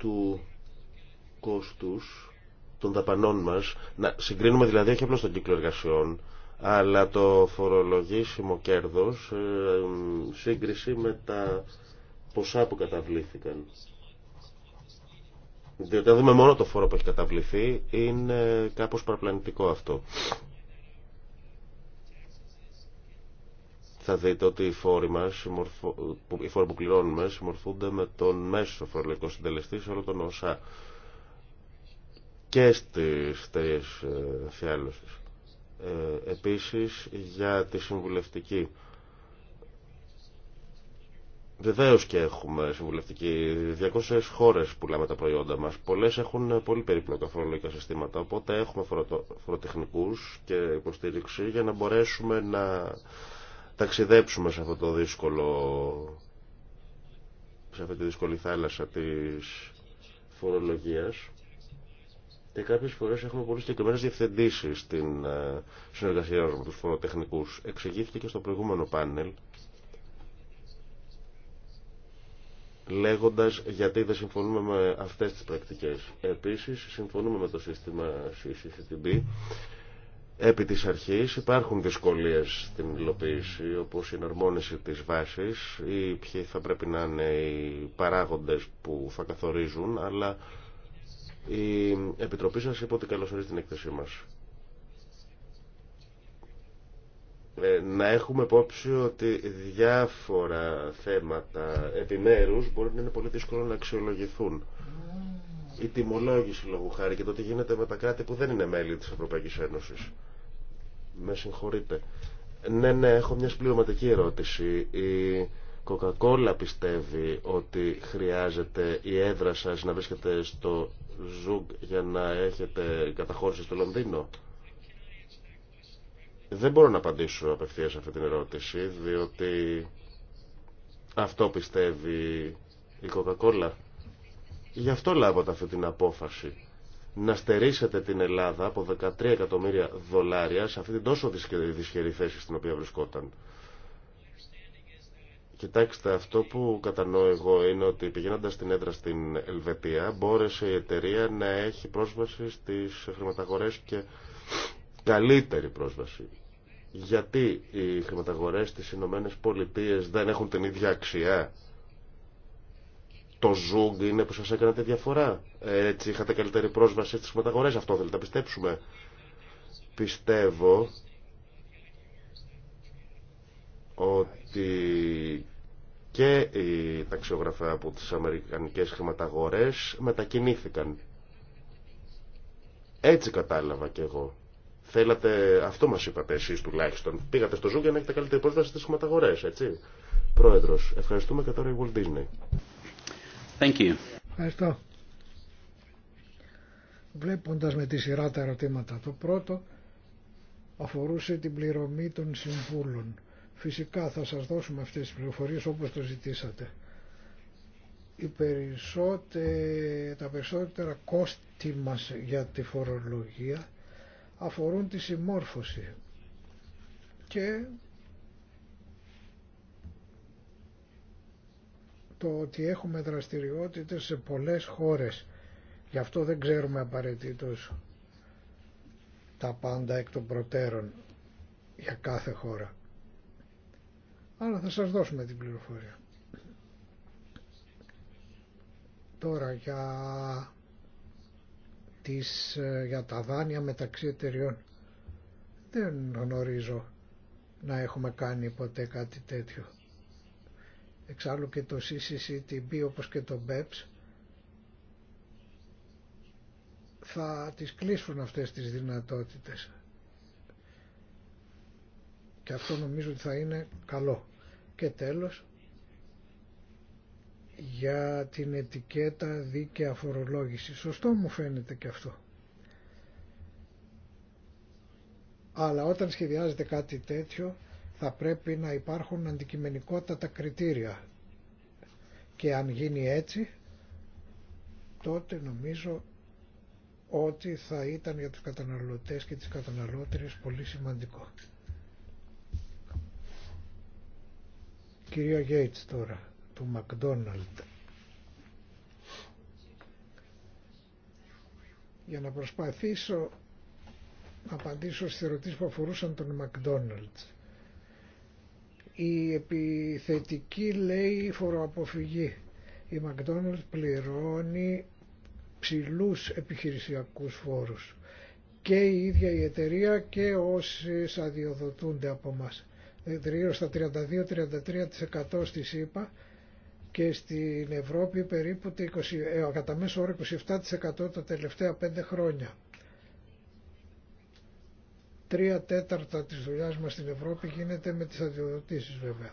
του κόστους των δαπανών μας, να συγκρίνουμε δηλαδή όχι απλώ τον κύκλο εργασιών, αλλά το φορολογήσιμο κέρδος ε, σύγκριση με τα ποσά που καταβλήθηκαν. Διότι αν δούμε μόνο το φόρο που έχει καταβληθεί, είναι κάπως παραπλανητικό αυτό. θα δείτε ότι οι φόροι, μας, οι που πληρώνουμε συμμορφούνται με τον μέσο φορολογικό συντελεστή σε όλο τον ΩΣΑ και στις εταιρείε φιάλωσης. Ε, επίσης για τη συμβουλευτική. Βεβαίω και έχουμε συμβουλευτική. 200 χώρε πουλάμε τα προϊόντα μα. Πολλέ έχουν πολύ περίπλοκα φορολογικά συστήματα. Οπότε έχουμε φοροτεχνικού και υποστήριξη για να μπορέσουμε να ταξιδέψουμε σε αυτό το δύσκολο σε αυτή τη δύσκολη θάλασσα της φορολογίας και κάποιες φορές έχουμε πολύ συγκεκριμένε διευθεντήσεις στην ε, συνεργασία με τους φοροτεχνικούς. Εξηγήθηκε και στο προηγούμενο πάνελ λέγοντας γιατί δεν συμφωνούμε με αυτές τις πρακτικές. Επίσης συμφωνούμε με το σύστημα CCCTB Επί της αρχής υπάρχουν δυσκολίες στην υλοποίηση, όπως η εναρμόνιση της βάσης ή ποιοι θα πρέπει να είναι οι παράγοντες που θα καθορίζουν, αλλά η Επιτροπή σας είπε ότι καλωσορίζει την έκθεσή μας. Ε, να έχουμε υπόψη ότι διάφορα θέματα επιμέρους μπορεί να είναι πολύ δύσκολο να αξιολογηθούν. Η τιμολόγηση λόγου χάρη και το τι γίνεται με τα κράτη που δεν είναι μέλη της Ευρωπαϊκής Ένωσης. Με συγχωρείτε. Ναι, ναι, έχω μια συμπληρωματική ερώτηση. Η Coca-Cola πιστεύει ότι χρειάζεται η έδρα σας να βρίσκεται στο Ζουγ για να έχετε καταχώρηση στο Λονδίνο. Δεν μπορώ να απαντήσω απευθείας αυτή την ερώτηση, διότι αυτό πιστεύει η Coca-Cola. Γι' αυτό λάβατε αυτή την απόφαση να στερήσετε την Ελλάδα από 13 εκατομμύρια δολάρια σε αυτή την τόσο δυσχερή θέση στην οποία βρισκόταν. Κοιτάξτε, αυτό που κατανοώ εγώ είναι ότι πηγαίνοντας στην έδρα στην Ελβετία μπόρεσε η εταιρεία να έχει πρόσβαση στις χρηματαγορές και καλύτερη πρόσβαση. Γιατί οι χρηματαγορές στις Ηνωμένε Πολιτείες δεν έχουν την ίδια αξία το Zoom είναι που σας έκανε τη διαφορά. Έτσι είχατε καλύτερη πρόσβαση στις χρηματαγορέ, Αυτό θέλετε να πιστέψουμε. Πιστεύω ότι και οι ταξιογραφέ από τις αμερικανικές χρηματαγορέ μετακινήθηκαν. Έτσι κατάλαβα κι εγώ. Θέλατε, αυτό μας είπατε εσεί τουλάχιστον. Πήγατε στο Zoom για να έχετε καλύτερη πρόσβαση στι χρηματαγορέ, έτσι. Πρόεδρος, ευχαριστούμε και τώρα η Walt Disney. Ευχαριστώ. Βλέποντας με τη σειρά τα ερωτήματα. Το πρώτο αφορούσε την πληρωμή των συμβούλων. Φυσικά θα σας δώσουμε αυτές τις πληροφορίες όπως το ζητήσατε. Οι τα περισσότερα κόστη μας για τη φορολογία αφορούν τη συμμόρφωση και το ότι έχουμε δραστηριότητες σε πολλές χώρες. Γι' αυτό δεν ξέρουμε απαραίτητο τα πάντα εκ των προτέρων για κάθε χώρα. Αλλά θα σας δώσουμε την πληροφορία. Τώρα για, τις, για τα δάνεια μεταξύ εταιριών. Δεν γνωρίζω να έχουμε κάνει ποτέ κάτι τέτοιο εξάλλου και το CCCTB όπως και το BEPS, θα τις κλείσουν αυτές τις δυνατότητες. Και αυτό νομίζω ότι θα είναι καλό. Και τέλος, για την ετικέτα δίκαια φορολόγηση. Σωστό μου φαίνεται και αυτό. Αλλά όταν σχεδιάζεται κάτι τέτοιο, θα πρέπει να υπάρχουν αντικειμενικότατα κριτήρια και αν γίνει έτσι τότε νομίζω ότι θα ήταν για τους καταναλωτές και τις καταναλώτερες πολύ σημαντικό. Κυρία Γέιτς τώρα, του Μακδόναλντ. Για να προσπαθήσω να απαντήσω στις ερωτήσεις που αφορούσαν τον Μακδόναλτ η επιθετική λέει φοροαποφυγή. Η McDonald's πληρώνει ψηλούς επιχειρησιακούς φόρους και η ίδια η εταιρεία και όσες αδειοδοτούνται από μας. Ε, γύρω στα 32-33% στη ΣΥΠΑ και στην Ευρώπη περίπου το 20, ε, κατά μέσο όρο 27% τα τελευταία 5 χρόνια. Τρία τέταρτα της δουλειάς μας στην Ευρώπη γίνεται με τις αδειοδοτήσεις βέβαια.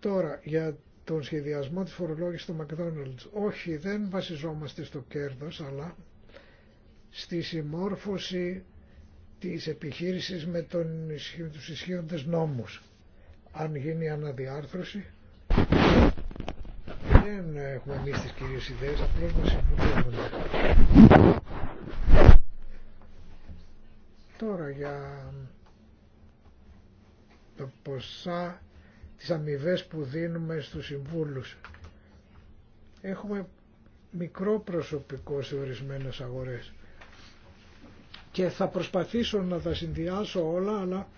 Τώρα, για τον σχεδιασμό της φορολόγησης του McDonald's. Όχι, δεν βασιζόμαστε στο κέρδος, αλλά στη συμμόρφωση της επιχείρησης με τον, τους ισχύοντες νόμους. Αν γίνει αναδιάρθρωση, δεν έχουμε εμείς τις κυρίες ιδέες, απλώς μας συμβουλεύονται. Τώρα για το ποσά τις αμοιβέ που δίνουμε στους συμβούλους. Έχουμε μικρό προσωπικό σε ορισμένες αγορές και θα προσπαθήσω να τα συνδυάσω όλα αλλά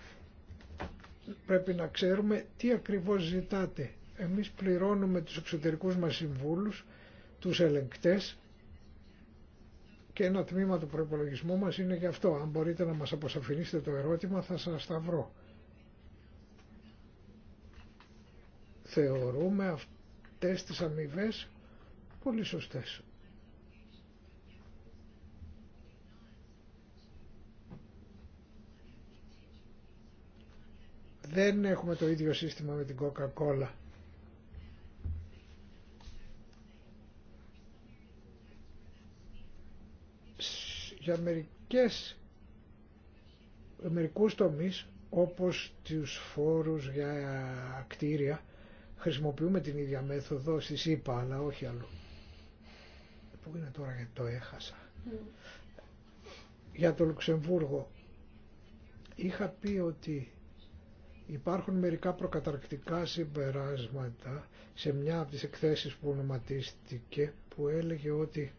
πρέπει να ξέρουμε τι ακριβώς ζητάτε. Εμείς πληρώνουμε τους εξωτερικούς μας συμβούλους, τους ελεγκτές και ένα τμήμα του προπολογισμού μας είναι γι' αυτό. Αν μπορείτε να μας αποσαφηνίσετε το ερώτημα θα σας τα βρω. Θεωρούμε αυτές τις αμοιβέ πολύ σωστές. Δεν έχουμε το ίδιο σύστημα με την Coca-Cola για μερικές, μερικούς τομείς όπως τους φόρους για κτίρια χρησιμοποιούμε την ίδια μέθοδο στη ΣΥΠΑ αλλά όχι αλλού. Πού είναι τώρα γιατί το έχασα. Mm. Για το Λουξεμβούργο είχα πει ότι υπάρχουν μερικά προκαταρκτικά συμπεράσματα σε μια από τις εκθέσεις που ονοματίστηκε που έλεγε ότι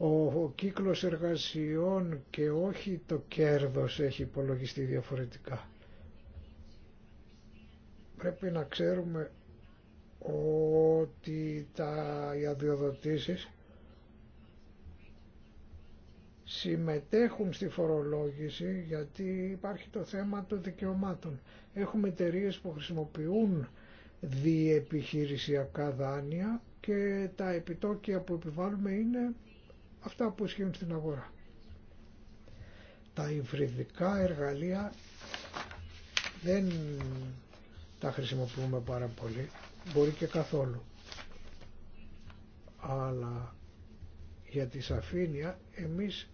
ο κύκλος εργασιών και όχι το κέρδος έχει υπολογιστεί διαφορετικά. Πρέπει να ξέρουμε ότι τα, οι συμμετέχουν στη φορολόγηση γιατί υπάρχει το θέμα των δικαιωμάτων. Έχουμε εταιρείε που χρησιμοποιούν διεπιχειρησιακά δάνεια και τα επιτόκια που επιβάλλουμε είναι αυτά που ισχύουν στην αγορά. Τα υβριδικά εργαλεία δεν τα χρησιμοποιούμε πάρα πολύ, μπορεί και καθόλου. Αλλά για τη σαφήνεια εμείς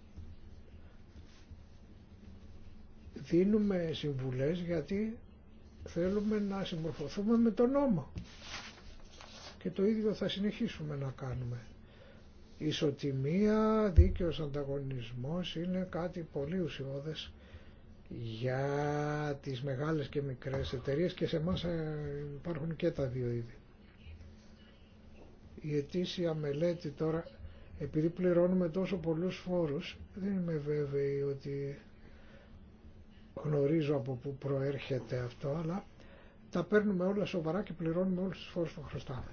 δίνουμε συμβουλές γιατί θέλουμε να συμμορφωθούμε με τον νόμο. Και το ίδιο θα συνεχίσουμε να κάνουμε ισοτιμία, δίκαιος ανταγωνισμός είναι κάτι πολύ ουσιώδες για τις μεγάλες και μικρές εταιρείες και σε εμάς ε, υπάρχουν και τα δύο είδη. Η ετήσια μελέτη τώρα, επειδή πληρώνουμε τόσο πολλούς φόρους, δεν είμαι βέβαιη ότι γνωρίζω από πού προέρχεται αυτό, αλλά τα παίρνουμε όλα σοβαρά και πληρώνουμε όλους τους φόρους που χρωστάμε.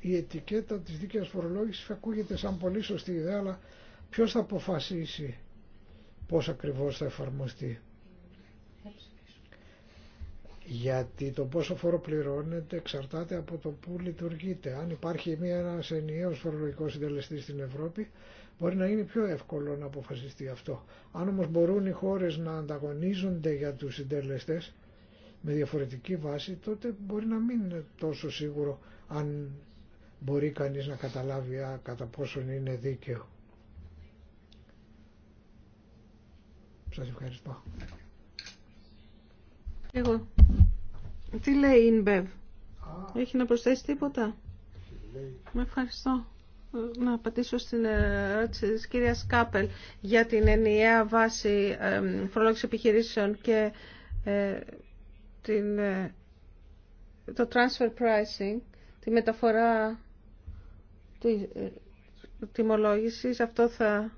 η ετικέτα της δίκαιας φορολόγησης ακούγεται σαν πολύ σωστή ιδέα, αλλά ποιος θα αποφασίσει πώς ακριβώς θα εφαρμοστεί. Γιατί το πόσο φόρο πληρώνεται εξαρτάται από το που λειτουργείται. Αν υπάρχει μία ένας ενιαίος φορολογικός συντελεστής στην Ευρώπη, μπορεί να είναι πιο εύκολο να αποφασιστεί αυτό. Αν όμως μπορούν οι χώρες να ανταγωνίζονται για τους συντελέστέ με διαφορετική βάση, τότε μπορεί να μην είναι τόσο σίγουρο αν μπορεί κανείς να καταλάβει α, κατά πόσον είναι δίκαιο. Σας ευχαριστώ. Εγώ. Τι λέει η Ινμπεύ. Έχει να προσθέσει τίποτα. Με ευχαριστώ. Να απαντήσω στην ερώτηση της κυρίας Κάπελ για την ενιαία βάση φορολόγηση επιχειρήσεων και ε, την, ε, το transfer pricing, τη μεταφορά ε, τιμολόγησης. Αυτό θα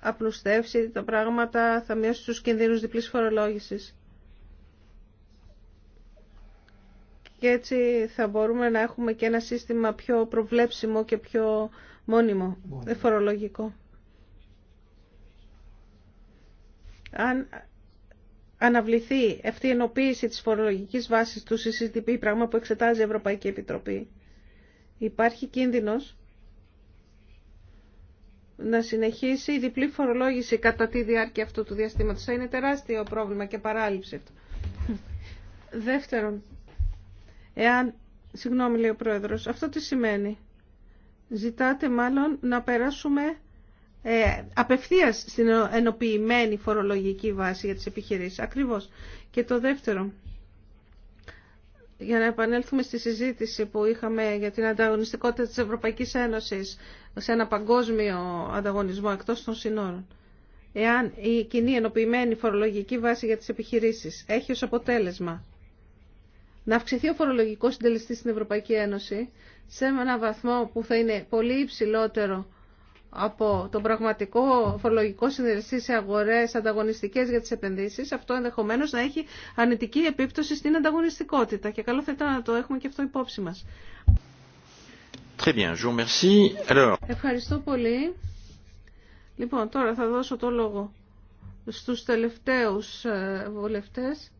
απλουστεύσει τα πράγματα, θα μειώσει τους κινδύνους διπλής φορολόγησης. Και έτσι θα μπορούμε να έχουμε και ένα σύστημα πιο προβλέψιμο και πιο μόνιμο, ε, φορολογικό. Αν αναβληθεί αυτή η ενοποίηση της φορολογικής βάσης του CCTP, πράγμα που εξετάζει η Ευρωπαϊκή Επιτροπή, υπάρχει κίνδυνος να συνεχίσει η διπλή φορολόγηση κατά τη διάρκεια αυτού του διαστήματος. Θα είναι τεράστιο πρόβλημα και παράληψη αυτό. Δεύτερον, εάν, συγγνώμη λέει ο Πρόεδρος, αυτό τι σημαίνει. Ζητάτε μάλλον να περάσουμε ε, απευθείας στην ενοποιημένη φορολογική βάση για τις επιχειρήσεις. Ακριβώς. Και το δεύτερο, για να επανέλθουμε στη συζήτηση που είχαμε για την ανταγωνιστικότητα της Ευρωπαϊκής Ένωσης σε ένα παγκόσμιο ανταγωνισμό εκτός των συνόρων. Εάν η κοινή ενοποιημένη φορολογική βάση για τις επιχειρήσεις έχει ως αποτέλεσμα να αυξηθεί ο φορολογικός συντελεστής στην Ευρωπαϊκή Ένωση σε έναν βαθμό που θα είναι πολύ υψηλότερο από τον πραγματικό φορολογικό συνεργαστή σε αγορές ανταγωνιστικές για τις επενδύσεις, αυτό ενδεχομένω να έχει αρνητική επίπτωση στην ανταγωνιστικότητα και καλό θα ήταν να το έχουμε και αυτό υπόψη μα. Ευχαριστώ πολύ. Λοιπόν, τώρα θα δώσω το λόγο στους τελευταίους ε, βουλευτές.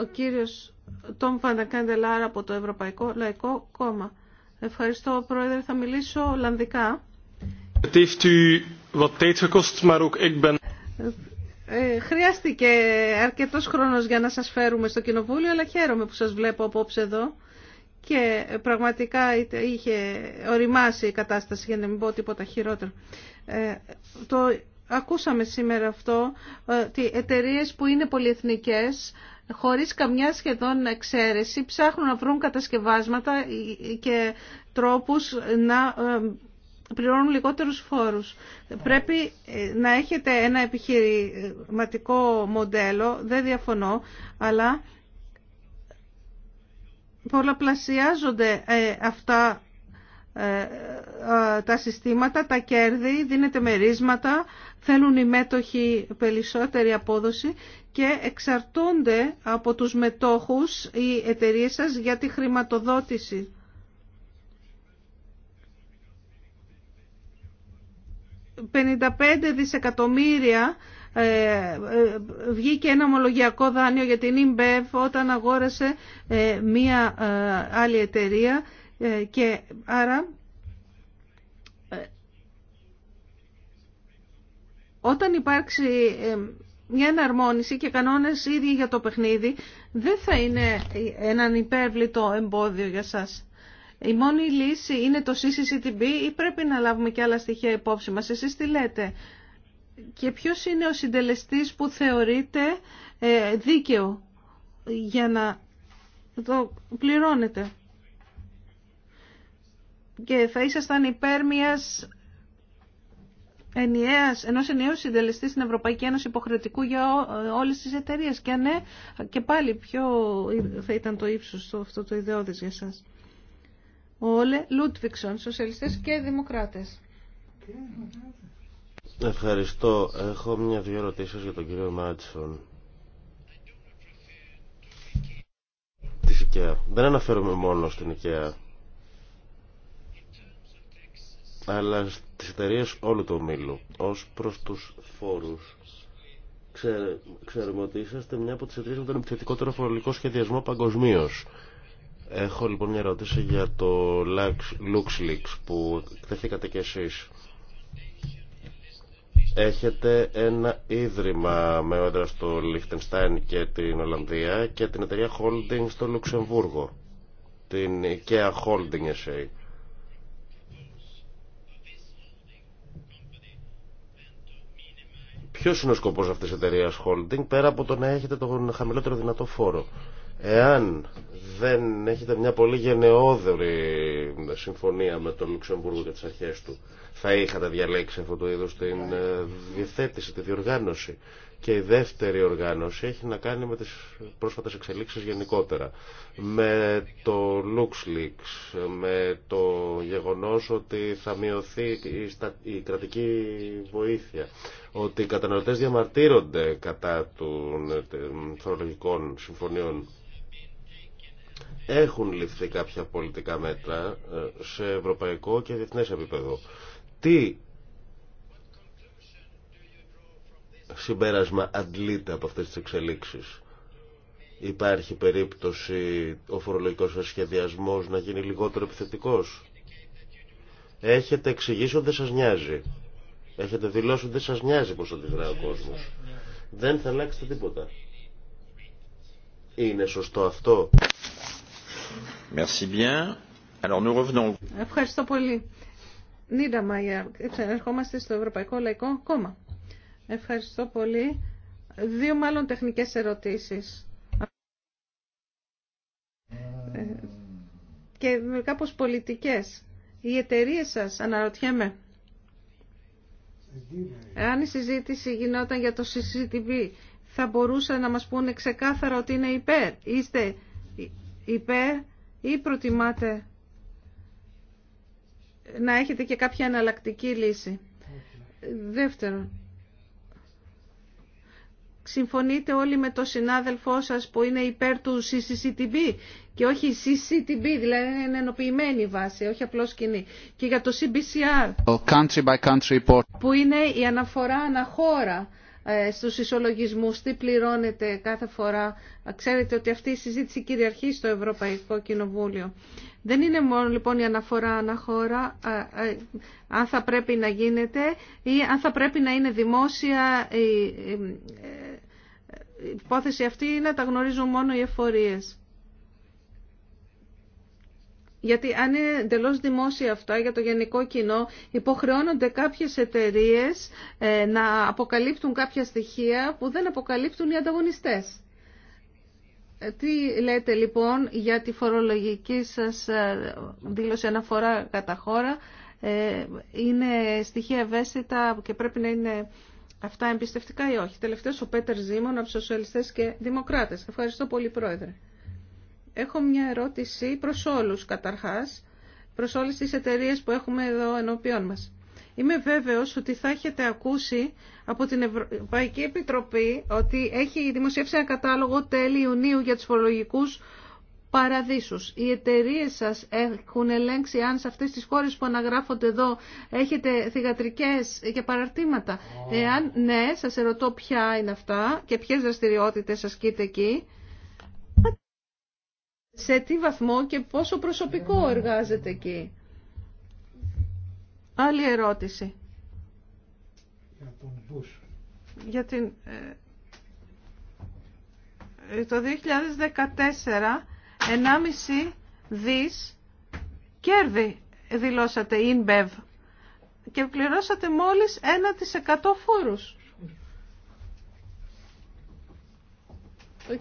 Ο κύριος Τόμ Φαντακάντελάρα από το Ευρωπαϊκό Λαϊκό Κόμμα. Ευχαριστώ, Πρόεδρε. Θα μιλήσω Ολλανδικά χρειάστηκε αρκετό χρόνο για να σα φέρουμε στο κοινοβούλιο, αλλά χαίρομαι που σα βλέπω απόψε εδώ και πραγματικά είχε οριμάσει η κατάσταση για να μην πω τίποτα χειρότερο. Ε, το ακούσαμε σήμερα αυτό ε, ότι εταιρείε που είναι πολυεθνικές χωρίς καμιά σχεδόν εξαίρεση ψάχνουν να βρουν κατασκευάσματα ε, και τρόπους να πληρώνουν λιγότερους φόρους. Πρέπει ε, να έχετε ένα επιχειρηματικό μοντέλο, δεν διαφωνώ, αλλά πολλαπλασιάζονται ε, αυτά ε, τα συστήματα, τα κέρδη, δίνεται μερίσματα, θέλουν οι μέτοχοι περισσότερη απόδοση και εξαρτώνται από τους μετόχους οι εταιρείες σας για τη χρηματοδότηση. 55 δισεκατομμύρια ε, ε, βγήκε ένα ομολογιακό δάνειο για την ΙΜΠΕΒ όταν αγόρασε ε, μία άλλη εταιρεία και άρα όταν υπάρξει μια εναρμόνιση και κανόνες ίδιοι για το παιχνίδι δεν θα είναι έναν υπέρβλητο εμπόδιο για σας. Η μόνη λύση είναι το CCCTB ή πρέπει να λάβουμε και άλλα στοιχεία υπόψη μας. Εσείς τι λέτε. Και ποιος είναι ο συντελεστής που θεωρείται ε, δίκαιο για να το πληρώνετε. Και θα ήσασταν υπέρ μιας ενιαίας, ενός ενιαίου συντελεστή στην Ευρωπαϊκή Ένωση υποχρεωτικού για όλες τις εταιρείες. Και ναι, και πάλι ποιο θα ήταν το ύψος αυτό το ιδεώδης για σας. Όλε Λούτβιξον, σοσιαλιστές και δημοκράτες. Ευχαριστώ. Έχω μια-δυο ερωτήσει για τον κύριο Μάτσον. Της IKEA. Δεν αναφέρομαι μόνο στην IKEA, αλλά στις εταιρείε όλου του ομίλου. Ως προς τους φόρους, ξέρουμε ότι είσαστε μια από τις εταιρείε με τον επιθετικότερο φορολογικό σχεδιασμό παγκοσμίω. Έχω λοιπόν μια ερώτηση για το LuxLeaks που εκτεθήκατε κι εσείς. Έχετε ένα ίδρυμα με έδρα στο Λιχτενστάιν και την Ολλανδία και την εταιρεία Holding στο Λουξεμβούργο, την IKEA Holding SA. Ποιος είναι ο σκοπός αυτής της εταιρείας Holding πέρα από το να έχετε τον χαμηλότερο δυνατό φόρο. Εάν δεν έχετε μια πολύ γενναιόδορη συμφωνία με τον Λουξεμβούργο και τις αρχές του, θα είχατε διαλέξει αυτό το είδος την ε, διθέτηση, τη διοργάνωση. Και η δεύτερη οργάνωση έχει να κάνει με τις πρόσφατες εξελίξεις γενικότερα. Με το LuxLeaks, με το γεγονός ότι θα μειωθεί η κρατική βοήθεια, ότι οι καταναλωτέ διαμαρτύρονται κατά των ε, φορολογικών συμφωνιών έχουν ληφθεί κάποια πολιτικά μέτρα ε, σε ευρωπαϊκό και διεθνές επίπεδο. Τι συμπέρασμα αντλείται από αυτές τις εξελίξεις. Υπάρχει περίπτωση ο φορολογικός σας σχεδιασμός να γίνει λιγότερο επιθετικός. Έχετε εξηγήσει ότι δεν σας νοιάζει. Έχετε δηλώσει ότι δεν σας νοιάζει πως αντιδρά ο κόσμος. Δεν θα αλλάξετε τίποτα. Είναι σωστό αυτό. Ευχαριστώ πολύ. Νίδα Μαγιά, ξαναρχόμαστε στο Ευρωπαϊκό Λαϊκό Κόμμα. Ευχαριστώ πολύ. Δύο μάλλον τεχνικές ερωτήσεις. Ε, και κάπω πολιτικές. Οι εταιρείε σας, αναρωτιέμαι. Αν η συζήτηση γινόταν για το CCTV, θα μπορούσαν να μας πούνε ξεκάθαρα ότι είναι υπέρ. Είστε Είπε, ή προτιμάτε να έχετε και κάποια εναλλακτική λύση. Δεύτερον, συμφωνείτε όλοι με το συνάδελφό σας που είναι υπέρ του CCCTB και όχι CCTB, δηλαδή είναι ενοποιημένη βάση, όχι απλώς κοινή. Και για το CBCR, που είναι η αναφορά αναχώρα ε, στους ισολογισμούς, τι πληρώνεται κάθε φορά. Ξέρετε ότι αυτή η συζήτηση κυριαρχεί στο Ευρωπαϊκό Κοινοβούλιο. Δεν είναι μόνο λοιπόν η αναφορά αναχώρα, ε, ε, αν θα πρέπει να γίνεται ή αν θα πρέπει να είναι δημόσια η υπόθεση αυτή, να τα γνωρίζουν μόνο οι εφορίες. Γιατί αν είναι εντελώ δημόσια αυτά για το γενικό κοινό, υποχρεώνονται κάποιε εταιρείε ε, να αποκαλύπτουν κάποια στοιχεία που δεν αποκαλύπτουν οι ανταγωνιστές. Ε, τι λέτε λοιπόν για τη φορολογική σας ε, δήλωση αναφορά κατά χώρα. Είναι στοιχεία ευαίσθητα και πρέπει να είναι αυτά εμπιστευτικά ή όχι. Τελευταίο ο Πέτερ Ζήμων από σοσιαλιστέ και δημοκράτε. Ευχαριστώ πολύ Πρόεδρε. Έχω μια ερώτηση προς όλους καταρχάς, προς όλες τις εταιρείες που έχουμε εδώ ενώπιόν μας. Είμαι βέβαιος ότι θα έχετε ακούσει από την Ευρωπαϊκή Επιτροπή ότι έχει δημοσιεύσει ένα κατάλογο τέλη Ιουνίου για τους φορολογικούς παραδείσους. Οι εταιρείε σας έχουν ελέγξει αν σε αυτές τις χώρες που αναγράφονται εδώ έχετε θηγατρικές και παραρτήματα. Εάν ναι, σας ερωτώ ποια είναι αυτά και ποιες δραστηριότητες ασκείτε εκεί σε τι βαθμό και πόσο προσωπικό εργάζεται εκεί. Άλλη ερώτηση. Για τον Για την... Ε, ε, το 2014, 1,5 δις κέρδη δηλώσατε InBev και πληρώσατε μόλις 1% φόρους.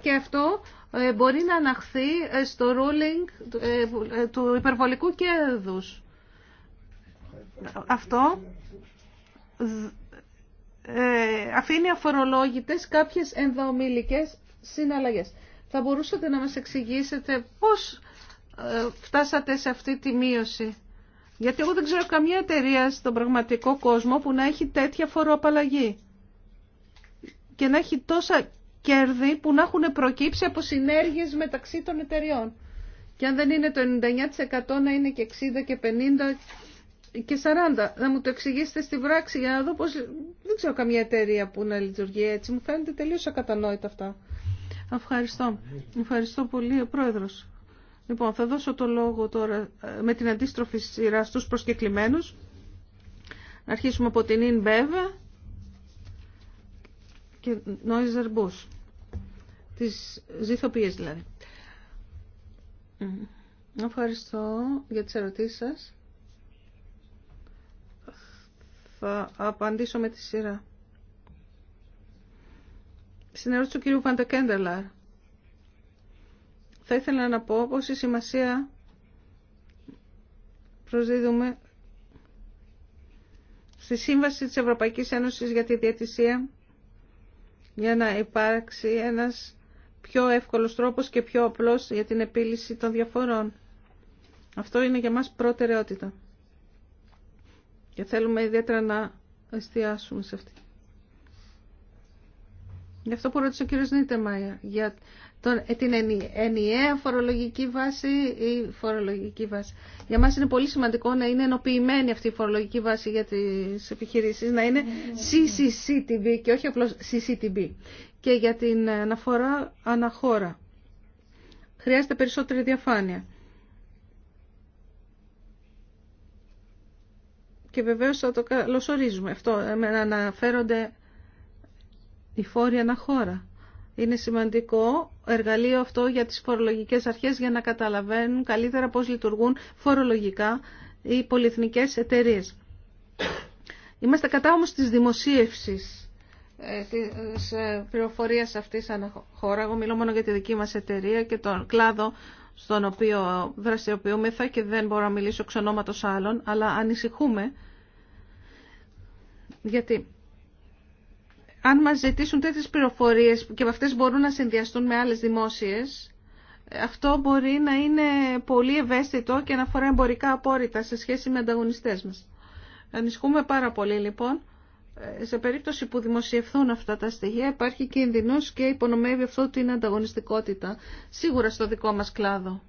Και αυτό ε, μπορεί να αναχθεί ε, στο ruling ε, του υπερβολικού κέρδους. Αυτό αφήνει αφορολόγητες κάποιες ενδομήλικες συναλλαγές. Θα μπορούσατε να μας εξηγήσετε πώς φτάσατε σε αυτή τη μείωση. Γιατί εγώ δεν ξέρω καμία εταιρεία στον πραγματικό κόσμο που να έχει τέτοια φοροαπαλλαγή και να έχει τόσα κέρδη που να έχουν προκύψει από συνέργειες μεταξύ των εταιριών. Και αν δεν είναι το 99% να είναι και 60% και 50% και 40%. Να μου το εξηγήσετε στη βράξη για να δω πώς... Δεν ξέρω καμία εταιρεία που να λειτουργεί έτσι. Μου φαίνεται τελείως ακατανόητα αυτά. Ευχαριστώ. Ευχαριστώ πολύ, ο Πρόεδρος. Λοιπόν, θα δώσω το λόγο τώρα ε, με την αντίστροφη σειρά στους προσκεκλημένους. Να αρχίσουμε από την ΙΝΠΕΒΑ και Νόιζερ Μπούς. Τις δηλαδή. Ευχαριστώ για τις ερωτήσεις σας. Θα απαντήσω με τη σειρά. Στην ερώτηση του κυρίου Βαντεκέντελαρ, Θα ήθελα να πω πως η σημασία προσδίδουμε στη Σύμβαση της Ευρωπαϊκής Ένωσης για τη Διατησία για να υπάρξει ένας πιο εύκολος τρόπος και πιο απλός για την επίλυση των διαφορών. Αυτό είναι για μας προτεραιότητα. Και θέλουμε ιδιαίτερα να εστιάσουμε σε αυτή. Γι' αυτό που ρώτησε ο κύριος για ε, την ενιαία φορολογική βάση ή φορολογική βάση. Για μας είναι πολύ σημαντικό να είναι ενοποιημένη αυτή η φορολογική βάση για τις επιχειρήσεις, να είναι CCCTB και όχι απλώς CCTV και για την αναφορά αναχώρα. Χρειάζεται περισσότερη διαφάνεια. Και βεβαίως θα το καλωσορίζουμε αυτό, να αναφέρονται οι φόροι αναχώρα. Είναι σημαντικό εργαλείο αυτό για τις φορολογικές αρχές για να καταλαβαίνουν καλύτερα πώς λειτουργούν φορολογικά οι πολυεθνικές εταιρείες. Είμαστε κατά όμως της δημοσίευσης ε, της ε, πληροφορίας αυτής χώρα. Εγώ μιλώ μόνο για τη δική μας εταιρεία και τον κλάδο στον οποίο δραστηριοποιούμεθα και δεν μπορώ να μιλήσω εξ άλλων, αλλά ανησυχούμε γιατί αν μας ζητήσουν τέτοιες πληροφορίες και αυτές μπορούν να συνδυαστούν με άλλες δημόσιες, αυτό μπορεί να είναι πολύ ευαίσθητο και να αφορά εμπορικά απόρριτα σε σχέση με ανταγωνιστές μας. Ανισχούμε πάρα πολύ λοιπόν. Ε, σε περίπτωση που δημοσιευθούν αυτά τα στοιχεία υπάρχει κίνδυνος και υπονομεύει αυτό την ανταγωνιστικότητα σίγουρα στο δικό μας κλάδο.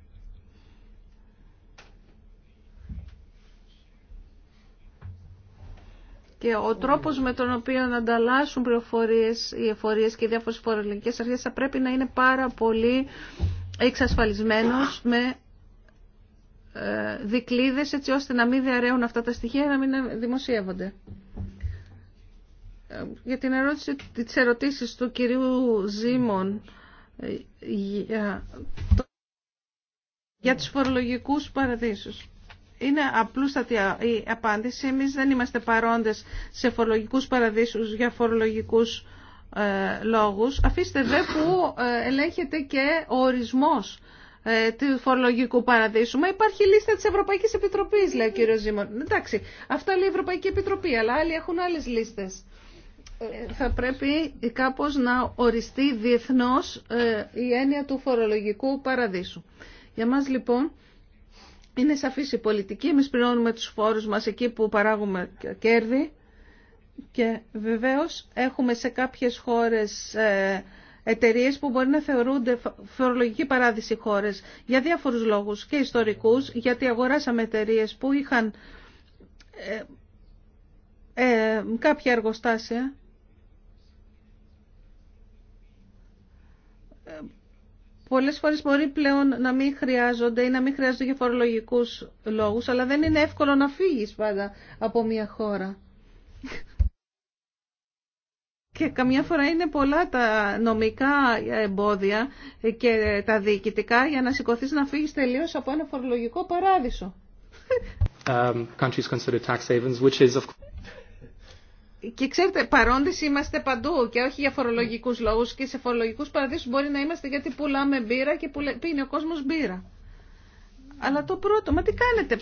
και ο τρόπος με τον οποίο να ανταλλάσσουν πληροφορίε, οι εφορίες και οι διάφορες φορολογικέ αρχές θα πρέπει να είναι πάρα πολύ εξασφαλισμένος με ε, δικλείδε έτσι ώστε να μην διαραίουν αυτά τα στοιχεία να μην δημοσιεύονται. Ε, για την ερώτηση τη ερωτήσεις του κυρίου Ζήμων ε, για, για τους φορολογικούς παραδείσους. Είναι απλούστατη η απάντηση. Εμεί δεν είμαστε παρόντες σε φορολογικού παραδείσους για φορολογικού ε, λόγους. Αφήστε δε που ε, ελέγχεται και ο ορισμός ε, του φορολογικού παραδείσου. Μα υπάρχει λίστα της Ευρωπαϊκής Επιτροπής, λέει ο κύριο Ζήμων. Εντάξει, αυτά λέει η Ευρωπαϊκή Επιτροπή, αλλά άλλοι έχουν άλλες λίστε ε, θα πρέπει κάπως να οριστεί διεθνώς η έννοια του φορολογικού παραδείσου. Για μας λοιπόν είναι σαφής η πολιτική, εμείς πληρώνουμε τους φόρους μας εκεί που παράγουμε κέρδη και βεβαίως έχουμε σε κάποιες χώρες ε, εταιρείε που μπορεί να θεωρούνται φορολογική παράδειση χώρες για διάφορους λόγους και ιστορικούς, γιατί αγοράσαμε εταιρείε που είχαν ε, ε, κάποια εργοστάσια πολλές φορές μπορεί πλέον να μην χρειάζονται ή να μην χρειάζονται για φορολογικούς λόγους, αλλά δεν είναι εύκολο να φύγεις πάντα από μια χώρα. Και καμιά φορά είναι πολλά τα νομικά εμπόδια και τα διοικητικά για να σηκωθεί να φύγει τελείω από ένα φορολογικό παράδεισο. Um, και ξέρετε, παρόντες είμαστε παντού και όχι για φορολογικού λόγους και σε φορολογικού παραδείσους μπορεί να είμαστε γιατί πουλάμε μπύρα και πίνει ο κόσμος μπύρα. Αλλά το πρώτο, μα τι κάνετε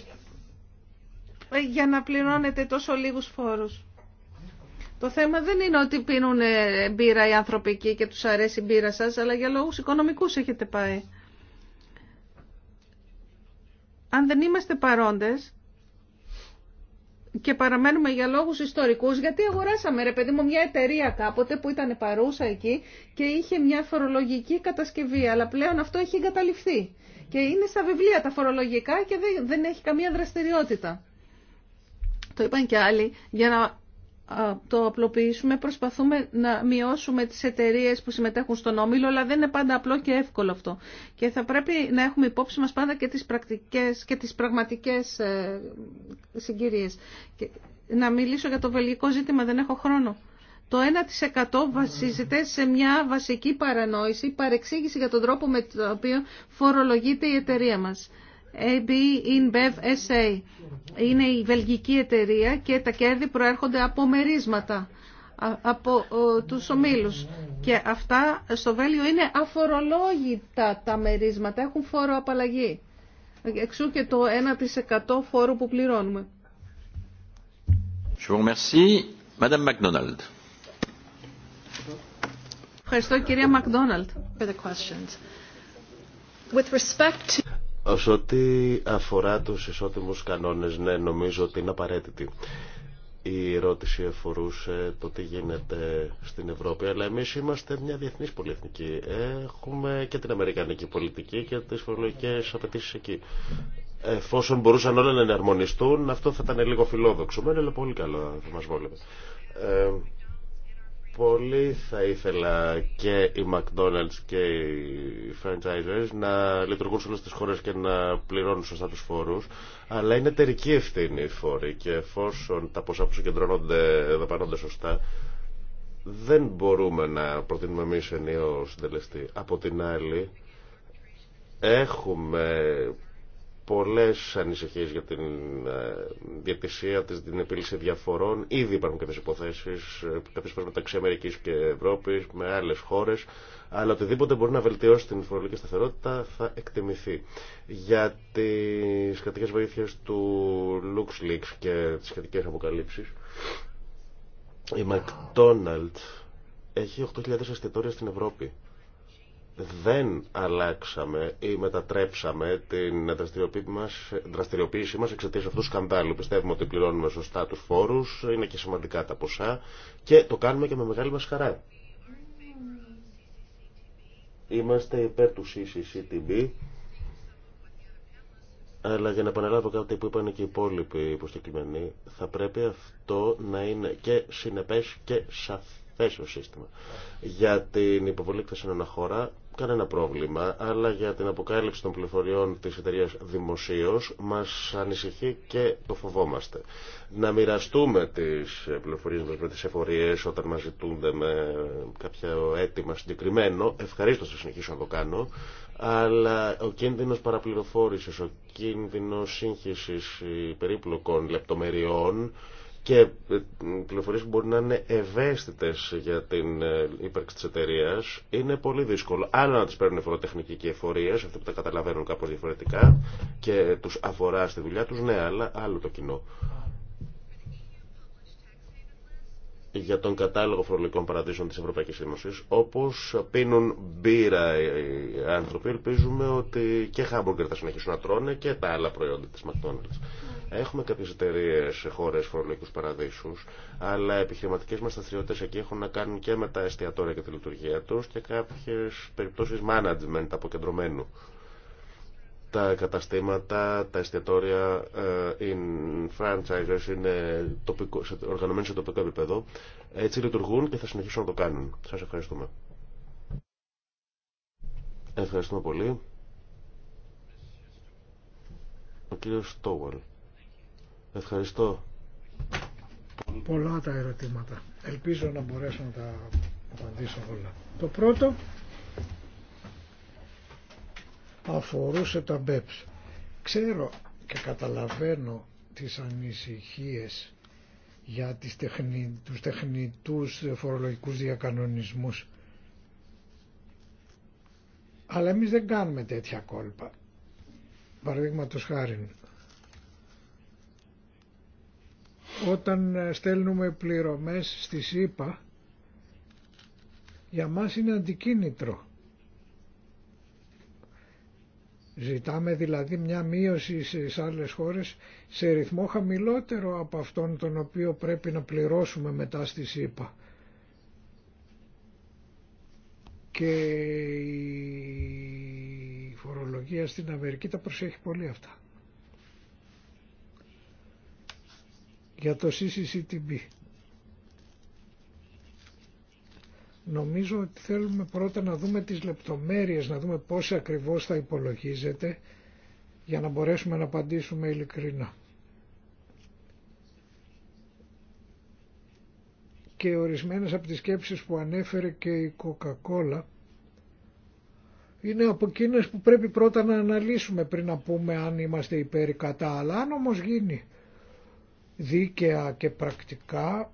ε, για να πληρώνετε τόσο λίγους φόρους. Το θέμα δεν είναι ότι πίνουν μπύρα οι ανθρωπικοί και τους αρέσει η μπύρα σας, αλλά για λόγους οικονομικούς έχετε πάει. Αν δεν είμαστε παρόντες, και παραμένουμε για λόγους ιστορικούς, γιατί αγοράσαμε ρε παιδί μου μια εταιρεία κάποτε που ήταν παρούσα εκεί και είχε μια φορολογική κατασκευή, αλλά πλέον αυτό έχει εγκαταληφθεί. Και είναι στα βιβλία τα φορολογικά και δεν, δεν έχει καμία δραστηριότητα. Το είπαν και άλλοι, για να το απλοποιήσουμε, προσπαθούμε να μειώσουμε τις εταιρείε που συμμετέχουν στον όμιλο, αλλά δεν είναι πάντα απλό και εύκολο αυτό. Και θα πρέπει να έχουμε υπόψη μας πάντα και τις πρακτικές και τις πραγματικές ε, συγκυρίες. να μιλήσω για το βελγικό ζήτημα, δεν έχω χρόνο. Το 1% βασίζεται σε μια βασική παρανόηση, παρεξήγηση για τον τρόπο με τον οποίο φορολογείται η εταιρεία μας. AB InBev SA. Είναι η βελγική εταιρεία και τα κέρδη προέρχονται από μερίσματα από τους ομίλους και αυτά στο Βέλιο είναι αφορολόγητα τα μερίσματα έχουν φόρο απαλλαγή εξού και το 1% φόρο που πληρώνουμε Je vous remercie. Ευχαριστώ κυρία Μακδόναλτ. Ως ό,τι αφορά τους ισότιμους κανόνες, ναι, νομίζω ότι είναι απαραίτητη. Η ερώτηση αφορούσε το τι γίνεται στην Ευρώπη, αλλά εμείς είμαστε μια διεθνής πολυεθνική. Έχουμε και την αμερικανική πολιτική και τις φορολογικές απαιτήσει εκεί. Εφόσον μπορούσαν όλα να εναρμονιστούν, αυτό θα ήταν λίγο φιλόδοξο. Μένει πολύ καλό, θα μας βόλευε. Ε, πολύ θα ήθελα και οι McDonald's και οι franchisers να λειτουργούν σε όλες τις χώρες και να πληρώνουν σωστά τους φόρους, αλλά είναι εταιρική ευθύνη οι φόροι και εφόσον τα ποσά που συγκεντρώνονται δαπανώνται σωστά, δεν μπορούμε να προτείνουμε εμεί ενίο συντελεστή. Από την άλλη, έχουμε πολλές ανησυχίες για την ε, διατησία της, την επίλυση διαφορών. Ήδη υπάρχουν κάποιες υποθέσεις, ε, κάποιες φορέ μεταξύ Αμερικής και Ευρώπης, με άλλες χώρες, αλλά οτιδήποτε μπορεί να βελτιώσει την φορολογική σταθερότητα θα εκτιμηθεί. Για τις σχετικές βοήθειες του LuxLeaks και τις σχετικές αποκαλύψεις, η McDonald's έχει 8.000 εστιατόρια στην Ευρώπη δεν αλλάξαμε ή μετατρέψαμε την δραστηριοποίησή μας εξαιτίας αυτού του σκανδάλου. Πιστεύουμε ότι πληρώνουμε σωστά τους φόρους, είναι και σημαντικά τα ποσά και το κάνουμε και με μεγάλη μας χαρά. Είμαστε υπέρ του CCCTB, αλλά για να επαναλάβω κάτι που είπαν και οι υπόλοιποι υποστηκλημένοι, θα πρέπει αυτό να είναι και συνεπές και σαφές το σύστημα. Για την υποβολή εκθέσεων αναχώρα, κανένα πρόβλημα, αλλά για την αποκάλυψη των πληροφοριών της εταιρεία δημοσίω μας ανησυχεί και το φοβόμαστε. Να μοιραστούμε τις πληροφορίες μας με τις εφορίες όταν μας ζητούνται με κάποιο αίτημα συγκεκριμένο, ευχαρίστως θα συνεχίσω να το κάνω, αλλά ο κίνδυνος παραπληροφόρησης, ο κίνδυνος σύγχυσης περίπλοκων λεπτομεριών, και ε, πληροφορίες που μπορεί να είναι ευαίσθητες για την ε, ύπαρξη της εταιρεία είναι πολύ δύσκολο. Άλλο να τις παίρνουν φοροτεχνικοί και εφορίες, αυτοί που τα καταλαβαίνουν κάπως διαφορετικά και τους αφορά στη δουλειά τους, ναι, αλλά άλλο το κοινό. για τον κατάλογο φορολογικών παραδείσων της Ευρωπαϊκής Ένωση. Όπως πίνουν μπύρα οι άνθρωποι, ελπίζουμε ότι και χάμπουργκερ θα συνεχίσουν να τρώνε και τα άλλα προϊόντα της McDonald's. Έχουμε κάποιε εταιρείε σε χώρε φορολογικού παραδείσου, αλλά οι επιχειρηματικέ μα δραστηριότητε εκεί έχουν να κάνουν και με τα εστιατόρια και τη λειτουργία του και κάποιε περιπτώσει management αποκεντρωμένου. Τα καταστήματα, τα εστιατόρια ε, in franchises είναι τοπικό, σε, οργανωμένοι σε τοπικό επίπεδο. Έτσι λειτουργούν και θα συνεχίσουν να το κάνουν. Σα ευχαριστούμε. Ευχαριστούμε πολύ. Ο κύριος Στόουαλ. Ευχαριστώ. Πολλά τα ερωτήματα. Ελπίζω να μπορέσω να τα απαντήσω όλα. Το πρώτο αφορούσε τα BEPS. Ξέρω και καταλαβαίνω τις ανησυχίες για τις τεχνη, τους τεχνητούς φορολογικούς διακανονισμούς. Αλλά εμείς δεν κάνουμε τέτοια κόλπα. Παραδείγματο χάρη όταν ε, στέλνουμε πληρωμές στη ΣΥΠΑ για μας είναι αντικίνητρο. Ζητάμε δηλαδή μια μείωση σε άλλες χώρες σε ρυθμό χαμηλότερο από αυτόν τον οποίο πρέπει να πληρώσουμε μετά στη ΣΥΠΑ. Και η φορολογία στην Αμερική τα προσέχει πολύ αυτά. για το CCCTB. Νομίζω ότι θέλουμε πρώτα να δούμε τις λεπτομέρειες, να δούμε πώς ακριβώς θα υπολογίζεται για να μπορέσουμε να απαντήσουμε ειλικρινά. Και ορισμένες από τις σκέψεις που ανέφερε και η Coca-Cola είναι από εκείνες που πρέπει πρώτα να αναλύσουμε πριν να πούμε αν είμαστε υπέρ ή κατά. Αλλά αν όμως γίνει δίκαια και πρακτικά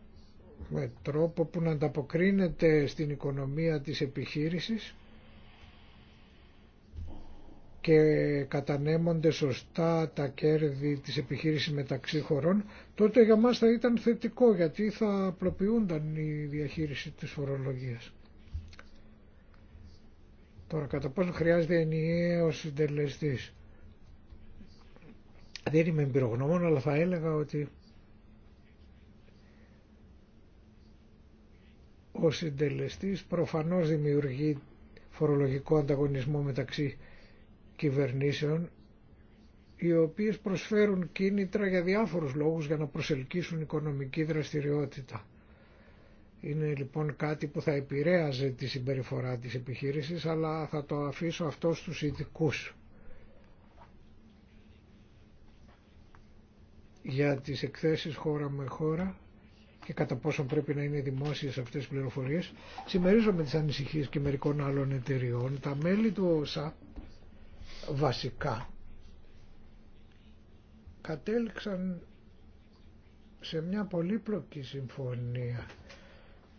με τρόπο που να ανταποκρίνεται στην οικονομία της επιχείρησης και κατανέμονται σωστά τα κέρδη της επιχείρησης μεταξύ χωρών, τότε για μας θα ήταν θετικό γιατί θα απλοποιούνταν η διαχείριση της φορολογίας. Τώρα κατά πόσο χρειάζεται ενιαίο συντελεστής. Δεν είμαι εμπειρογνώμων αλλά θα έλεγα ότι Ο συντελεστής προφανώς δημιουργεί φορολογικό ανταγωνισμό μεταξύ κυβερνήσεων οι οποίες προσφέρουν κίνητρα για διάφορους λόγους για να προσελκύσουν οικονομική δραστηριότητα. Είναι λοιπόν κάτι που θα επηρέαζε τη συμπεριφορά της επιχείρησης, αλλά θα το αφήσω αυτό στους ειδικού. Για τις εκθέσεις χώρα με χώρα, και κατά πόσο πρέπει να είναι δημόσιες αυτές οι πληροφορίες, συμμερίζομαι τις ανησυχίες και μερικών άλλων εταιριών. Τα μέλη του ΩΣΑ βασικά κατέληξαν σε μια πολύπλοκη συμφωνία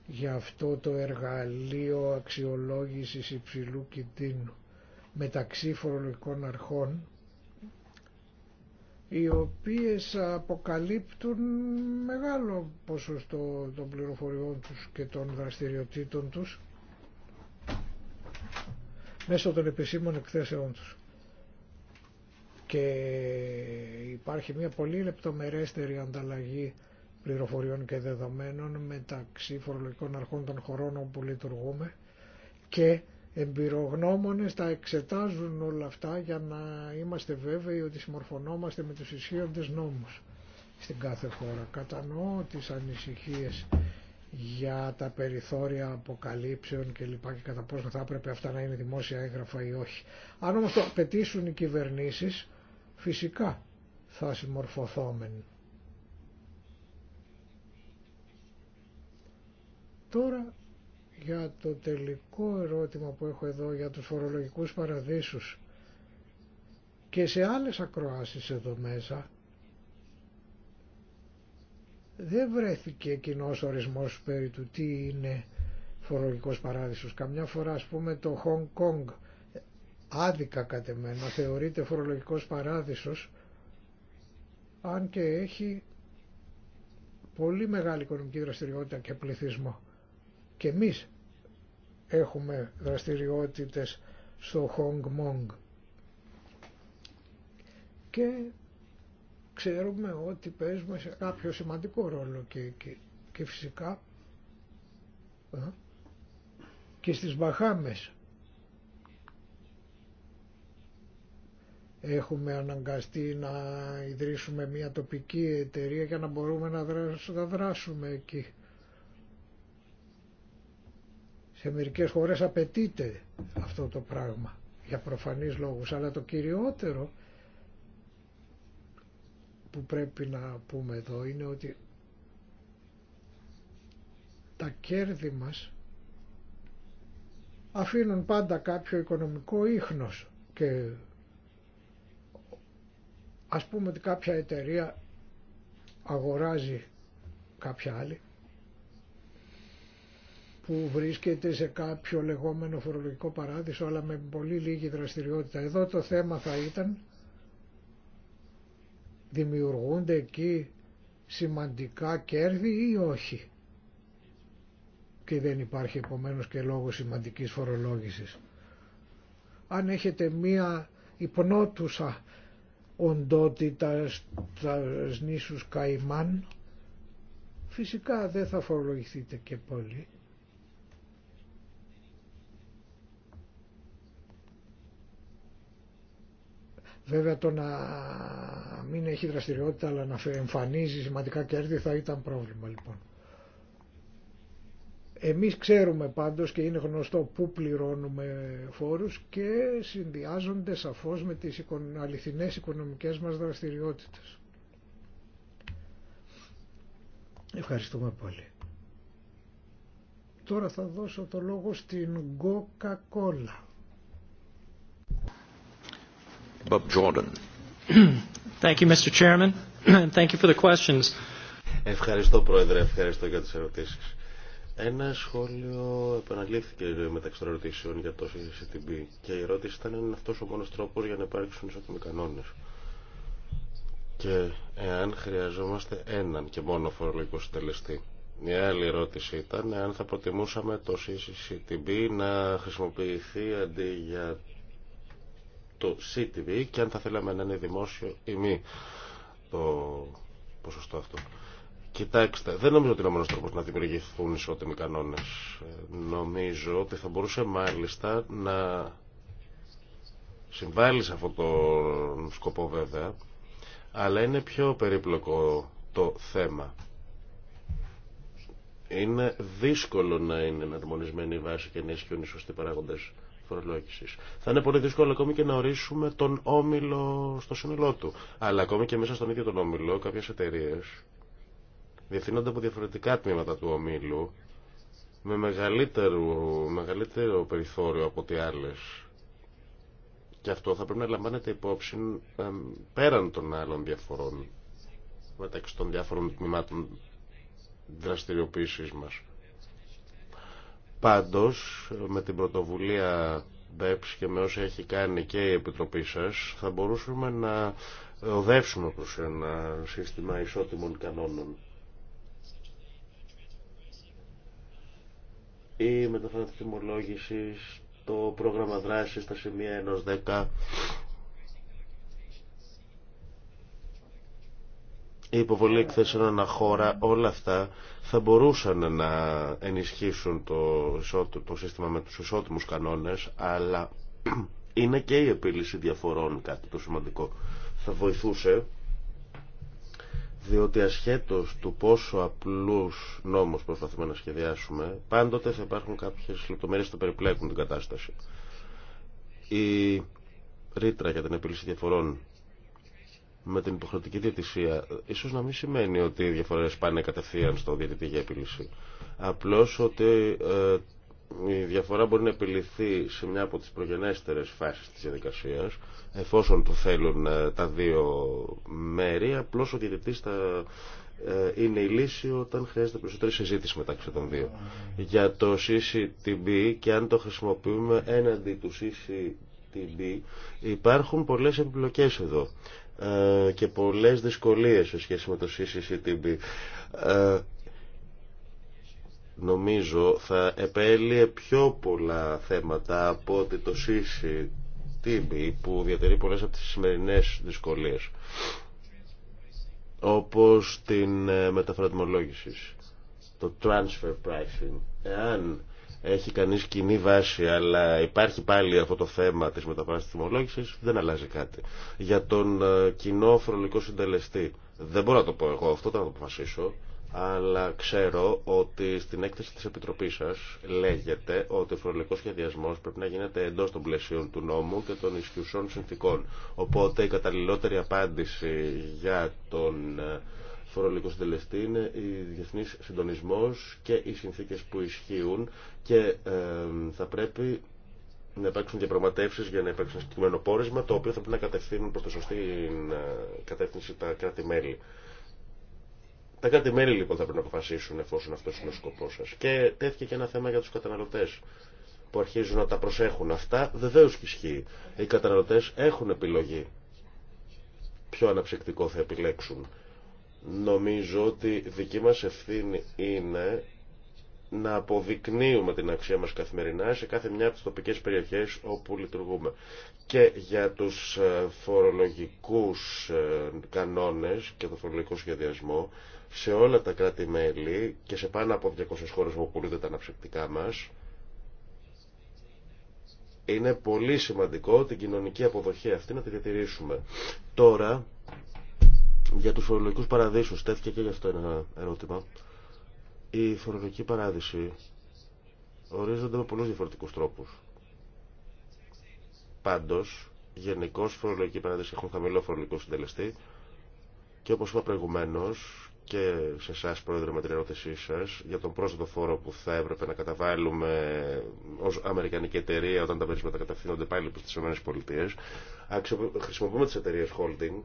για αυτό το εργαλείο αξιολόγησης υψηλού κινδύνου μεταξύ φορολογικών αρχών οι οποίες αποκαλύπτουν μεγάλο ποσοστό των πληροφοριών τους και των δραστηριοτήτων τους μέσω των επισήμων εκθέσεών τους. Και υπάρχει μια πολύ λεπτομερέστερη ανταλλαγή πληροφοριών και δεδομένων μεταξύ φορολογικών αρχών των χωρών όπου λειτουργούμε και εμπειρογνώμονες τα εξετάζουν όλα αυτά για να είμαστε βέβαιοι ότι συμμορφωνόμαστε με τους ισχύοντες νόμους στην κάθε χώρα. Κατανοώ τις ανησυχίες για τα περιθώρια αποκαλύψεων και λοιπά και κατά πόσο θα έπρεπε αυτά να είναι δημόσια έγγραφα ή όχι. Αν όμως το απαιτήσουν οι κυβερνήσεις, φυσικά θα συμμορφωθόμεν. Τώρα για το τελικό ερώτημα που έχω εδώ για τους φορολογικούς παραδείσους και σε άλλες ακροάσεις εδώ μέσα δεν βρέθηκε κοινό ορισμός περί του τι είναι φορολογικός παράδεισος. Καμιά φορά ας πούμε το Hong Kong άδικα κατ' θεωρείται φορολογικός παράδεισος αν και έχει πολύ μεγάλη οικονομική δραστηριότητα και πληθυσμό. Και εμείς έχουμε δραστηριότητες στο Hong Mong. Και ξέρουμε ότι παίζουμε σε κάποιο σημαντικό ρόλο και Και φυσικά ε, και στις Μπαχάμες έχουμε αναγκαστεί να ιδρύσουμε μια τοπική εταιρεία για να μπορούμε να δράσουμε εκεί. Σε μερικές χώρες απαιτείται αυτό το πράγμα για προφανείς λόγους, αλλά το κυριότερο που πρέπει να πούμε εδώ είναι ότι τα κέρδη μας αφήνουν πάντα κάποιο οικονομικό ίχνος και ας πούμε ότι κάποια εταιρεία αγοράζει κάποια άλλη που βρίσκεται σε κάποιο λεγόμενο φορολογικό παράδεισο αλλά με πολύ λίγη δραστηριότητα. Εδώ το θέμα θα ήταν δημιουργούνται εκεί σημαντικά κέρδη ή όχι. Και δεν υπάρχει επομένως και λόγος σημαντικής φορολόγησης. Αν έχετε μία υπνότουσα οντότητα στα νήσους Καϊμάν, φυσικά δεν θα φορολογηθείτε και πολύ Βέβαια το να μην έχει δραστηριότητα αλλά να εμφανίζει σημαντικά κέρδη θα ήταν πρόβλημα λοιπόν. Εμείς ξέρουμε πάντως και είναι γνωστό πού πληρώνουμε φόρους και συνδυάζονται σαφώς με τις αληθινές οικονομικές μας δραστηριότητες. Ευχαριστούμε πολύ. Τώρα θα δώσω το λόγο στην Coca-Cola. Bob Jordan. Thank you, Mr. Chairman, thank you for the questions. Ευχαριστώ, Πρόεδρε, ευχαριστώ για τις ερωτήσεις. Ένα σχόλιο επαναλήφθηκε μεταξύ των ερωτήσεων για το CCTB και η ερώτηση ήταν αν είναι αυτός ο μόνος τρόπος για να υπάρξουν ισότιμοι κανόνες. Και εάν χρειαζόμαστε έναν και μόνο φορολογικό συντελεστή. Μια άλλη ερώτηση ήταν αν θα προτιμούσαμε το CCTB να χρησιμοποιηθεί αντί για το CTV και αν θα θέλαμε να είναι δημόσιο ή μη το ποσοστό αυτό. Κοιτάξτε, δεν νομίζω ότι είναι ο μόνος τρόπο να δημιουργηθούν ισότιμοι κανόνε. Ε, νομίζω ότι θα μπορούσε μάλιστα να συμβάλλει σε αυτόν τον σκοπό βέβαια, αλλά είναι πιο περίπλοκο το θέμα. Είναι δύσκολο να είναι εναρμονισμένη η βάση και να ισχύουν οι σωστοί παράγοντες. Θα είναι πολύ δύσκολο ακόμη και να ορίσουμε τον όμιλο στο σύνολό του. Αλλά ακόμη και μέσα στον ίδιο τον όμιλο κάποιες εταιρείε διευθύνονται από διαφορετικά τμήματα του ομίλου με μεγαλύτερο, μεγαλύτερο περιθώριο από ό,τι άλλες. Και αυτό θα πρέπει να λαμβάνεται υπόψη πέραν των άλλων διαφορών μεταξύ των διάφορων τμήματων δραστηριοποίησής μας. Πάντως, με την πρωτοβουλία BEPS και με όσα έχει κάνει και η Επιτροπή σας, θα μπορούσαμε να οδεύσουμε προς ένα σύστημα ισότιμων κανόνων. Η με της το πρόγραμμα δράσης στα σημεία ενός 10 η υποβολή εκθέσεων αναχώρα, όλα αυτά θα μπορούσαν να ενισχύσουν το, το σύστημα με τους ισότιμους κανόνες, αλλά είναι και η επίλυση διαφορών κάτι το σημαντικό. Θα βοηθούσε, διότι ασχέτως του πόσο απλούς νόμους προσπαθούμε να σχεδιάσουμε, πάντοτε θα υπάρχουν κάποιες λεπτομέρειες που περιπλέκουν την κατάσταση. Η ρήτρα για την επίλυση διαφορών με την υποχρεωτική διατησία ίσως να μην σημαίνει ότι οι διαφορές πάνε κατευθείαν στο διατητή για επίλυση. Απλώς ότι ε, η διαφορά μπορεί να επιληθεί σε μια από τις προγενέστερες φάσεις της διαδικασία, εφόσον το θέλουν ε, τα δύο μέρη απλώς ο διατητής θα ε, είναι η λύση όταν χρειάζεται περισσότερη συζήτηση μεταξύ των δύο για το CCTB και αν το χρησιμοποιούμε έναντι του CCTB υπάρχουν πολλές επιπλοκές εδώ ε, και πολλές δυσκολίες σε σχέση με το CCCTB. Ε, νομίζω θα επέλυε πιο πολλά θέματα από ότι το CCTB που διατηρεί πολλές από τις σημερινές δυσκολίες όπως την ε, μεταφρατμολόγηση το transfer pricing. Εάν έχει κανείς κοινή βάση, αλλά υπάρχει πάλι αυτό το θέμα της μεταβάσης τιμολόγησης, δεν αλλάζει κάτι. Για τον ε, κοινό φορολογικό συντελεστή, δεν μπορώ να το πω εγώ, αυτό θα το αποφασίσω, αλλά ξέρω ότι στην έκθεση της Επιτροπής σας λέγεται ότι ο φορολογικός σχεδιασμός πρέπει να γίνεται εντός των πλαισίων του νόμου και των ισχυουσών συνθήκων. Οπότε η καταλληλότερη απάντηση για τον ε, φορολογικό συντελεστή είναι η διεθνή συντονισμό και οι συνθήκε που ισχύουν και ε, θα πρέπει να υπάρξουν διαπραγματεύσει για να υπάρξει ένα συγκεκριμένο πόρισμα, το οποίο θα πρέπει να κατευθύνουν προ τη σωστή ε, κατεύθυνση τα κράτη-μέλη. Τα κράτη-μέλη λοιπόν θα πρέπει να αποφασίσουν εφόσον αυτό είναι ο σκοπό σα. Και τέθηκε και ένα θέμα για του καταναλωτέ που αρχίζουν να τα προσέχουν. Αυτά βεβαίω και ισχύει. Οι καταναλωτέ έχουν επιλογή ποιο αναψυκτικό θα επιλέξουν. Νομίζω ότι δική μας ευθύνη είναι να αποδεικνύουμε την αξία μας καθημερινά σε κάθε μια από τις τοπικές περιοχές όπου λειτουργούμε. Και για τους ε, φορολογικούς ε, κανόνες και το φορολογικό σχεδιασμό σε όλα τα κράτη-μέλη και σε πάνω από 200 χώρες που πουλούνται τα αναψυκτικά μας είναι πολύ σημαντικό την κοινωνική αποδοχή αυτή να τη διατηρήσουμε. Τώρα για τους φορολογικούς παραδείσους, τέθηκε και γι' αυτό ένα ερώτημα. Η φορολογική παράδειση ορίζονται με πολλούς διαφορετικούς τρόπους. Πάντως, γενικώ φορολογική παράδειση έχουν χαμηλό φορολογικό συντελεστή και όπως είπα προηγουμένως και σε εσά πρόεδρε με την ερώτησή σας για τον πρόσθετο φόρο που θα έπρεπε να καταβάλουμε ως αμερικανική εταιρεία όταν τα περισσότερα κατευθύνονται πάλι προ τι ΗΠΑ χρησιμοποιούμε τι εταιρείε holding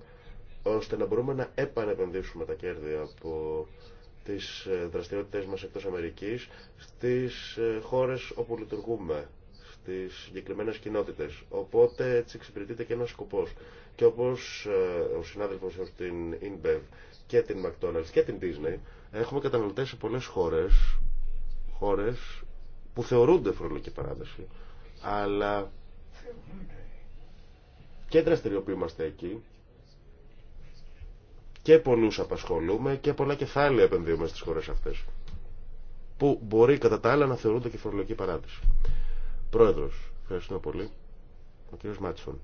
ώστε να μπορούμε να επανεπενδύσουμε τα κέρδη από τις ε, δραστηριότητες μας εκτός Αμερικής στις ε, χώρες όπου λειτουργούμε, στις συγκεκριμένες κοινότητες. Οπότε έτσι εξυπηρετείται και ένας σκοπός. Και όπως ε, ο συνάδελφος την InBev και την McDonald's και την Disney έχουμε καταναλωτές σε πολλές χώρες, χώρες που θεωρούνται φορολογική παράδοση, αλλά και δραστηριοποιούμαστε εκεί και πολλούς απασχολούμε και πολλά κεφάλαια επενδύουμε στις χώρες αυτές που μπορεί κατά τα άλλα να θεωρούνται και φορολογική παράδειση. Πρόεδρος, ευχαριστώ πολύ. Ο κύριος Μάτσον.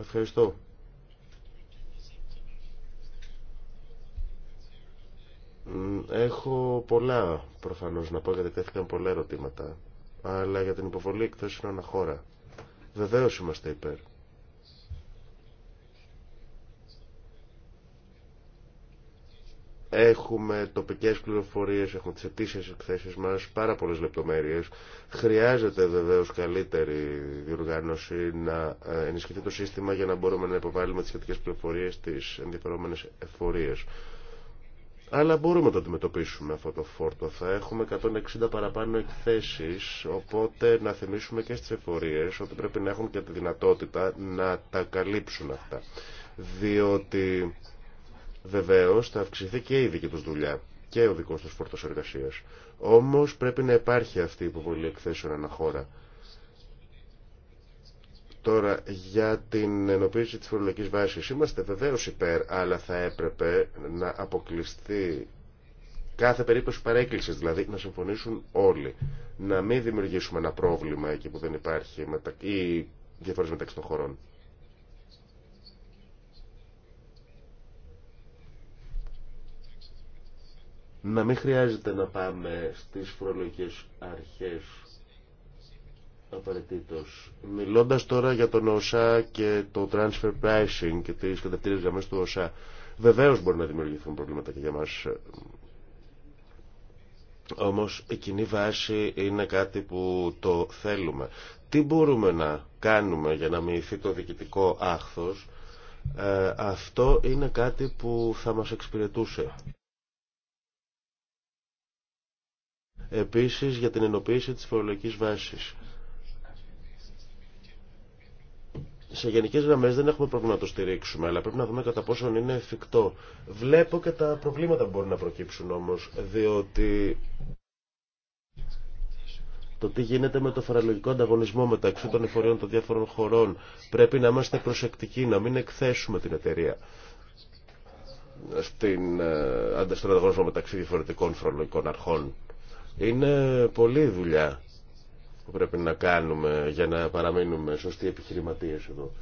Ευχαριστώ. Έχω πολλά προφανώς να πω γιατί τέθηκαν πολλά ερωτήματα αλλά για την υποβολή εκτός είναι ένα χώρα. είμαστε υπέρ. Έχουμε τοπικές πληροφορίες, έχουμε τις ετήσιες εκθέσεις μας, πάρα πολλές λεπτομέρειες. Χρειάζεται βεβαίως καλύτερη διοργάνωση να ε, ενισχυθεί το σύστημα για να μπορούμε να υποβάλουμε τις σχετικές πληροφορίες στις ενδιαφερόμενες εφορίες. Αλλά μπορούμε να το αντιμετωπίσουμε αυτό το φόρτο. Θα έχουμε 160 παραπάνω εκθέσεις, οπότε να θυμίσουμε και στις εφορίες ότι πρέπει να έχουν και τη δυνατότητα να τα καλύψουν αυτά. Διότι Βεβαίω θα αυξηθεί και η δική του δουλειά και ο δικό του φόρτο εργασία. Όμω πρέπει να υπάρχει αυτή η υποβολή εκθέσεων χώρα. Τώρα, για την ενοποίηση τη φορολογική βάσης είμαστε βεβαίω υπέρ, αλλά θα έπρεπε να αποκλειστεί κάθε περίπτωση παρέκκληση, δηλαδή να συμφωνήσουν όλοι. Να μην δημιουργήσουμε ένα πρόβλημα εκεί που δεν υπάρχει ή διαφορέ μεταξύ των χωρών. να μην χρειάζεται να πάμε στις φορολογικές αρχές απαραίτητο. Μιλώντας τώρα για τον ΟΣΑ και το transfer pricing και τις κατευθύνες γραμμές του ΟΣΑ, βεβαίως μπορεί να δημιουργηθούν προβλήματα και για μας. Όμως η κοινή βάση είναι κάτι που το θέλουμε. Τι μπορούμε να κάνουμε για να μοιηθεί το διοικητικό άχθος, ε, αυτό είναι κάτι που θα μας εξυπηρετούσε. Επίσης για την ενοποίηση της φορολογικής βάσης. σε γενικές γραμμές δεν έχουμε πρόβλημα να το στηρίξουμε, αλλά πρέπει να δούμε κατά πόσο είναι εφικτό. Βλέπω και τα προβλήματα που μπορεί να προκύψουν όμως, διότι το τι γίνεται με το φορολογικό ανταγωνισμό μεταξύ των εφορίων των διάφορων χωρών. Πρέπει να είμαστε προσεκτικοί, να μην εκθέσουμε την εταιρεία στην, ε, ανταγωνισμό μεταξύ διαφορετικών φορολογικών αρχών. Είναι πολλή δουλειά που πρέπει να κάνουμε για να παραμείνουμε σωστοί επιχειρηματίες εδώ.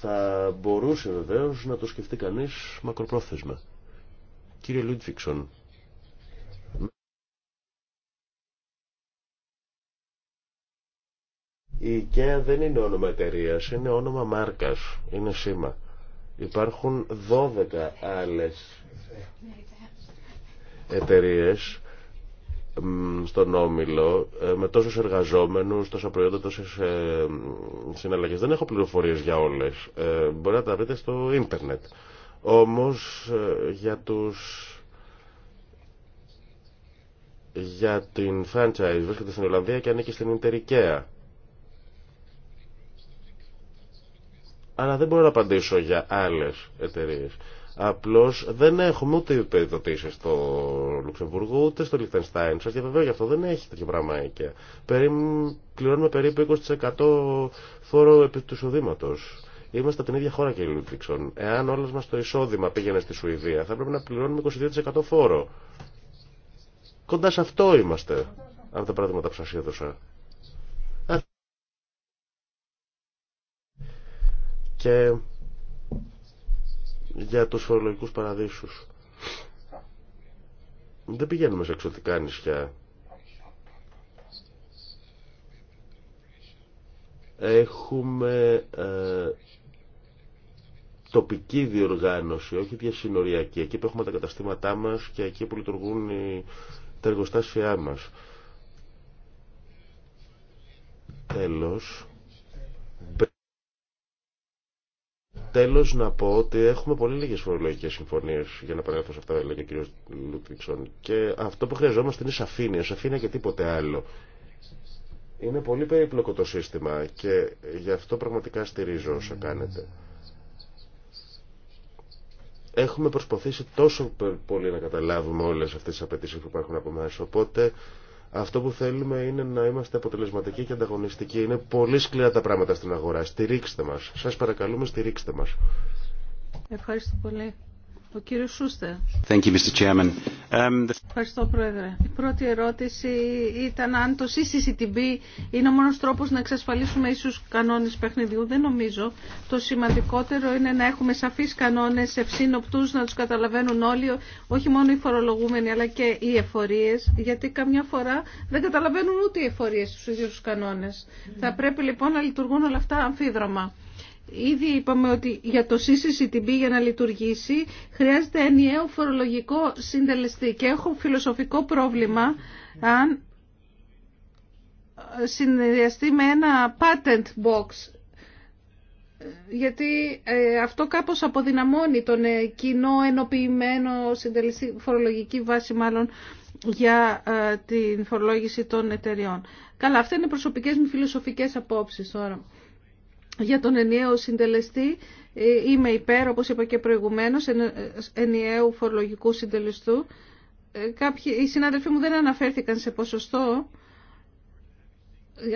Θα μπορούσε βεβαίω να το σκεφτεί κανείς μακροπρόθεσμα. Κύριε Λούντφιξον. Η IKEA δεν είναι όνομα εταιρεία, είναι όνομα μάρκας, είναι σήμα. Υπάρχουν 12 άλλες εταιρείε στον Όμιλο ε, με τόσους εργαζόμενους, τόσα προϊόντα, τόσες ε, συναλλαγές. Δεν έχω πληροφορίες για όλες. Ε, Μπορεί να τα βρείτε στο ίντερνετ. Όμως για τους για την franchise βρίσκεται στην Ολλανδία και ανήκει στην Ιντερικαία. Αλλά δεν μπορώ να απαντήσω για άλλες εταιρείες. Απλώς δεν έχουμε ούτε επιδοτήσεις στο Λουξεμβούργο ούτε στο Λιχτενστάιν. Και διαβεβαίω γι' αυτό δεν έχει τέτοιο πράγμα εκεί. Περί... Πληρώνουμε περίπου 20% φόρο επί του εισοδήματος. Είμαστε την ίδια χώρα, κύριε Λούτριξον. Εάν όλο μα το εισόδημα πήγαινε στη Σουηδία, θα πρέπει να πληρώνουμε 22% φόρο. Κοντά σε αυτό είμαστε, αν τα πράγματα που σα έδωσα. Και για τους φορολογικούς παραδείσους. Δεν πηγαίνουμε σε εξωτικά νησιά. Έχουμε ε, τοπική διοργάνωση, όχι διασυνοριακή. Εκεί που έχουμε τα καταστήματά μας και εκεί που λειτουργούν οι, τα εργοστάσια μας. Τέλος, Τέλος να πω ότι έχουμε πολύ λίγε φορολογικέ συμφωνίε για να παραγραφώ σε αυτά που έλεγε ο κ. Λούτβιξον και αυτό που χρειαζόμαστε είναι σαφήνεια, σαφήνεια και τίποτε άλλο. Είναι πολύ περίπλοκο το σύστημα και γι' αυτό πραγματικά στηρίζω όσα κάνετε. Έχουμε προσπαθήσει τόσο πολύ να καταλάβουμε όλες αυτέ τι απαιτήσει που υπάρχουν από εμά. οπότε αυτό που θέλουμε είναι να είμαστε αποτελεσματικοί και ανταγωνιστικοί. Είναι πολύ σκληρά τα πράγματα στην αγορά. Στηρίξτε μας. Σας παρακαλούμε, στηρίξτε μας. Ευχαριστώ πολύ. Ο κύριος Σούστερ. Um, Ευχαριστώ, Πρόεδρε. Η πρώτη ερώτηση ήταν αν το CCTV είναι ο μόνος τρόπος να εξασφαλίσουμε ίσους κανόνες παιχνιδιού. Δεν νομίζω. Το σημαντικότερο είναι να έχουμε σαφείς κανόνες ευσύνοπτους, να τους καταλαβαίνουν όλοι, όχι μόνο οι φορολογούμενοι αλλά και οι εφορίε, γιατί καμιά φορά δεν καταλαβαίνουν ούτε οι εφορίες τους ίδιους τους κανόνες. Mm. Θα πρέπει λοιπόν να λειτουργούν όλα αυτά αμφίδρομα. Ήδη είπαμε ότι για το CCCTB για να λειτουργήσει χρειάζεται ενιαίο φορολογικό συντελεστή και έχω φιλοσοφικό πρόβλημα αν συνδυαστεί με ένα patent box γιατί ε, αυτό κάπως αποδυναμώνει τον ε, κοινό ενοποιημένο συντελεστή φορολογική βάση μάλλον για ε, την φορολόγηση των εταιριών. Καλά, αυτά είναι προσωπικές μου φιλοσοφικές απόψεις τώρα για τον ενιαίο συντελεστή ε, είμαι υπέρ, όπως είπα και προηγουμένως, ενιαίου φορολογικού συντελεστού. Ε, κάποιοι, οι συνάδελφοί μου δεν αναφέρθηκαν σε ποσοστό.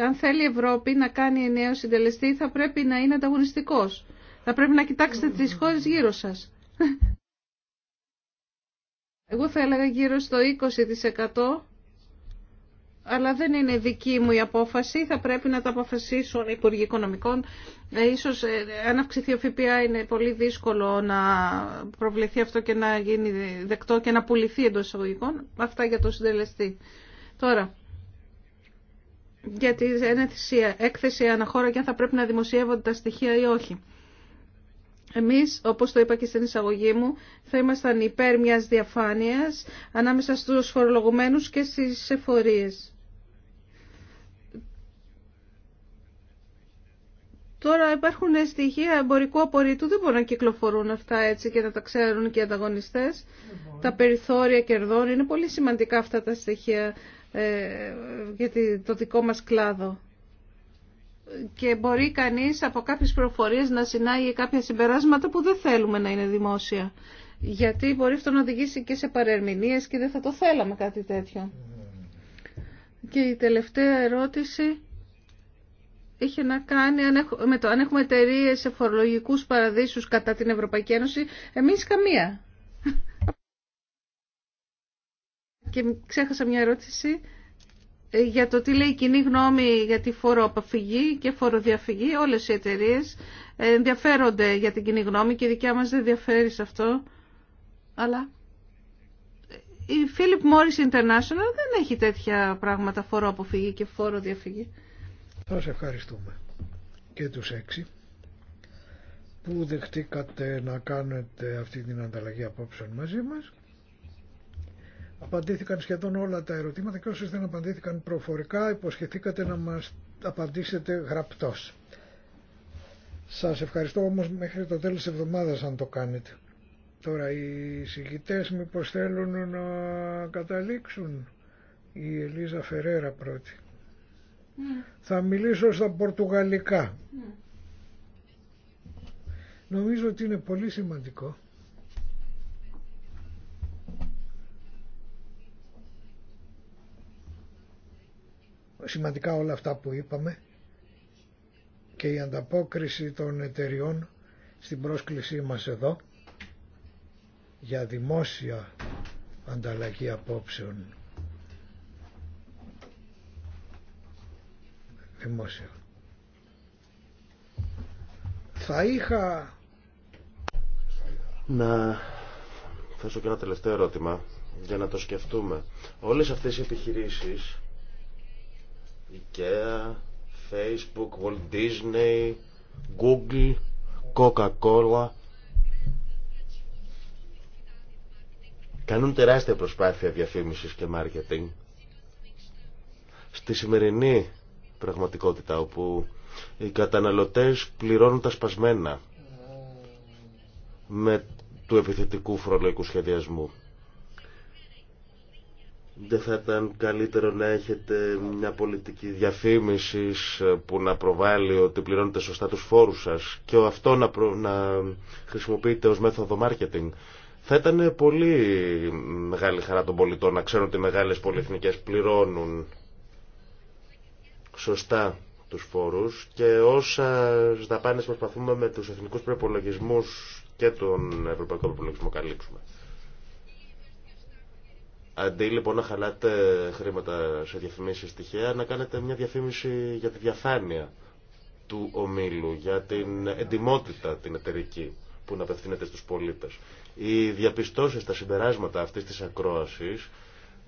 Αν θέλει η Ευρώπη να κάνει ενιαίο συντελεστή θα πρέπει να είναι ανταγωνιστικός. Θα πρέπει να κοιτάξετε τις χώρες γύρω σας. Εγώ θα έλεγα γύρω στο 20% αλλά δεν είναι δική μου η απόφαση, θα πρέπει να τα αποφασίσουν οι Υπουργοί Οικονομικών. Ε, ίσως ε, αν αυξηθεί ο ΦΠΑ είναι πολύ δύσκολο να προβληθεί αυτό και να γίνει δεκτό και να πουληθεί εντός εισαγωγικών. Αυτά για το συντελεστή. Τώρα, για την έκθεση αναχώρα και αν θα πρέπει να δημοσιεύονται τα στοιχεία ή όχι. Εμείς, όπως το είπα και στην εισαγωγή μου, θα ήμασταν υπέρ μιας διαφάνειας ανάμεσα στους φορολογουμένους και στις εφορίες. Τώρα υπάρχουν στοιχεία εμπορικού απορρίτου, δεν μπορούν να κυκλοφορούν αυτά έτσι και να τα ξέρουν και οι ανταγωνιστές. Τα περιθώρια κερδών είναι πολύ σημαντικά αυτά τα στοιχεία ε, για το δικό μας κλάδο και μπορεί κανείς από κάποιες προφορίες να συνάγει κάποια συμπεράσματα που δεν θέλουμε να είναι δημόσια. Γιατί μπορεί αυτό να οδηγήσει και σε παρερμηνίες και δεν θα το θέλαμε κάτι τέτοιο. Και η τελευταία ερώτηση είχε να κάνει με το αν έχουμε εταιρείε σε φορολογικού παραδείσους κατά την Ευρωπαϊκή Ένωση. Εμείς καμία. Και ξέχασα μια ερώτηση για το τι λέει η κοινή γνώμη για τη φοροαπαφυγή και φοροδιαφυγή. Όλες οι εταιρείε ε, ενδιαφέρονται για την κοινή γνώμη και η δικιά μας δεν διαφέρει σε αυτό. Αλλά η Philip Morris International δεν έχει τέτοια πράγματα φοροαποφυγή και φοροδιαφυγή. Θα σε ευχαριστούμε και τους έξι που δεχτήκατε να κάνετε αυτή την ανταλλαγή απόψεων μαζί μας Απαντήθηκαν σχεδόν όλα τα ερωτήματα και όσες δεν απαντήθηκαν προφορικά υποσχεθήκατε να μας απαντήσετε γραπτός. Σας ευχαριστώ όμως μέχρι το τέλος της εβδομάδας αν το κάνετε. Τώρα οι συγκητές μήπως θέλουν να καταλήξουν. Η Ελίζα Φερέρα πρώτη. Ναι. Θα μιλήσω στα πορτογαλικά. Ναι. Νομίζω ότι είναι πολύ σημαντικό σημαντικά όλα αυτά που είπαμε και η ανταπόκριση των εταιριών στην πρόσκλησή μας εδώ για δημόσια ανταλλαγή απόψεων. Δημόσια. Θα είχα... Να θέσω και ένα τελευταίο ερώτημα για να το σκεφτούμε. Όλες αυτές οι επιχειρήσεις IKEA, Facebook, Walt Disney, Google, Coca-Cola κάνουν τεράστια προσπάθεια διαφήμισης και marketing στη σημερινή πραγματικότητα όπου οι καταναλωτές πληρώνουν τα σπασμένα με του επιθετικού φορολογικού σχεδιασμού δεν θα ήταν καλύτερο να έχετε μια πολιτική διαφήμιση που να προβάλλει ότι πληρώνετε σωστά τους φόρους σας και αυτό να, προ... να χρησιμοποιείτε ως μέθοδο marketing. Θα ήταν πολύ μεγάλη χαρά των πολιτών να ξέρουν ότι οι μεγάλες πολυεθνικές πληρώνουν σωστά τους φόρους και όσα δαπάνες προσπαθούμε με τους εθνικούς προπολογισμού και τον ευρωπαϊκό προπολογισμό καλύψουμε. Αντί λοιπόν να χαλάτε χρήματα σε διαφημίσει τυχαία, να κάνετε μια διαφήμιση για τη διαφάνεια του ομίλου, για την εντιμότητα την εταιρική που να απευθύνεται στους πολίτες. Οι διαπιστώσεις, τα συμπεράσματα αυτή της ακρόασης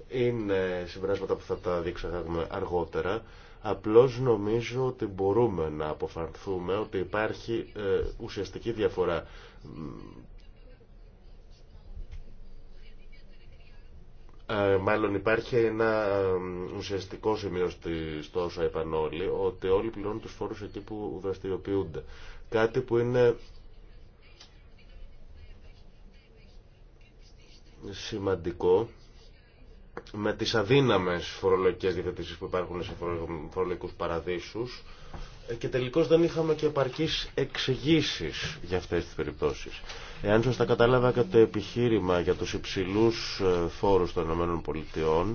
είναι συμπεράσματα που θα τα διεξαγάγουμε αργότερα. Απλώς νομίζω ότι μπορούμε να αποφανθούμε ότι υπάρχει ε, ουσιαστική διαφορά Ε, μάλλον υπάρχει ένα ε, ουσιαστικό σημείο στο όσο είπαν όλοι, ότι όλοι πληρώνουν τους φόρους εκεί που δραστηριοποιούνται. Κάτι που είναι σημαντικό με τις αδύναμες φορολογικές διαθετήσεις που υπάρχουν σε φορολογικούς παραδείσους ε, και τελικώς δεν είχαμε και επαρκείς εξηγήσει για αυτές τις περιπτώσεις. Εάν σας τα κατάλαβα και το επιχείρημα για τους υψηλούς ε, φόρους των ΗΠΑ,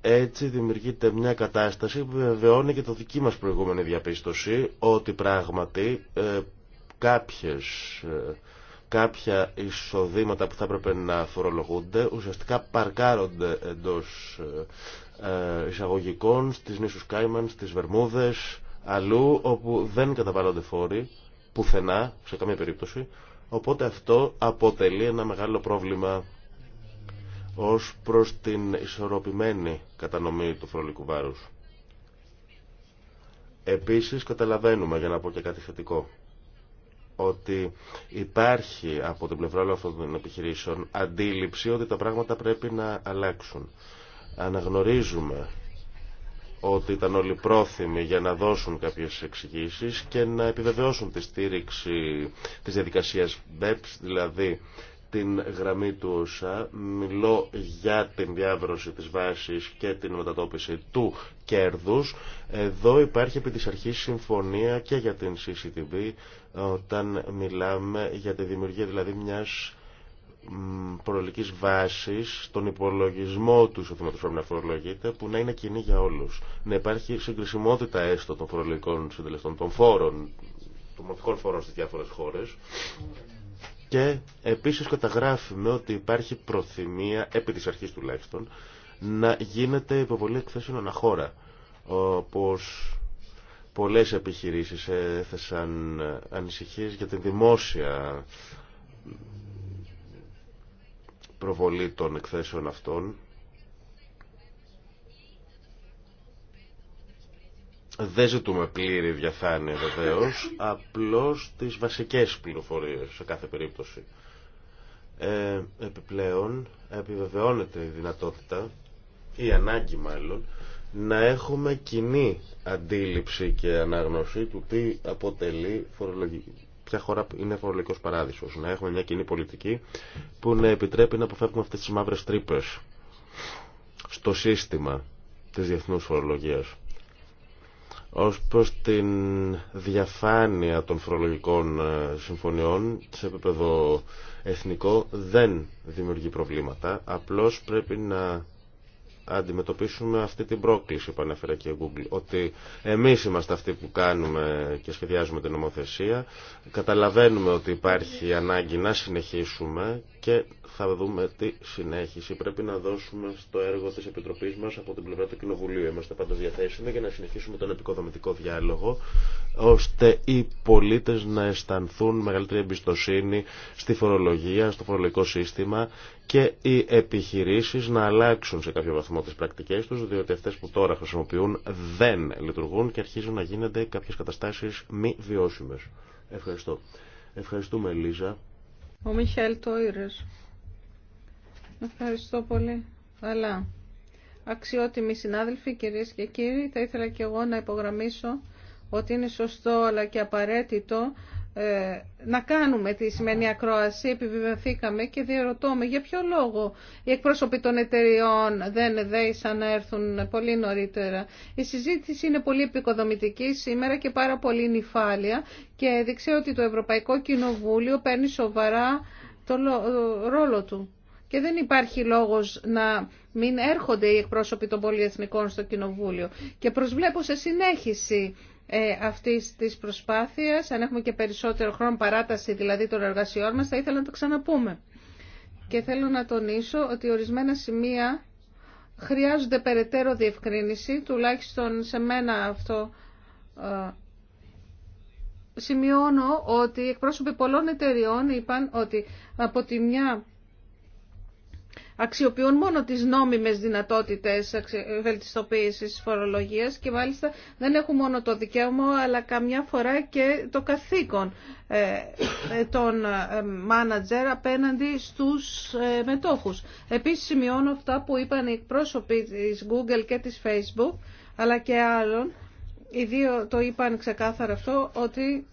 έτσι δημιουργείται μια κατάσταση που βεβαιώνει και το δική μας προηγούμενη διαπίστωση ότι πράγματι ε, κάποιες, κάποια εισοδήματα που θα έπρεπε να φορολογούνται ουσιαστικά παρκάρονται εντός ε, εισαγωγικών στις νήσους Κάιμαν, στις Βερμούδες, αλλού όπου δεν καταβάλλονται φόροι, πουθενά, σε καμία περίπτωση, οπότε αυτό αποτελεί ένα μεγάλο πρόβλημα ως προς την ισορροπημένη κατανομή του φρολικού βάρους. Επίσης καταλαβαίνουμε, για να πω και κάτι θετικό, ότι υπάρχει από την πλευρά όλων αυτών των επιχειρήσεων αντίληψη ότι τα πράγματα πρέπει να αλλάξουν. Αναγνωρίζουμε ότι ήταν όλοι πρόθυμοι για να δώσουν κάποιες εξηγήσει και να επιβεβαιώσουν τη στήριξη της διαδικασίας BEPS, δηλαδή την γραμμή του ΟΣΑ. Μιλώ για την διάβρωση της βάσης και την μετατόπιση του κέρδους. Εδώ υπάρχει επί της αρχής συμφωνία και για την CCTV όταν μιλάμε για τη δημιουργία δηλαδή μιας προλογικής βάσης, τον υπολογισμό του εισοδήματος πρέπει να φορολογείται, που να είναι κοινή για όλους. Να υπάρχει συγκρισιμότητα έστω των φορολογικών συντελεστών, των φόρων, των μορφικών φόρων στις διάφορες χώρες. Και επίσης καταγράφουμε ότι υπάρχει προθυμία, επί της αρχής τουλάχιστον, να γίνεται υποβολή εκθέσεων αναχώρα, όπως πολλές επιχειρήσεις έθεσαν ανησυχίες για την δημόσια προβολή των εκθέσεων αυτών Δεν ζητούμε πλήρη διαφάνεια βεβαίω, απλώς τις βασικές πληροφορίες σε κάθε περίπτωση. Ε, επιπλέον επιβεβαιώνεται η δυνατότητα, η ανάγκη μάλλον, να έχουμε κοινή αντίληψη και αναγνωσή του τι αποτελεί φορολογική ποια χώρα είναι φορολογικό παράδεισο. Να έχουμε μια κοινή πολιτική που να επιτρέπει να αποφεύγουμε αυτέ τι μαύρε τρύπε στο σύστημα τη διεθνού φορολογία. Ω προ την διαφάνεια των φορολογικών ε, συμφωνιών σε επίπεδο εθνικό δεν δημιουργεί προβλήματα. Απλώ πρέπει να αντιμετωπίσουμε αυτή την πρόκληση που ανέφερε και η Google. Ότι εμείς είμαστε αυτοί που κάνουμε και σχεδιάζουμε την νομοθεσία. Καταλαβαίνουμε ότι υπάρχει ανάγκη να συνεχίσουμε και θα δούμε τι συνέχιση πρέπει να δώσουμε στο έργο της Επιτροπής μας από την πλευρά του Κοινοβουλίου. Είμαστε πάντως διαθέσιμοι για να συνεχίσουμε τον επικοδομητικό διάλογο ώστε οι πολίτες να αισθανθούν μεγαλύτερη εμπιστοσύνη στη φορολογία, στο φορολογικό σύστημα και οι επιχειρήσεις να αλλάξουν σε κάποιο βαθμό τις πρακτικές τους, διότι αυτές που τώρα χρησιμοποιούν δεν λειτουργούν και αρχίζουν να γίνονται κάποιες καταστάσεις μη βιώσιμες. Ευχαριστώ. Ευχαριστούμε, Λίζα. Ο Μιχαήλ Τόιρες. Ευχαριστώ πολύ. Αλλά αξιότιμοι συνάδελφοι, κυρίες και κύριοι, θα ήθελα και εγώ να υπογραμμίσω ότι είναι σωστό αλλά και απαραίτητο ε, να κάνουμε τη σημερινή ακρόαση. Επιβεβαιωθήκαμε και διαρωτώμε για ποιο λόγο οι εκπρόσωποι των εταιριών δεν δέησαν να έρθουν πολύ νωρίτερα. Η συζήτηση είναι πολύ επικοδομητική σήμερα και πάρα πολύ νυφάλια και έδειξε ότι το Ευρωπαϊκό Κοινοβούλιο παίρνει σοβαρά το ρόλο του. Και δεν υπάρχει λόγος να μην έρχονται οι εκπρόσωποι των πολυεθνικών στο Κοινοβούλιο. Και προσβλέπω σε συνέχιση ε, αυτής της προσπάθειας, αν έχουμε και περισσότερο χρόνο παράταση δηλαδή των εργασιών μας, θα ήθελα να το ξαναπούμε. Και θέλω να τονίσω ότι ορισμένα σημεία χρειάζονται περαιτέρω διευκρίνηση, τουλάχιστον σε μένα αυτό ε, σημειώνω ότι εκπρόσωποι πολλών εταιριών είπαν ότι από τη μια αξιοποιούν μόνο τις νόμιμες δυνατότητες βελτιστοποίησης φορολογίας και μάλιστα δεν έχουν μόνο το δικαίωμα αλλά καμιά φορά και το καθήκον ε, ε, των ε, μάνατζερ απέναντι στους μετόχους. Επίσης σημειώνω αυτά που είπαν οι πρόσωποι της Google και της Facebook αλλά και άλλων. Οι δύο το είπαν ξεκάθαρα αυτό ότι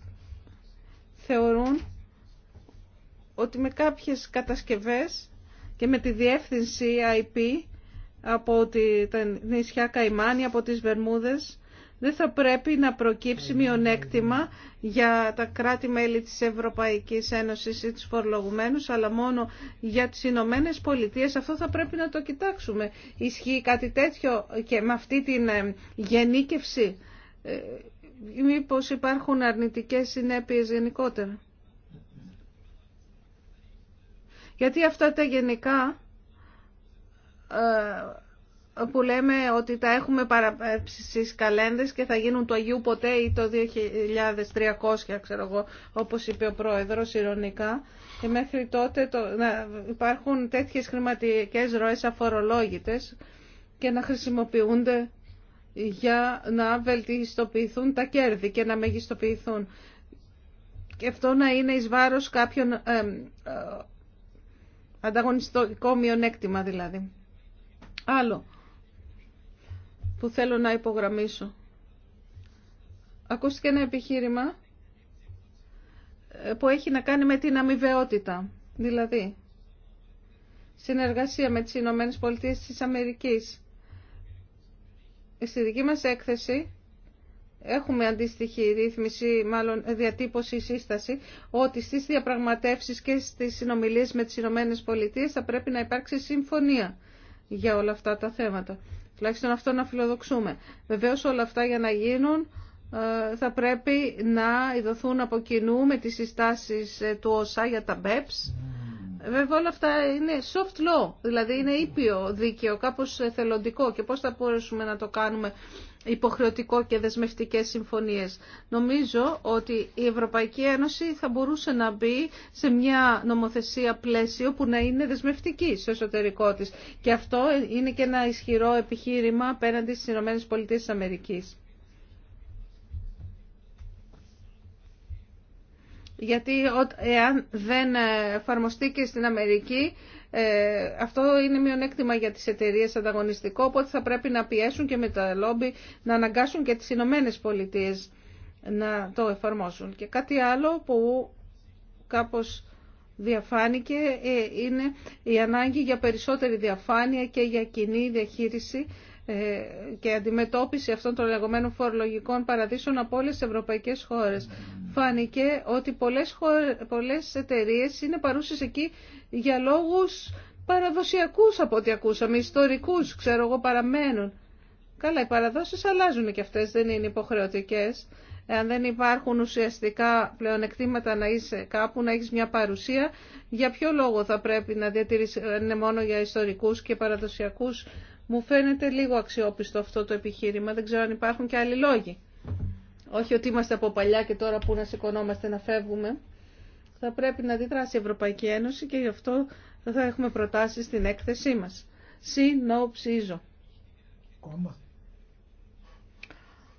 θεωρούν ότι με κάποιες κατασκευές και με τη διεύθυνση IP από τη, τα νησιά Καϊμάνη, από τις Βερμούδες, δεν θα πρέπει να προκύψει μειονέκτημα για τα κράτη-μέλη της Ευρωπαϊκής Ένωσης ή τους φορολογουμένους, αλλά μόνο για τις Ηνωμένε Πολιτείες. Αυτό θα πρέπει να το κοιτάξουμε. Ισχύει κάτι τέτοιο και με αυτή την ε, γενίκευση. Ε, μήπως υπάρχουν αρνητικές συνέπειες γενικότερα. Γιατί αυτά τα γενικά ε, που λέμε ότι τα έχουμε στις καλένδες και θα γίνουν του Αγίου ποτέ ή το 2300 ξέρω όπως είπε ο πρόεδρος ηρωνικά και μέχρι τότε το, να υπάρχουν τέτοιες χρηματικές ροές αφορολόγητες και να χρησιμοποιούνται για να βελτιστοποιηθούν τα κέρδη και να μεγιστοποιηθούν και αυτό να είναι εις βάρος κάποιων ε, ε, Ανταγωνιστικό μειονέκτημα δηλαδή. Άλλο που θέλω να υπογραμμίσω. Ακούστηκε ένα επιχείρημα ε, που έχει να κάνει με την αμοιβαιότητα. Δηλαδή, συνεργασία με τις Ηνωμένες Πολιτείες της Αμερικής. Στη δική μας έκθεση Έχουμε αντίστοιχη ρύθμιση, μάλλον διατύπωση ή σύσταση, ότι στις διαπραγματεύσεις και στις συνομιλίες με τις Ηνωμένες Πολιτείες θα πρέπει να υπάρξει συμφωνία για όλα αυτά τα θέματα. Τουλάχιστον αυτό να φιλοδοξούμε. Βεβαίως όλα αυτά για να γίνουν ε, θα πρέπει να ειδωθούν από κοινού με τις συστάσεις ε, του ΩΣΑ για τα BEPS. Βέβαια όλα αυτά είναι soft law, δηλαδή είναι ήπιο δίκαιο, κάπως θελοντικό και πώς θα μπορέσουμε να το κάνουμε υποχρεωτικό και δεσμευτικές συμφωνίες. Νομίζω ότι η Ευρωπαϊκή Ένωση θα μπορούσε να μπει σε μια νομοθεσία πλαίσιο που να είναι δεσμευτική στο εσωτερικό της. Και αυτό είναι και ένα ισχυρό επιχείρημα απέναντι στις ΗΠΑ. Γιατί εάν δεν εφαρμοστεί και στην Αμερική, ε, αυτό είναι μειονέκτημα για τις εταιρείε ανταγωνιστικό, οπότε θα πρέπει να πιέσουν και με τα λόμπι να αναγκάσουν και τις Ηνωμένε Πολιτείε να το εφαρμόσουν. Και κάτι άλλο που κάπως διαφάνηκε ε, είναι η ανάγκη για περισσότερη διαφάνεια και για κοινή διαχείριση ε, και αντιμετώπιση αυτών των λεγόμενων φορολογικών παραδείσων από όλες τις ευρωπαϊκές χώρες. Φάνηκε ότι πολλές, χώρες, πολλές εταιρείες είναι παρούσες εκεί για λόγους παραδοσιακούς από ό,τι ακούσαμε, ιστορικούς, ξέρω εγώ, παραμένουν. Καλά, οι παραδόσεις αλλάζουν και αυτές, δεν είναι υποχρεωτικές. Αν δεν υπάρχουν ουσιαστικά πλεονεκτήματα να είσαι κάπου, να έχεις μια παρουσία, για ποιο λόγο θα πρέπει να διατηρήσει, ε, είναι μόνο για ιστορικούς και παραδοσιακούς μου φαίνεται λίγο αξιόπιστο αυτό το επιχείρημα, δεν ξέρω αν υπάρχουν και άλλοι λόγοι. Όχι ότι είμαστε από παλιά και τώρα που να σηκωνόμαστε να φεύγουμε. Θα πρέπει να αντιδράσει η Ευρωπαϊκή Ένωση και γι' αυτό θα έχουμε προτάσεις στην έκθεσή μας. Συνοψίζω. Κόμμα.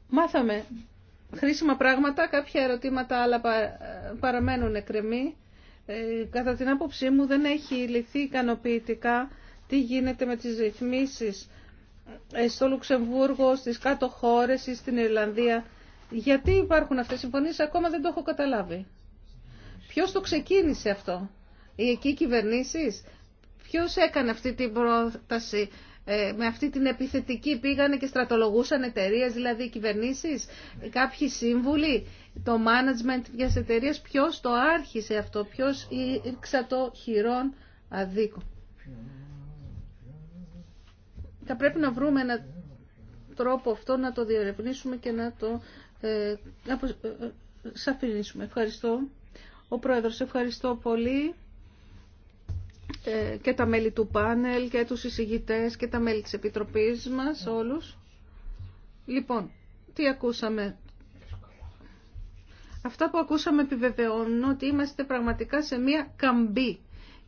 Μάθαμε χρήσιμα πράγματα, κάποια ερωτήματα άλλα παραμένουν εκκρεμή. Ε, κατά την άποψή μου δεν έχει λυθεί ικανοποιητικά τι γίνεται με τις ρυθμίσεις ε, στο Λουξεμβούργο, στις κάτω χώρες ή στην Ιρλανδία. Γιατί υπάρχουν αυτές οι συμφωνίες, ακόμα δεν το έχω καταλάβει. Ποιος το ξεκίνησε αυτό, οι εκεί κυβερνήσεις, ποιος έκανε αυτή την πρόταση, ε, με αυτή την επιθετική πήγανε και στρατολογούσαν εταιρείε, δηλαδή οι κάποιοι σύμβουλοι, το management μια εταιρεία, ποιο το άρχισε αυτό, ποιο ήρξε το χειρόν αδίκο. Θα πρέπει να βρούμε έναν τρόπο αυτό να το διερευνήσουμε και να το ε, ε, ε σαφηνίσουμε. Ευχαριστώ. Ο Πρόεδρος, ευχαριστώ πολύ ε, και τα μέλη του πάνελ και τους εισηγητές και τα μέλη της Επιτροπής μας όλους. Λοιπόν, τι ακούσαμε. Αυτά που ακούσαμε επιβεβαιώνουν ότι είμαστε πραγματικά σε μία καμπή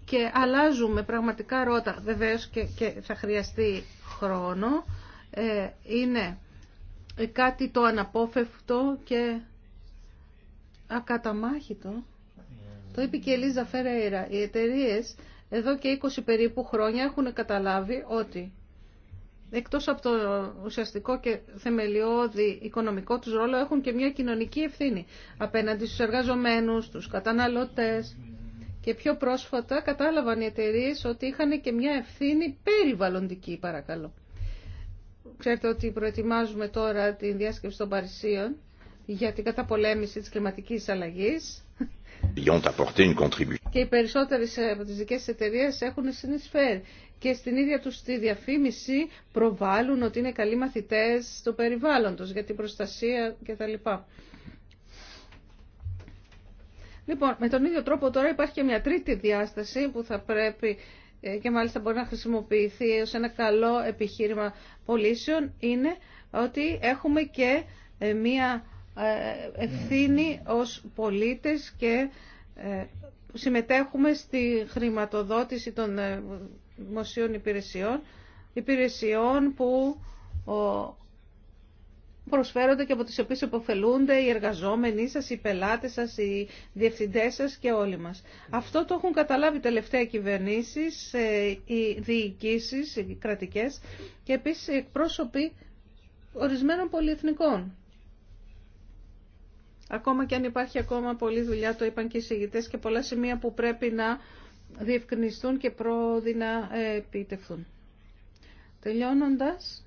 και αλλάζουμε πραγματικά ρότα. Βεβαίως και, και θα χρειαστεί χρόνο. Ε, είναι κάτι το αναπόφευκτο και ακαταμάχητο. Το είπε και η Ελίζα Φεραίρα. Οι εταιρείε εδώ και 20 περίπου χρόνια έχουν καταλάβει ότι εκτός από το ουσιαστικό και θεμελιώδη οικονομικό τους ρόλο έχουν και μια κοινωνική ευθύνη απέναντι στους εργαζομένους, τους καταναλωτές και πιο πρόσφατα κατάλαβαν οι εταιρείε ότι είχαν και μια ευθύνη περιβαλλοντική, παρακαλώ. Ξέρετε ότι προετοιμάζουμε τώρα την διάσκεψη των Παρισίων για την καταπολέμηση της κλιματικής αλλαγής. Και οι περισσότερες από τις δικές εταιρείε έχουν συνεισφέρει και στην ίδια τους τη διαφήμιση προβάλλουν ότι είναι καλοί μαθητές του περιβάλλοντος για την προστασία κτλ. Λοιπόν, με τον ίδιο τρόπο τώρα υπάρχει και μια τρίτη διάσταση που θα πρέπει ε, και μάλιστα μπορεί να χρησιμοποιηθεί ως ένα καλό επιχείρημα πολίσεων είναι ότι έχουμε και ε, μια ε, ευθύνη ως πολίτες και συμμετέχουμε στη χρηματοδότηση των δημοσίων υπηρεσιών, υπηρεσιών που προσφέρονται και από τις οποίες υποφελούνται οι εργαζόμενοι σας, οι πελάτες σας, οι διευθυντές σας και όλοι μας. Αυτό το έχουν καταλάβει τελευταία κυβερνήσεις, ε, οι διοικήσεις, οι κρατικές και επίσης οι εκπρόσωποι ορισμένων πολυεθνικών. Ακόμα και αν υπάρχει ακόμα πολλή δουλειά, το είπαν και οι συγητές, και πολλά σημεία που πρέπει να διευκρινιστούν και πρόοδοι να ε, επιτευχθούν. Τελειώνοντας,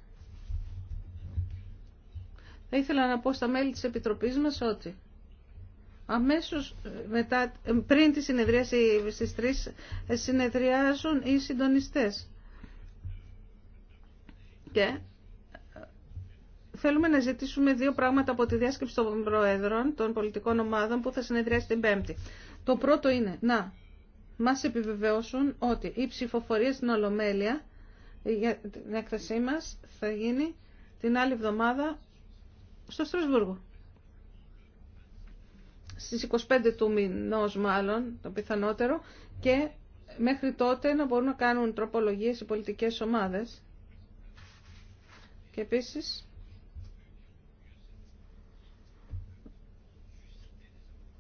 θα ήθελα να πω στα μέλη της Επιτροπής μας ότι αμέσως ε, μετά, ε, πριν τη συνεδρίαση στις 3 ε, συνεδριάζουν οι συντονιστές. Και θέλουμε να ζητήσουμε δύο πράγματα από τη διάσκεψη των προέδρων των πολιτικών ομάδων που θα συνεδριάσει την Πέμπτη. Το πρώτο είναι να μας επιβεβαιώσουν ότι η ψηφοφορία στην Ολομέλεια για την έκθεσή μας θα γίνει την άλλη εβδομάδα στο Στρασβούργο. Στις 25 του μηνός μάλλον, το πιθανότερο, και μέχρι τότε να μπορούν να κάνουν τροπολογίες οι πολιτικές ομάδες. Και επίσης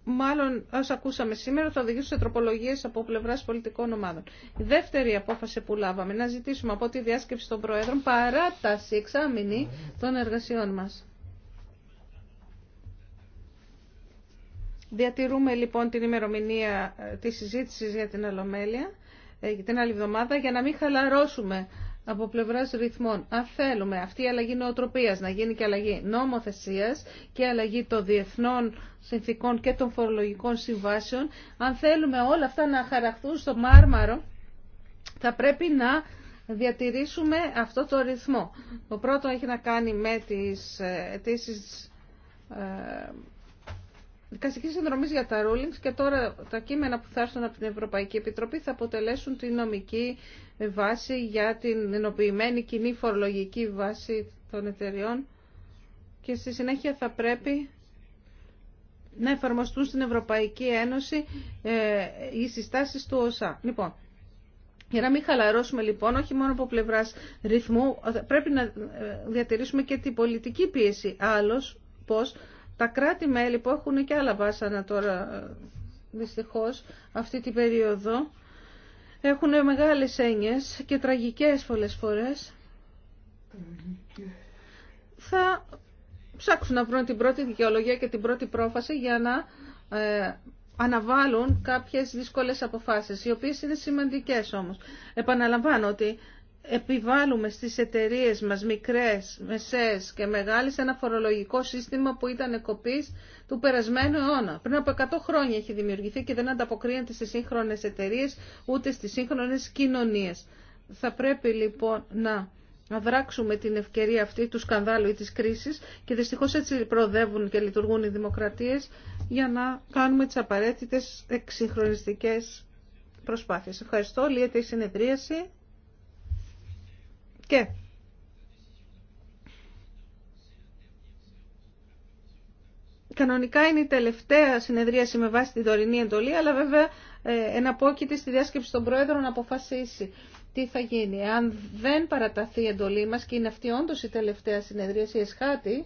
μάλλον όσο ακούσαμε σήμερα θα οδηγήσουν σε τροπολογίε από πλευράς πολιτικών ομάδων. Η δεύτερη απόφαση που λάβαμε να ζητήσουμε από τη διάσκεψη των Προέδρων παράταση εξάμηνη των εργασιών μας. Διατηρούμε λοιπόν την ημερομηνία ε, της συζήτησης για την ε, για την άλλη εβδομάδα για να μην χαλαρώσουμε από πλευρά ρυθμών. Αν θέλουμε αυτή η αλλαγή νοοτροπία να γίνει και αλλαγή νομοθεσία και αλλαγή των διεθνών συνθήκων και των φορολογικών συμβάσεων, αν θέλουμε όλα αυτά να χαραχθούν στο μάρμαρο, θα πρέπει να διατηρήσουμε αυτό το ρυθμό. Το πρώτο έχει να κάνει με τι. Ε, αιτήσει δικαστικής συνδρομή για τα rulings και τώρα τα κείμενα που θα έρθουν από την Ευρωπαϊκή Επιτροπή θα αποτελέσουν τη νομική βάση για την ενοποιημένη κοινή φορολογική βάση των εταιριών και στη συνέχεια θα πρέπει να εφαρμοστούν στην Ευρωπαϊκή Ένωση ε, οι συστάσεις του ΟΣΑ. Λοιπόν, για να μην χαλαρώσουμε λοιπόν, όχι μόνο από πλευρά ρυθμού, πρέπει να ε, διατηρήσουμε και την πολιτική πίεση. Άλλος, πώς τα κράτη-μέλη που έχουν και άλλα βάσανα τώρα, δυστυχώς, αυτή την περίοδο, έχουν μεγάλες έννοιες και τραγικές πολλές φορές. Θα ψάξουν να βρουν την πρώτη δικαιολογία και την πρώτη πρόφαση για να ε, αναβάλουν κάποιες δύσκολες αποφάσεις, οι οποίες είναι σημαντικές όμως. Επαναλαμβάνω ότι επιβάλλουμε στις εταιρείες μας μικρές, μεσές και μεγάλες ένα φορολογικό σύστημα που ήταν κοπής του περασμένου αιώνα. Πριν από 100 χρόνια έχει δημιουργηθεί και δεν ανταποκρίνεται στις σύγχρονες εταιρείες ούτε στις σύγχρονες κοινωνίες. Θα πρέπει λοιπόν να να δράξουμε την ευκαιρία αυτή του σκανδάλου ή της κρίσης και δυστυχώς έτσι προοδεύουν και λειτουργούν οι δημοκρατίες για να κάνουμε τις απαραίτητες εξυγχρονιστικές προσπάθειες. Ευχαριστώ. Λύεται η συνεδρίαση. Και κανονικά είναι η τελευταία συνεδρίαση με βάση την τωρινή εντολή, αλλά βέβαια ε, εναπόκειται στη διάσκεψη των Πρόεδρων να αποφασίσει τι θα γίνει. Αν δεν παραταθεί η εντολή μας και είναι αυτή όντως η τελευταία συνεδρίαση εσχάτη,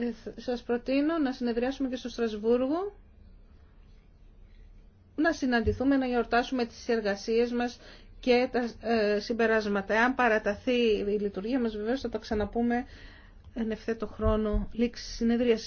ε, σας προτείνω να συνεδριάσουμε και στο Στρασβούργο, να συναντηθούμε, να γιορτάσουμε τις εργασίες μας και τα ε, συμπεράσματα. Αν παραταθεί η λειτουργία μας βεβαίως θα τα ξαναπούμε εν ευθέτω χρόνο λήξη συνεδρία.